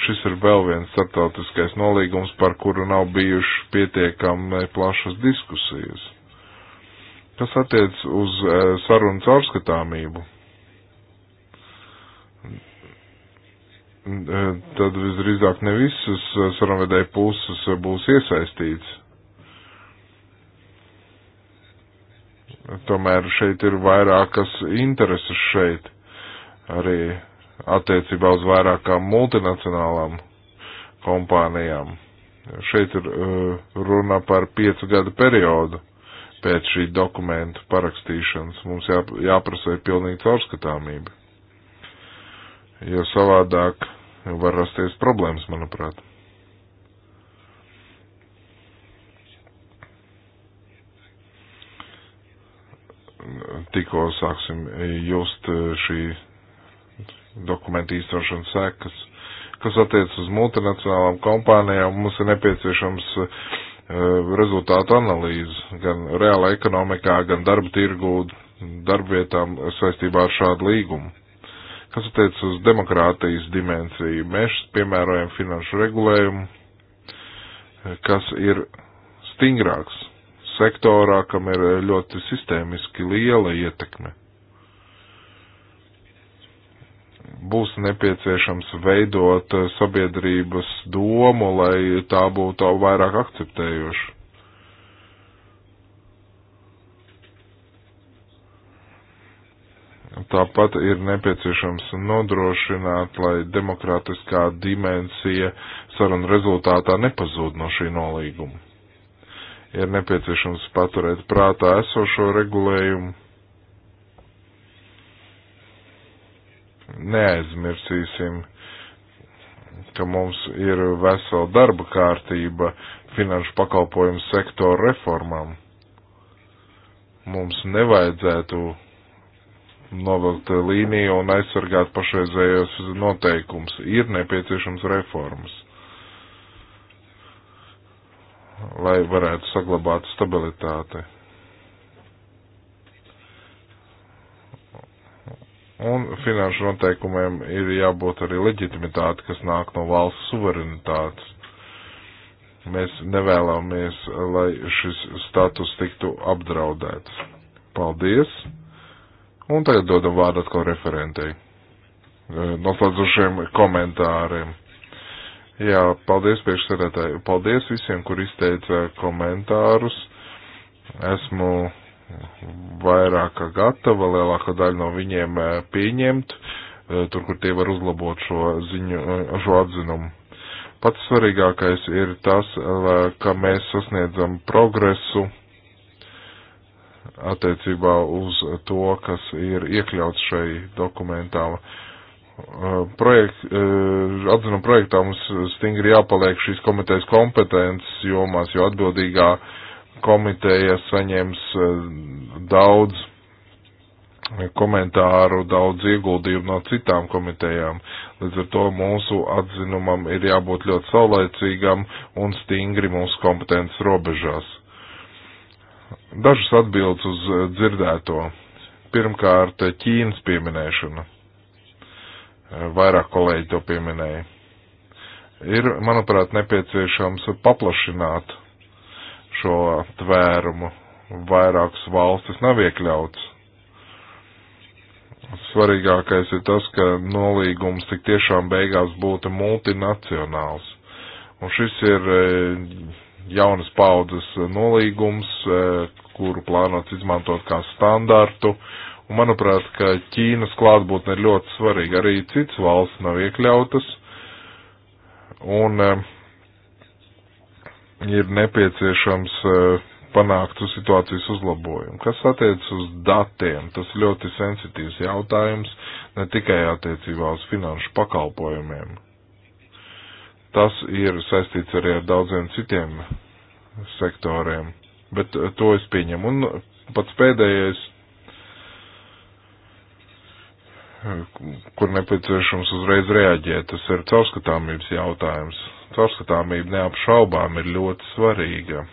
Šis ir vēl viens startautiskais nolīgums, par kuru nav bijuši pietiekami plašas diskusijas. Kas attiec uz eh, sarunu caurskatāmību? E, tad visdrīzāk ne visas e, sarunvedēja puses e, būs iesaistīts. Tomēr šeit ir vairākas intereses šeit, arī attiecībā uz vairākām multinacionālām kompānijām. Šeit ir runa par piecu gadu periodu pēc šī dokumentu parakstīšanas. Mums jā, jāprasa ir pilnīgi caurskatāmība jo savādāk var rasties problēmas, manuprāt. Tikko sāksim just šī dokumenta īstenošanas sekas, kas attiec uz multinacionālām kompānijām, mums ir nepieciešams eh, rezultātu analīze gan reāla ekonomikā, gan darba tirgū, darbvietām saistībā ar šādu līgumu Kas attiec uz demokrātijas dimensiju, mēs piemērojam finanšu regulējumu, kas ir stingrāks sektorā, kam ir ļoti sistēmiski liela ietekme. Būs nepieciešams veidot sabiedrības domu, lai tā būtu vairāk akceptējoša Tāpat ir nepieciešams nodrošināt, lai demokrātiskā dimensija saruna rezultātā nepazūd no šī nolīguma. Ir nepieciešams paturēt prātā esošo regulējumu, neaizmirsīsim, ka mums ir vesela darba kārtība finanšu pakalpojumu sektoru reformām. Mums nevajadzētu novelt līniju un aizsargāt pašreizējos noteikums. Ir nepieciešams reformas, lai varētu saglabāt stabilitāti. Un finanšu noteikumiem ir jābūt arī leģitimitāti, kas nāk no valsts suverenitātes. Mēs nevēlamies, lai šis status tiktu apdraudēts. Paldies! Un tagad dodam vārdu atkal referentei. Noslēdzošiem komentāriem. Jā, paldies priekšsēdētāji. Paldies visiem, kur izteica komentārus. Esmu vairāk kā gatava lielāko daļu no viņiem pieņemt, tur, kur tie var uzlabot šo, ziņu, šo atzinumu. Pats svarīgākais ir tas, ka mēs sasniedzam progresu attiecībā uz to, kas ir iekļauts šai dokumentā. Uh, projekt, uh, atzinuma projektā mums stingri jāpaliek šīs komitejas kompetences jomās, jo atbildīgā komiteja saņems uh, daudz komentāru, daudz ieguldījumu no citām komitejām. Līdz ar to mūsu atzinumam ir jābūt ļoti saulēcīgam un stingri mūsu kompetences robežās. Dažas atbildes uz eh, dzirdēto. Pirmkārt, eh, Ķīnas pieminēšana. Eh, vairāk kolēģi to pieminēja. Ir, manuprāt, nepieciešams paplašināt šo tvērumu. Vairākas valstis nav iekļauts. Svarīgākais ir tas, ka nolīgums tik tiešām beigās būtu multinacionāls. Un šis ir jaunas paudzes nolīgums, e, kuru plānots izmantot kā standārtu. Un manuprāt, ka Ķīnas klātbūtne ir ļoti svarīga. Arī citas valsts nav iekļautas. Un e, ir nepieciešams e, panākt uz situācijas uzlabojumu. Kas attiec uz datiem, tas ļoti sensitīvs jautājums ne tikai attiecībā uz finanšu pakalpojumiem. Tas ir saistīts arī ar daudziem citiem sektoriem, bet eh, to es pieņemu. Un pats pēdējais, eh, kur nepieciešams uzreiz reaģēt, tas ir caurskatāmības jautājums. Caurskatāmība neapšaubām ir ļoti svarīga,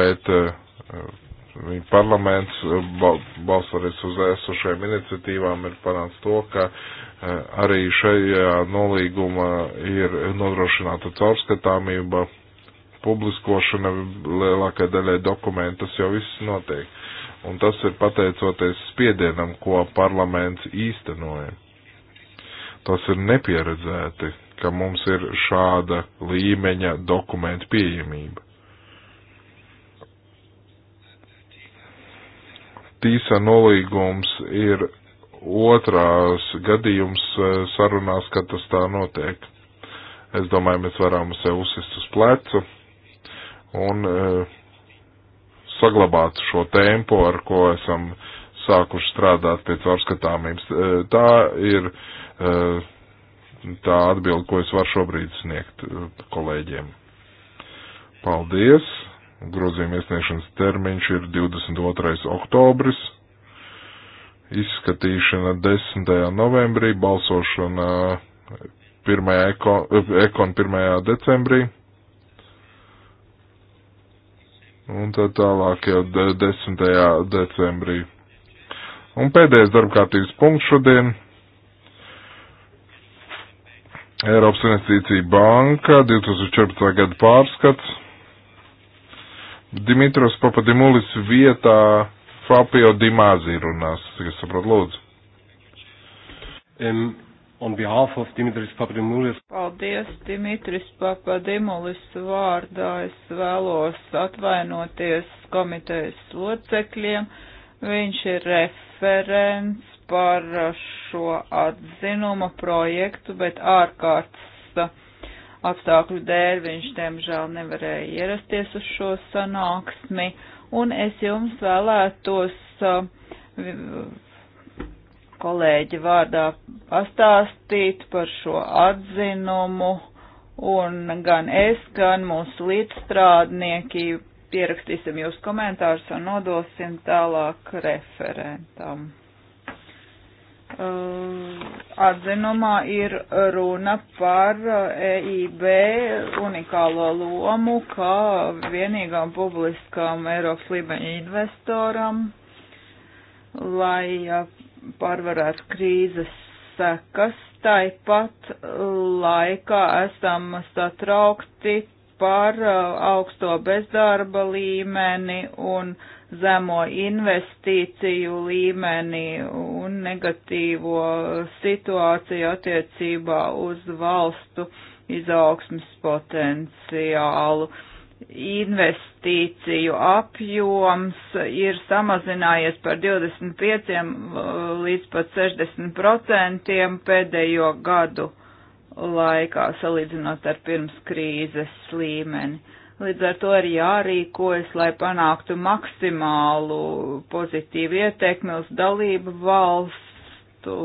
bet eh, Parlaments eh, balsoties uz esošajām iniciatīvām ir panācis to, ka eh, arī šajā nolīguma ir nodrošināta caurskatāmība, publiskošana lielākai daļai dokumentu, tas jau viss notiek. Un tas ir pateicoties spiedienam, ko parlaments īstenoja. Tas ir nepieredzēti, ka mums ir šāda līmeņa dokumentu pieejamība. tīsā nolīgums ir otrās gadījums e, sarunās, kad tas tā notiek. Es domāju, mēs varam sev uzsist uz plecu un e, saglabāt šo tempu, ar ko esam sākuši strādāt pie caurskatāmības. E, tā ir e, tā atbilde, ko es varu šobrīd sniegt e, kolēģiem. Paldies! Grozījuma iesniegšanas termiņš ir 22. oktobris, izskatīšana 10. novembrī, balsošana 1. Eko, ekon 1. decembrī. Un tad tālāk jau 10. decembrī. Un pēdējais darbkārtības punkts šodien. Eiropas Investīcija Banka 2014. gada pārskats. Dimitros Papadimulis vietā Fabio Dimāzi runās, es saprotu, lūdzu. Um, on behalf of Dimitris Papadimulis. Paldies, Dimitris Papadimulis vārdā. Es vēlos atvainoties komitejas locekļiem. Viņš ir referents par šo atzinuma projektu, bet ārkārtas apstākļu dēļ viņš, diemžēl, nevarēja ierasties uz šo sanāksmi, un es jums vēlētos uh, kolēģi vārdā pastāstīt par šo atzinumu, un gan es, gan mūsu līdzstrādnieki pierakstīsim jūs komentārus un nodosim tālāk referentam. Eh, atzinumā ir runa par EIB eh, e unikālo lomu kā vienīgām publiskām Eiropas līmeņa investoram, lai pārvarētu krīzes sekas. Tāpat laikā esam satraukti par eh, augsto bezdarba līmeni un uh, zemo investīciju līmeni un negatīvo situāciju attiecībā uz valstu izaugsmas potenciālu. Investīciju apjoms ir samazinājies par 25 līdz pat 60 procentiem pēdējo gadu laikā, salīdzinot ar pirms krīzes līmeni Līdz ar to arī jārīkojas, lai panāktu maksimālu pozitīvu ietekmi uz dalību valstu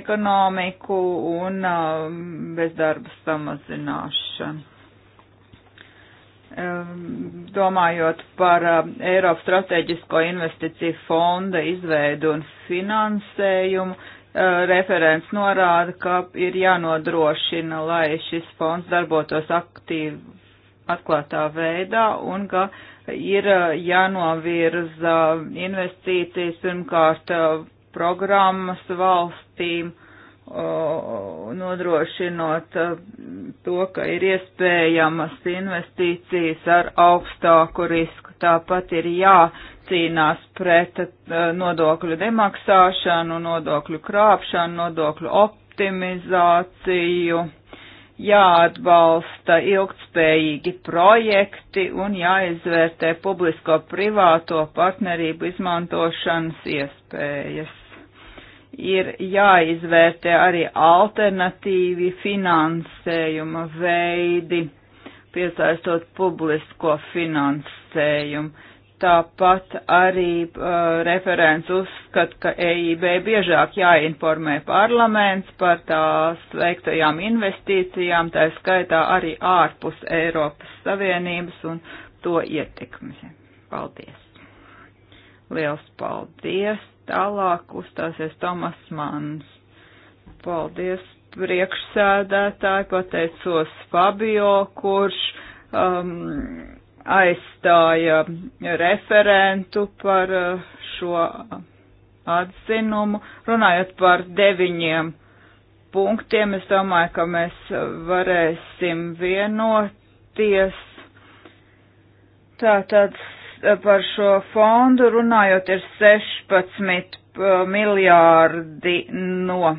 ekonomiku un um, bezdarba samazināšanu. Um, domājot par um, Eiropas strateģisko investīciju fonda izveidu un finansējumu, uh, referents norāda, ka ir jānodrošina, lai šis fonds darbotos aktīvi atklātā veidā un ka ir uh, jānovirza investīcijas pirmkārt uh, programmas valstīm, uh, nodrošinot to, ka ir iespējamas investīcijas ar augstāku risku. Tāpat ir jācīnās pret nodokļu demaksāšanu, nodokļu krāpšanu, nodokļu optimizāciju jāatbalsta ilgtspējīgi projekti un jāizvērtē publisko-privāto partnerību izmantošanas iespējas. Ir jāizvērtē arī alternatīvi finansējuma veidi, piesaistot publisko finansējumu Tāpat arī uh, referents uzskata, ka EIB biežāk jāinformē parlaments par tās veiktajām investīcijām, tā skaitā arī ārpus Eiropas Savienības un to ietekmi. Paldies! Liels paldies! Tālāk uzstāsies Tomas Mans. Paldies priekšsēdētāji, pateicos Fabio, kurš um, aizstāja referentu par eh, šo atzinumu. Runājot par deviņiem punktiem, es domāju, ka mēs varēsim vienoties. Tātad eh, par šo fondu runājot ir 16 eh, miljārdi no um,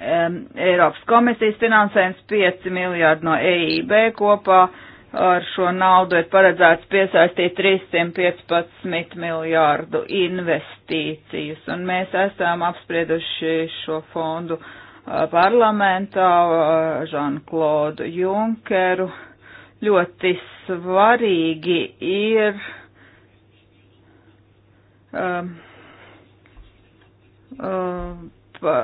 Eiropas komisijas finansējums, 5 miljārdi no EIB kopā. Uh, ar šo naudu ir paredzēts piesaistīt 315 miljārdu investīcijas, un mēs esam apsprieduši šo fondu uh, parlamentā Žanklodu uh, Junkeru. Ļoti svarīgi ir um, um, pa,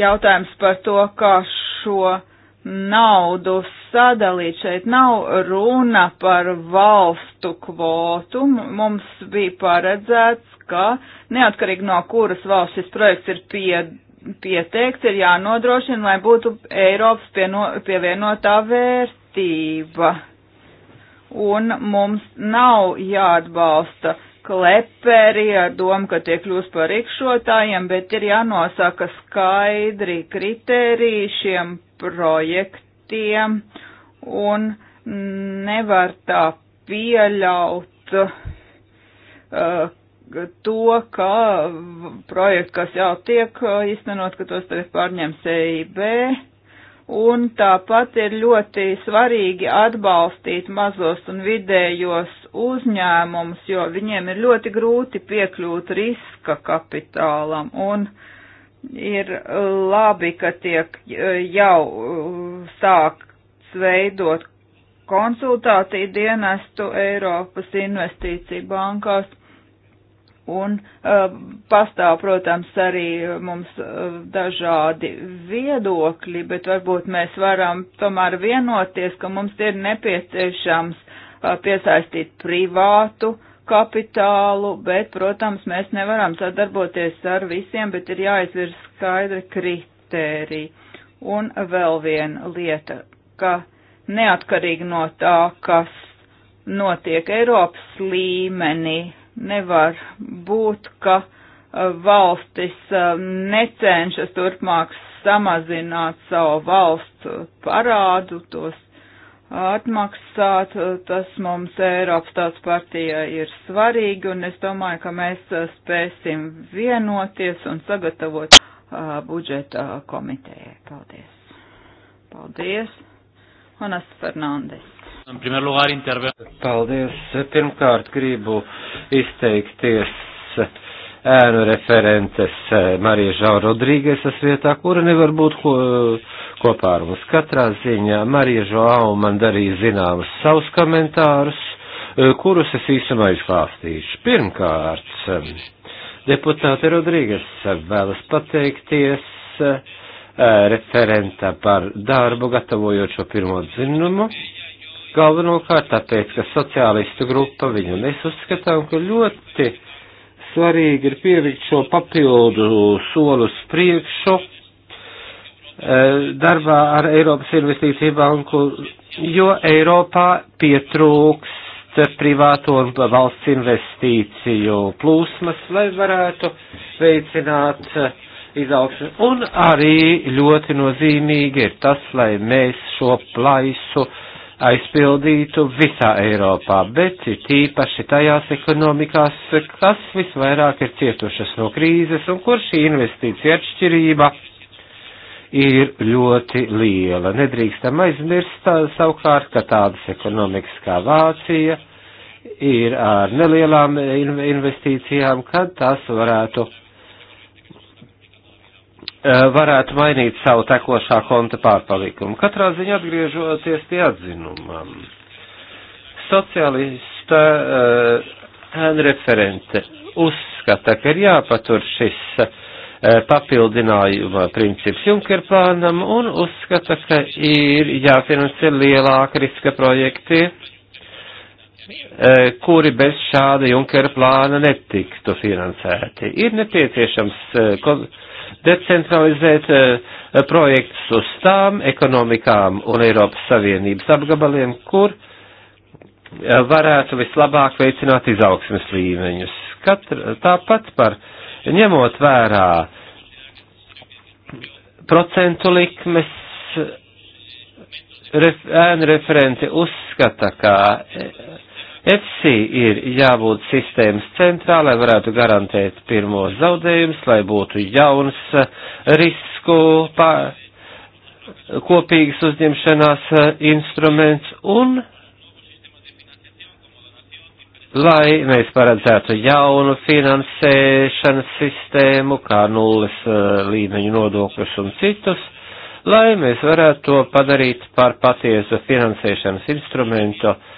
jautājums par to, kā šo naudu sadalīt. Šeit nav runa par valstu kvotu. Mums bija paredzēts, ka neatkarīgi no kuras valsts šis projekts ir pie, pieteikts, ir jānodrošina, lai būtu Eiropas pieno, pievienotā vērtība. Un mums nav jāatbalsta kleperi ar domu, ka tie kļūs par rikšotājiem, bet ir jānosaka skaidri kriteriji šiem projektiem un nevar tā pieļaut uh, to, ka projekti, kas jau tiek uh, īstenot, ka tos tagad pārņems EIB. Un tāpat ir ļoti svarīgi atbalstīt mazos un vidējos uzņēmumus, jo viņiem ir ļoti grūti piekļūt riska kapitālam. Un uh, Ir uh, labi, ka tiek uh, jau uh, sākts veidot konsultāciju dienestu Eiropas investīciju bankās. Un uh, pastāv, protams, arī mums uh, dažādi viedokļi, bet varbūt mēs varam tomēr vienoties, ka mums ir nepieciešams uh, piesaistīt privātu uh, kapitālu, bet, protams, mēs nevaram sadarboties ar visiem, bet ir jāizvirz skaidri kritēriji. Un vēl viena lieta, ka neatkarīgi no tā, kas notiek Eiropas līmenī, nevar būt, ka valstis necenšas turpmāk samazināt savu valstu parādu, tos atmaksāt. Tas mums Eiropas tautas partija ir svarīgi, un es domāju, ka mēs spēsim vienoties un sagatavot uh, budžeta komitejai. Paldies. Paldies. Anas Fernandes. Paldies. Pirmkārt gribu izteikties ēnu references eh, Marija Žauna Rodrīgesas vietā, kura nevar būt ko, kopā ar mums. Katrā ziņā Marija Žauna man darīja zināmas savus komentārus, eh, kurus es īsumā izklāstīšu. Pirmkārt, eh, deputāte Rodrīgas vēlas pateikties referenta par darbu, gatavojot šo pirmo dzinumu galvenokārt tāpēc, ka sociālistu grupa viņu mēs uzskatām, ka ļoti svarīgi ir pievikt šo papildu solu uz priekšu eh, darbā ar Eiropas investīciju banku, jo Eiropā pietrūkst privāto un valsts investīciju plūsmas, lai varētu veicināt eh, izaugsmi. Un arī ļoti nozīmīgi ir tas, lai mēs šo plaisu uh, aizpildītu visā Eiropā, bet ir tīpaši tajās ekonomikās, kas visvairāk ir cietušas no krīzes un kur šī investīcija atšķirība ir ļoti liela. Nedrīkstam aizmirst tā, savukārt, ka tādas ekonomikas kā Vācija ir ar nelielām investīcijām, kad tās varētu Eh, varētu mainīt savu tekošā konta pārpalikumu. Katrā ziņā atgriežoties pie atzinumam. Socialista uh, referente uzskata, ka ir jāpatur šis uh, papildinājuma princips Junker plānam un uzskata, ka ir jāfinansē lielāka riska projekti, uh, kuri bez šāda Junker plāna netiktu finansēti. Ir nepieciešams uh, decentralizēt eh, projektus uz tām ekonomikām un Eiropas Savienības apgabaliem, kur eh, varētu vislabāk veicināt izaugsmes līmeņus. Katra, tāpat par ņemot vērā procentu likmes, ref, ēnu referenti uzskata, ka eh, EFSI ir jābūt sistēmas centrā, lai varētu garantēt pirmos zaudējumus, lai būtu jauns risku pār, kopīgas uzņemšanās eh, instruments un lai mēs paredzētu jaunu finansēšanas sistēmu, kā nulles eh, līmeņu nodokļus un citus, lai mēs varētu to padarīt par patiesu finansēšanas instrumentu, uh,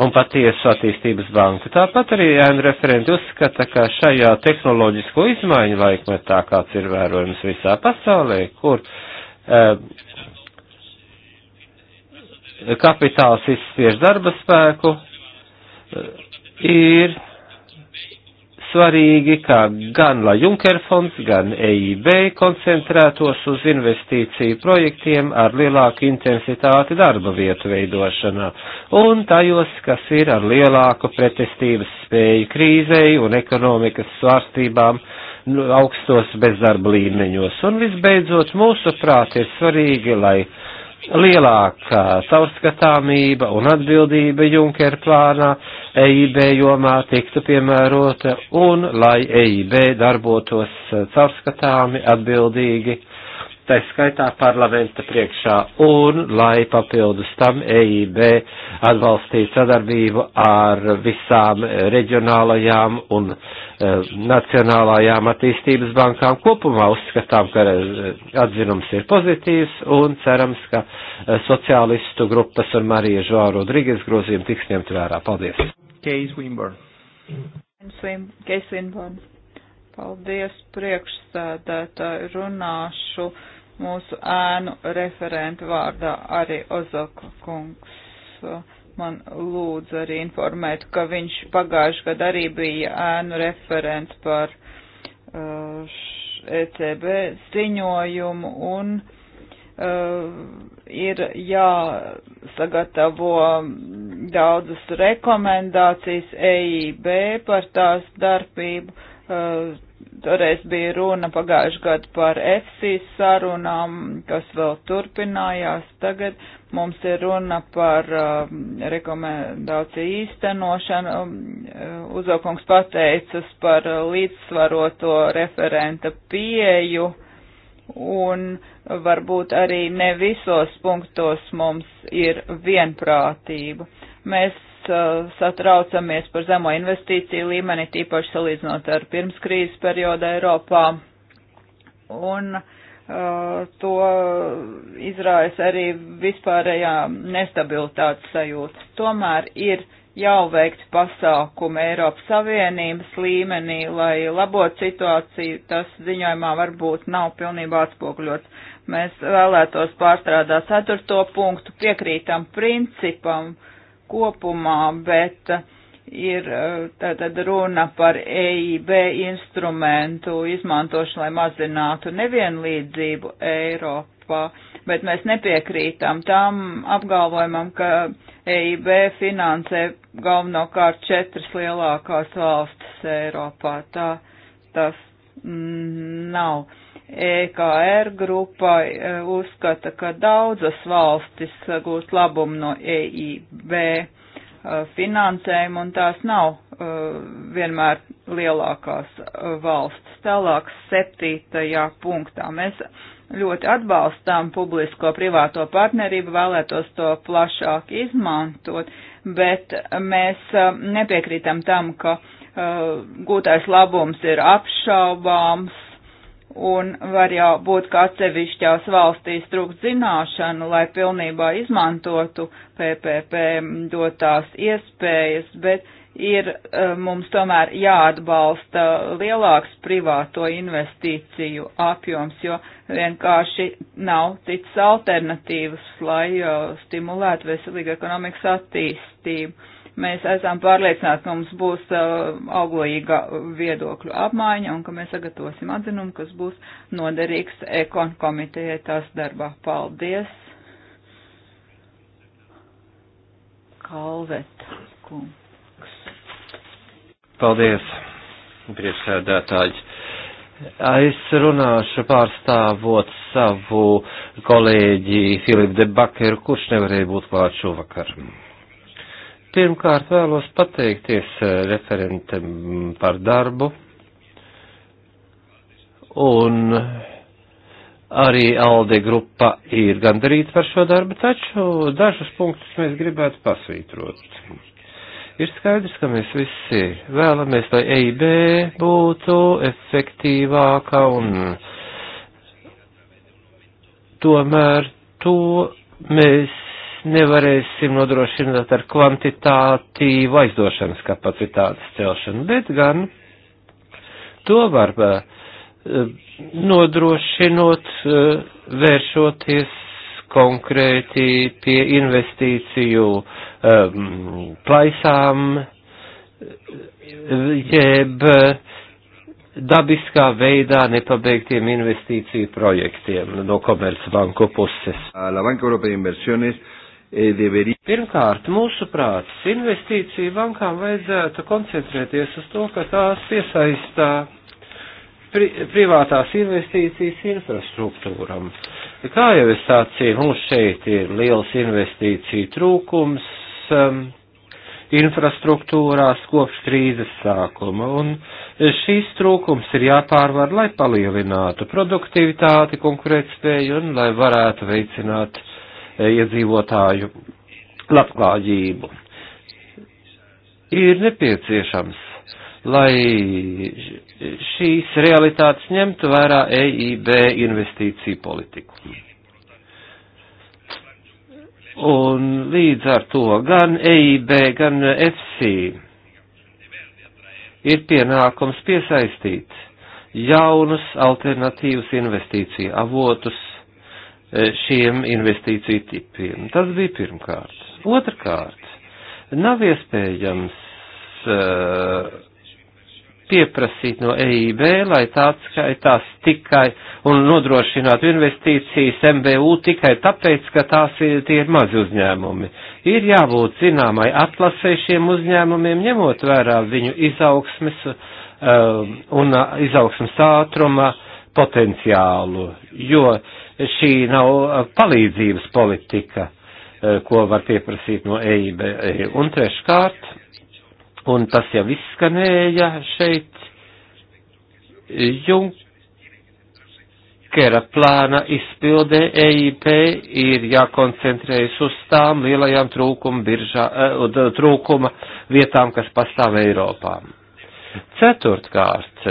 un patiesu attīstības banku. Tāpat arī ēnu referenti uzskata, ka šajā tehnoloģisko izmaiņu laikmetā, kāds ir vērojams visā pasaulē, kur eh, kapitāls izspiež darba spēku, eh, ir svarīgi, kā gan lai Junker fonds, gan EIB koncentrētos uz investīciju projektiem ar lielāku intensitāti darba vietu veidošanā un tajos, kas ir ar lielāku pretestības spēju krīzei un ekonomikas svārstībām nu, augstos bezdarba līmeņos. Un visbeidzot, mūsuprāt, ir svarīgi, lai lielākā caurskatāmība un atbildība Junker plānā EIB jomā tiktu piemērota un lai EIB darbotos caurskatāmi atbildīgi tā skaitā parlamenta priekšā, un lai papildus tam EIB atbalstītu sadarbību ar visām reģionālajām un e, nacionālajām attīstības bankām. Kopumā uzskatām, ka e, atzinums ir pozitīvs un cerams, ka e, sociālistu grupas un Marija Žoā Rodrīgas grozījumi tiks ņemt vērā. Paldies! Case Winburn. Case Winburn. Paldies priekšsēdētāji runāšu mūsu ēnu referentu vārdā arī Ozaka kungs. Man lūdzu arī informēt, ka viņš pagājuši gadu arī bija ēnu referents par uh, ECB ziņojumu un uh, ir jāsagatavo daudzas rekomendācijas EIB par tās darbību. Uh, toreiz bija runa pagājuši gadu par EFSI sarunām, kas vēl turpinājās. Tagad mums ir runa par uh, rekomendāciju īstenošanu. Um, uh, Uzokungs pateicas par līdzsvaroto referenta pieju un varbūt arī ne visos punktos mums ir vienprātība. Mēs uh, satraucamies par zemo investīciju līmeni, tīpaši salīdzinot ar pirmskrīzes periodu Eiropā. Un uh, to izrājas arī vispārējā nestabilitātes sajūta. Tomēr ir jau veikti pasākumi Eiropas Savienības līmenī, lai labotu situāciju, tas ziņojumā varbūt nav pilnībā atspoguļots. Mēs vēlētos pārstrādāt ceturto punktu, piekrītam principam, uh, kopumā, bet ir tātad runa par EIB instrumentu izmantošanu, lai mazinātu nevienlīdzību Eiropā, bet mēs nepiekrītam tam apgalvojumam, ka EIB finansē galvenokārt četras lielākās valstis Eiropā. Tā tas nav. EKR grupa e, uzskata, ka daudzas valstis gūst labumu no EIB e, finansējumu, un tās nav e, vienmēr lielākās valsts. Tālāk septītajā punktā mēs ļoti atbalstām publisko-privāto partnerību, vēlētos to plašāk izmantot, bet mēs nepiekrītam tam, ka gūtais labums ir apšaubāms Un var jau būt, ka atsevišķās valstīs trūkst zināšanu, lai pilnībā izmantotu PPP dotās iespējas, bet ir eh, mums tomēr jāatbalsta lielāks privāto investīciju apjoms, jo vienkārši nav cits alternatīvas, lai eh, stimulētu veselīgu ekonomikas attīstību Mēs esam pārliecināti, ka mums būs uh, auglīga viedokļu apmaiņa un ka mēs sagatavosim atzinumu, kas būs noderīgs ekon komitejai tās darbā. Paldies! Kalvet kungs. Paldies, priekšsēdētāji. Es runāšu pārstāvot savu kolēģi Filipu de Bakeru, kurš nevarēja būt klāt šovakar. Mm. Pirmkārt vēlos pateikties eh, referentam par darbu un arī Alde grupa ir gandarīta par šo darbu, taču dažus punktus mēs gribētu pasvītrot. Ir skaidrs, ka mēs visi vēlamies, lai EIB būtu efektīvāka un tomēr to mēs nevarēsim nodrošināt ar kvantitātīvu aizdošanas kapacitātes celšanu, bet gan to var eh, nodrošinot, eh, vēršoties konkrēti pie investīciju um, plaisām, jeb dabiskā veidā nepabeigtiem investīciju projektiem no Komercbanku puses. La Banka Europea de Inversiones E, deverī. Pirmkārt, mūsuprāt, investīciju bankām vajadzētu koncentrēties uz to, ka tās piesaistā pri privātās investīcijas infrastruktūram. Kā jau es sācīju, mums šeit ir liels investīciju trūkums um, infrastruktūrās kopš krīzes sākuma, un šīs trūkums ir jāpārvar, lai palielinātu produktivitāti, konkurētspēju un lai varētu veicināt E, iedzīvotāju labklājību. Ir nepieciešams, lai šīs realitātes ņemtu vērā EIB investīciju politiku. Un līdz ar to gan EIB, gan FC ir pienākums piesaistīt jaunus alternatīvus investīciju avotus Eh, šiem investīciju tipiem. Tas bija pirmkārt. Otrkārt, nav iespējams eh, pieprasīt no EIB, lai tāds skaitās tikai un nodrošinātu investīcijas MBU tikai tāpēc, ka tās ir, tie ir mazi uzņēmumi. Ir jābūt zināmai atlasē šiem uzņēmumiem, ņemot vērā viņu izaugsmes um, un izaugsmes ātruma potenciālu, jo uh, šī nav eh, palīdzības politika, eh, ko var pieprasīt no EIB. E un treškārt, un tas jau izskanēja šeit, Junkera plāna izpildē EIP ir jākoncentrējas uz tām lielajām trūkuma, biržā, eh, trūkuma vietām, kas pastāv Eiropā. Ceturtkārt,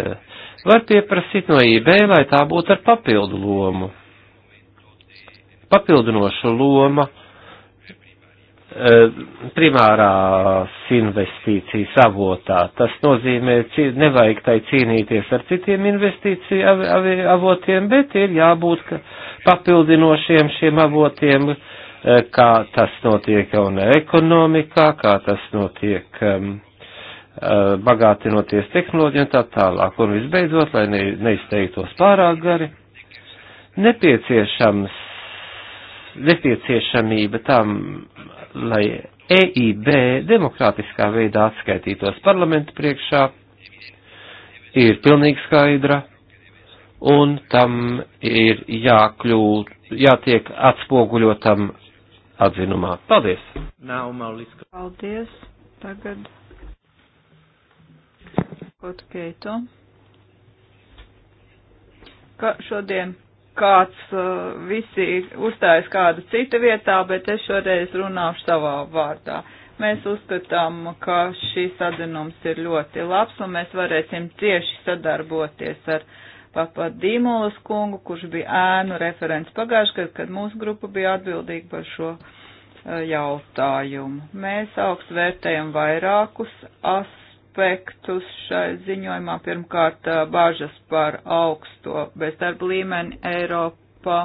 var pieprasīt no e IB, lai tā būtu ar papildu lomu papildinoša loma e, primārās investīcijas avotā. Tas nozīmē, nevajag tai cīnīties ar citiem investīciju avotiem, bet ir jābūt papildinošiem šiem avotiem, e, kā tas notiek un ekonomikā, kā tas notiek e, bagātinoties tehnoloģiju un tā tālāk. Un visbeidzot, lai neizteiktos pārāk gari, nepieciešams nepieciešamība tam, lai EIB demokrātiskā veidā atskaitītos parlamentu priekšā, ir pilnīgi skaidra, un tam ir jākļūt, jātiek atspoguļotam atzinumā. Paldies! Paldies! Tagad. Kaut keito. Ka šodien kāds uh, visi uzstājas kāda cita vietā, bet es šoreiz runāšu savā vārdā. Mēs uzskatām, ka šis atzinums ir ļoti labs un mēs varēsim cieši sadarboties ar papadīmolas kungu, kurš bija ēnu referents pagājuši, kad, kad mūsu grupa bija atbildīga par šo uh, jautājumu. Mēs augstu vērtējam vairākus as aspektus šai ziņojumā. Pirmkārt, bāžas par augsto bezdarba līmeni Eiropā,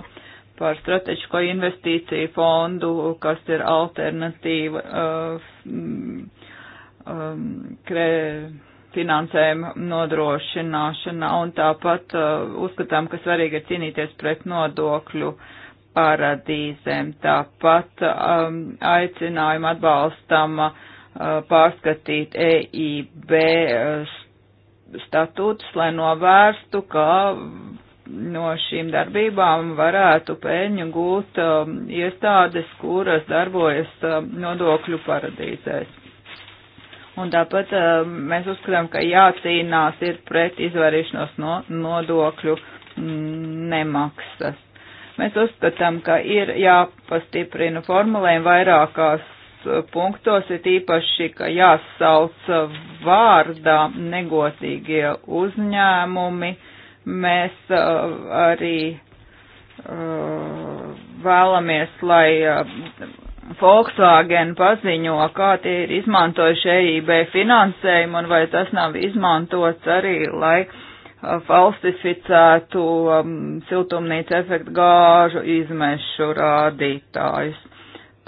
par strateģisko investīciju fondu, kas ir alternatīva uh, um, kre, finansējuma nodrošināšanā, un tāpat uh, uzskatām, ka svarīgi ir cīnīties pret nodokļu uh, paradīzēm. Tāpat um, aicinājumu atbalstam pārskatīt EIB statūtus, lai novērstu, ka no šīm darbībām varētu pēļņu gūt um, iestādes, kuras darbojas um, nodokļu paradīzēs. Un tāpat um, mēs uzskatām, ka jācīnās ir pret izvairīšanos no nodokļu nemaksas. Mēs uzskatām, ka ir jāpastiprina formulēm vairākās punktos ir īpaši, ka jāsauc vārdā negotīgie uzņēmumi. Mēs uh, arī uh, vēlamies, lai uh, Volkswagen paziņo, kā tie ir izmantojuši EIB finansējumu un vai tas nav izmantots arī, lai falsificētu um, siltumnīca efektu gāžu izmešu rādītājus.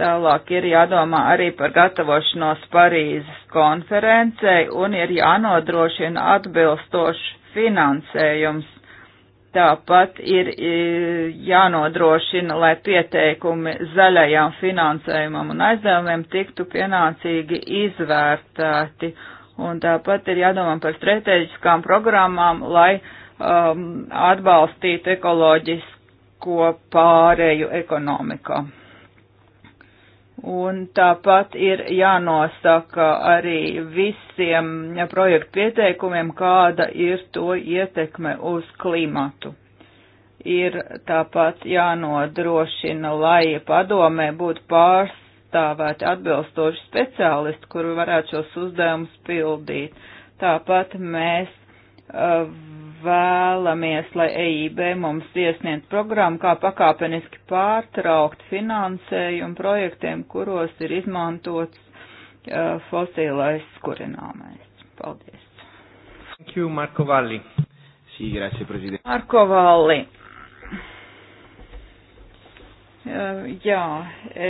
Tālāk ir jādomā arī par gatavošanos Parīzes konferencei un ir jānodrošina atbilstošs finansējums. Tāpat ir jānodrošina, lai pieteikumi zaļajām finansējumam un aizdevumiem tiktu pienācīgi izvērtēti. Un tāpat ir jādomā par strateģiskām programmām, lai um, atbalstītu ekoloģisko pārēju ekonomikā. Un tāpat ir jānosaka arī visiem projektu pieteikumiem, kāda ir to ietekme uz klimatu. Ir tāpat jānodrošina, lai padomē būtu pārstāvēti atbilstoši speciālisti, kuri varētu šos uzdevumus pildīt. Tāpat mēs uh, vēlamies, lai EIB mums iesniedz programmu, kā pakāpeniski pārtraukt finansējumu projektiem, kuros ir izmantots uh, fosīlais kurināmais. Paldies. Thank you, Marko Valli. Sì, grazie, Presidente. Marko Valli. Uh, jā,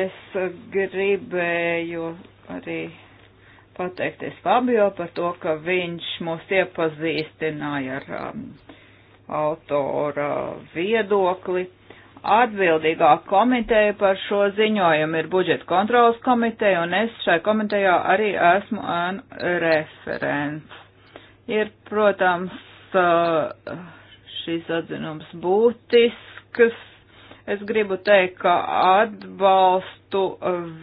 es gribēju arī pateikties Fabio par to, ka viņš mūs iepazīstināja ar um, autora viedokli. Atbildīgā komiteja par šo ziņojumu ir budžeta kontrolas komiteja, un es šai komitejā arī esmu referents. Ir, protams, uh, šis atzinums būtisks, Es gribu teikt, ka atbalstu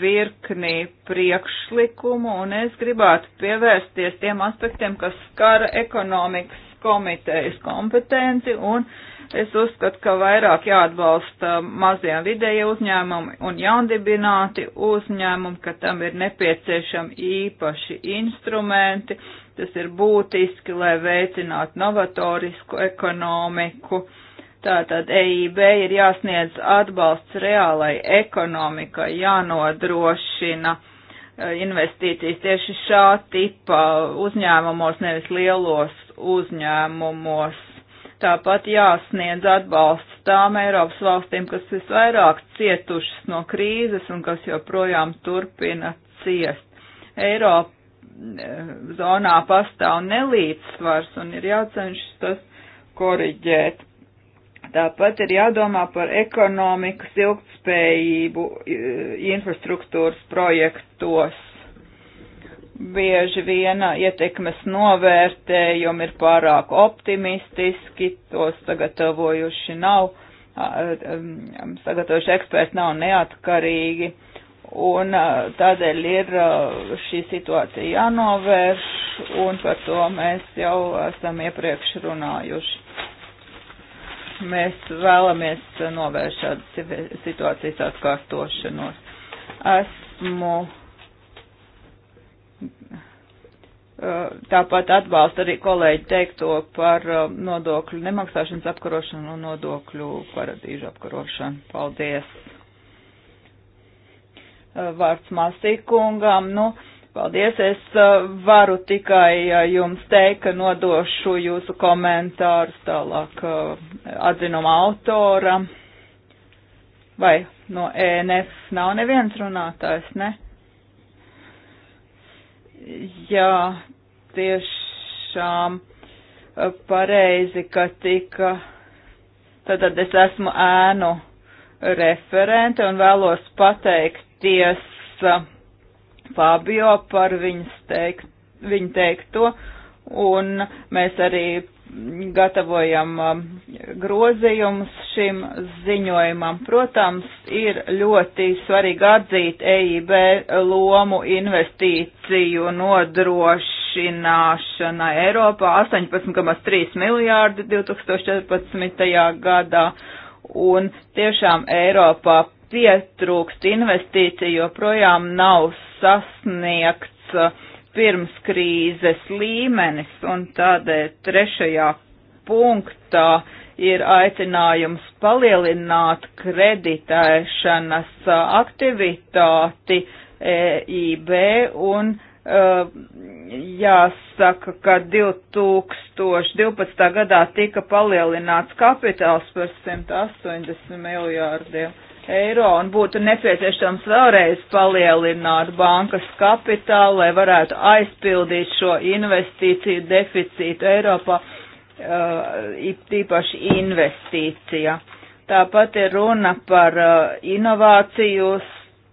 virknī priekšlikumu un es gribētu pievērsties tiem aspektiem, kas skara ekonomikas komitejas kompetenci un es uzskatu, ka vairāk jāatbalsta maziem vidēja uzņēmumi un jaundibināti uzņēmumi, ka tam ir nepieciešami īpaši instrumenti. Tas ir būtiski, lai veicinātu novatorisku ekonomiku. Uh, Tātad EIB ir jāsniedz atbalsts reālai ekonomikai, jānodrošina e, investīcijas tieši šā tipa uzņēmumos, nevis lielos uzņēmumos. Tāpat jāsniedz atbalsts tām Eiropas valstīm, kas visvairāk cietušas no krīzes un kas joprojām turpina ciest. Eiropa e, zonā pastāv nelīdzsvars un ir jācenšas tas koriģēt. Tāpat ir jādomā par ekonomikas ilgtspējību infrastruktūras projektos. Bieži viena ietekmes novērtējumi ir pārāk optimistiski, tos sagatavojuši nav, sagatavojuši eksperti nav neatkarīgi, un tādēļ ir šī situācija jānovērš, un par to mēs jau esam iepriekš runājuši Mēs vēlamies novērst šādas situācijas atkārtošanos. Esmu uh, tāpat atbalsta arī kolēģi teikto par uh, nodokļu nemaksāšanas apkarošanu un nodokļu paradīžu apkarošanu. Paldies! Uh, vārds Masīkungam. Nu, Paldies, es uh, varu tikai uh, jums teikt, ka nodošu jūsu komentārus tālāk uh, atzinuma autora. Vai no ENF nav neviens runātājs, ne? Jā, tiešām pareizi, ka tika. Tātad es esmu ēnu referente un vēlos pateikties Fabio par viņas teikt, viņu teikto, un mēs arī gatavojam um, grozījumus šim ziņojumam. Protams, ir ļoti svarīgi atzīt EIB lomu investīciju nodrošināšanai Eiropā 18,3 miljārdi 2014. gadā un tiešām Eiropā pietrūkst investīciju, joprojām nav sasniegts uh, pirms krīzes līmenis, un tādēļ trešajā punktā ir aicinājums palielināt kreditēšanas uh, aktivitāti EIB un Uh, jāsaka, ka 2012. gadā tika palielināts kapitāls par 180 miljārdiem eiro un būtu nepieciešams vēlreiz palielināt bankas kapitālu, lai varētu aizpildīt šo investīciju deficītu Eiropā, uh, tīpaši investīcija. Tāpat ir runa par uh, inovāciju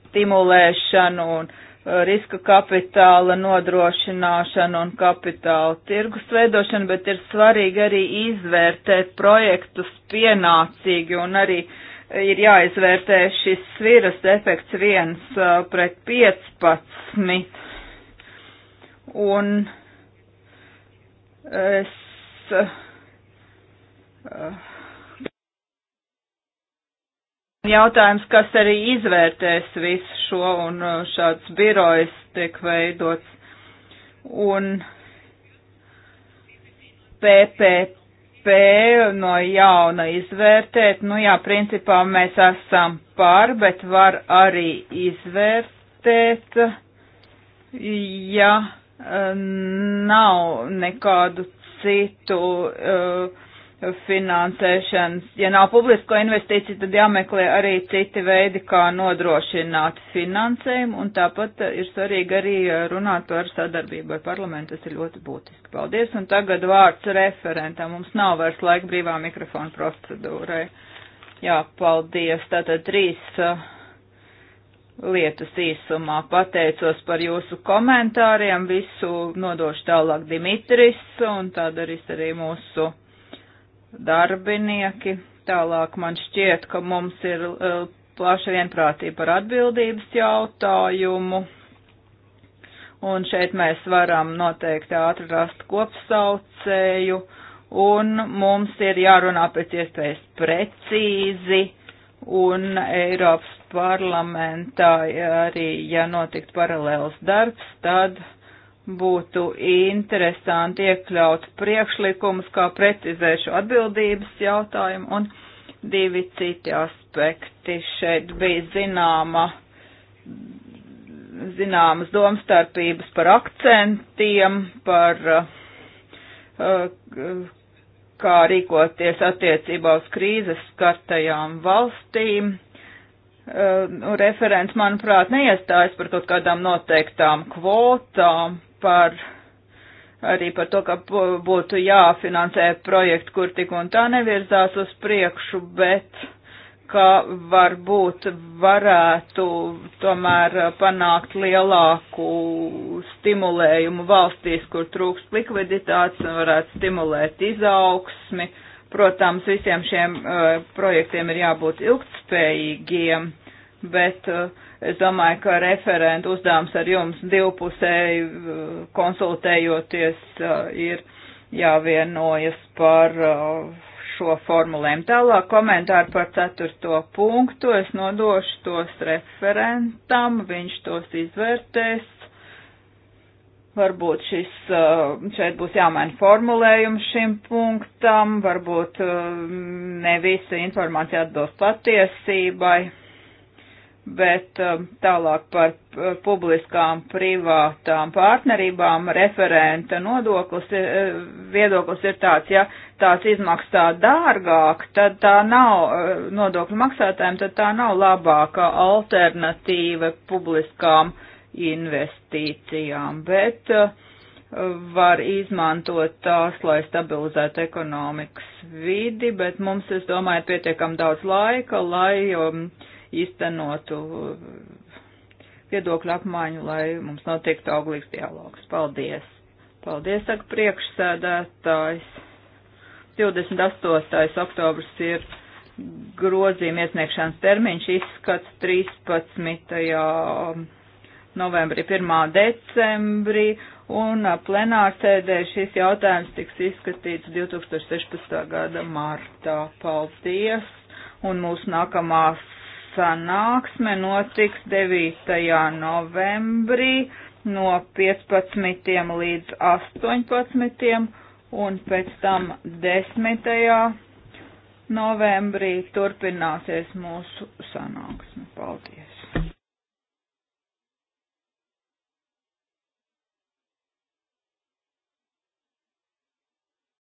stimulēšanu un uh, riska kapitāla nodrošināšanu un kapitāla tirgus veidošanu, bet ir svarīgi arī izvērtēt projektus pienācīgi un arī uh, ir jāizvērtē šis sviras efekts 1 pret 15. Un es. Jautājums, kas arī izvērtēs visu šo un šāds birojs tiek veidots. Un PPP spēju no jauna izvērtēt. Nu jā, principā mēs esam par, bet var arī izvērtēt, ja eh, nav nekādu citu uh, finansēšanas. Ja nav publisko investīciju, tad jāmeklē arī citi veidi, kā nodrošināt finansējumu, un tāpat ir svarīgi arī runāt par sadarbību ar parlamentu, tas ir ļoti būtiski. Paldies, un tagad vārds referentam, mums nav vairs laika brīvā mikrofona procedūrai. Jā, paldies, tātad trīs uh, lietas īsumā pateicos par jūsu komentāriem, visu nodošu tālāk Dimitris, un tad arī mūsu darbinieki. Tālāk man šķiet, ka mums ir e, plaša vienprātība par atbildības jautājumu. Un šeit mēs varam noteikti ātri rast kopsaucēju, un mums ir jārunā pēc iespējas precīzi, un Eiropas parlamentā arī, ja notikt paralēls darbs, tad uh, būtu interesanti iekļaut priekšlikumus, kā precizēšu atbildības jautājumu un divi citi aspekti. Šeit bija zināma, zināmas domstarpības par akcentiem, par uh, kā rīkoties attiecībā uz krīzes skartajām valstīm. Uh, nu, referents, manuprāt, neiestājas par kaut kādām noteiktām kvotām, par arī par to, ka būtu jāfinansē projekti, kur tik un tā nevirzās uz priekšu, bet ka varbūt varētu tomēr panākt lielāku stimulējumu valstīs, kur trūkst likviditātes un varētu stimulēt izaugsmi. Protams, visiem šiem uh, projektiem ir jābūt ilgtspējīgiem, bet uh, Es domāju, ka referentu uzdevums ar jums divpusēji uh, konsultējoties uh, ir jāvienojas par uh, šo formulēm. Tālāk komentāri par ceturto punktu. Es nodošu tos referentam, viņš tos izvērtēs. Varbūt šis, šeit būs jāmaina formulējums šim punktam, varbūt ne visa informācija atbilst patiesībai bet eh, tālāk par eh, publiskām privātām partnerībām referenta nodoklis, eh, viedoklis ir tāds, ja tās izmaksā dārgāk, tad tā nav nodokļu maksātājiem, tad tā nav labākā alternatīva publiskām investīcijām, bet var izmantot tās, lai stabilizētu ekonomikas vidi, bet mums, es domāju, ir pietiekam daudz laika, lai um, uh, īstenotu uh, viedokļu apmaiņu, lai mums notiektu auglīgs dialogs. Paldies! Paldies, saka priekšsēdētājs. 28. oktobrs ir grozījuma iesniegšanas termiņš, izskats 13. novembrī, 1. decembrī, un plenārsēdē šis jautājums tiks izskatīts 2016. gada martā. Paldies! Un mūsu nākamās sanāksme notiks 9. novembrī no 15. līdz 18. un pēc tam 10. novembrī turpināsies mūsu sanāksme. Paldies!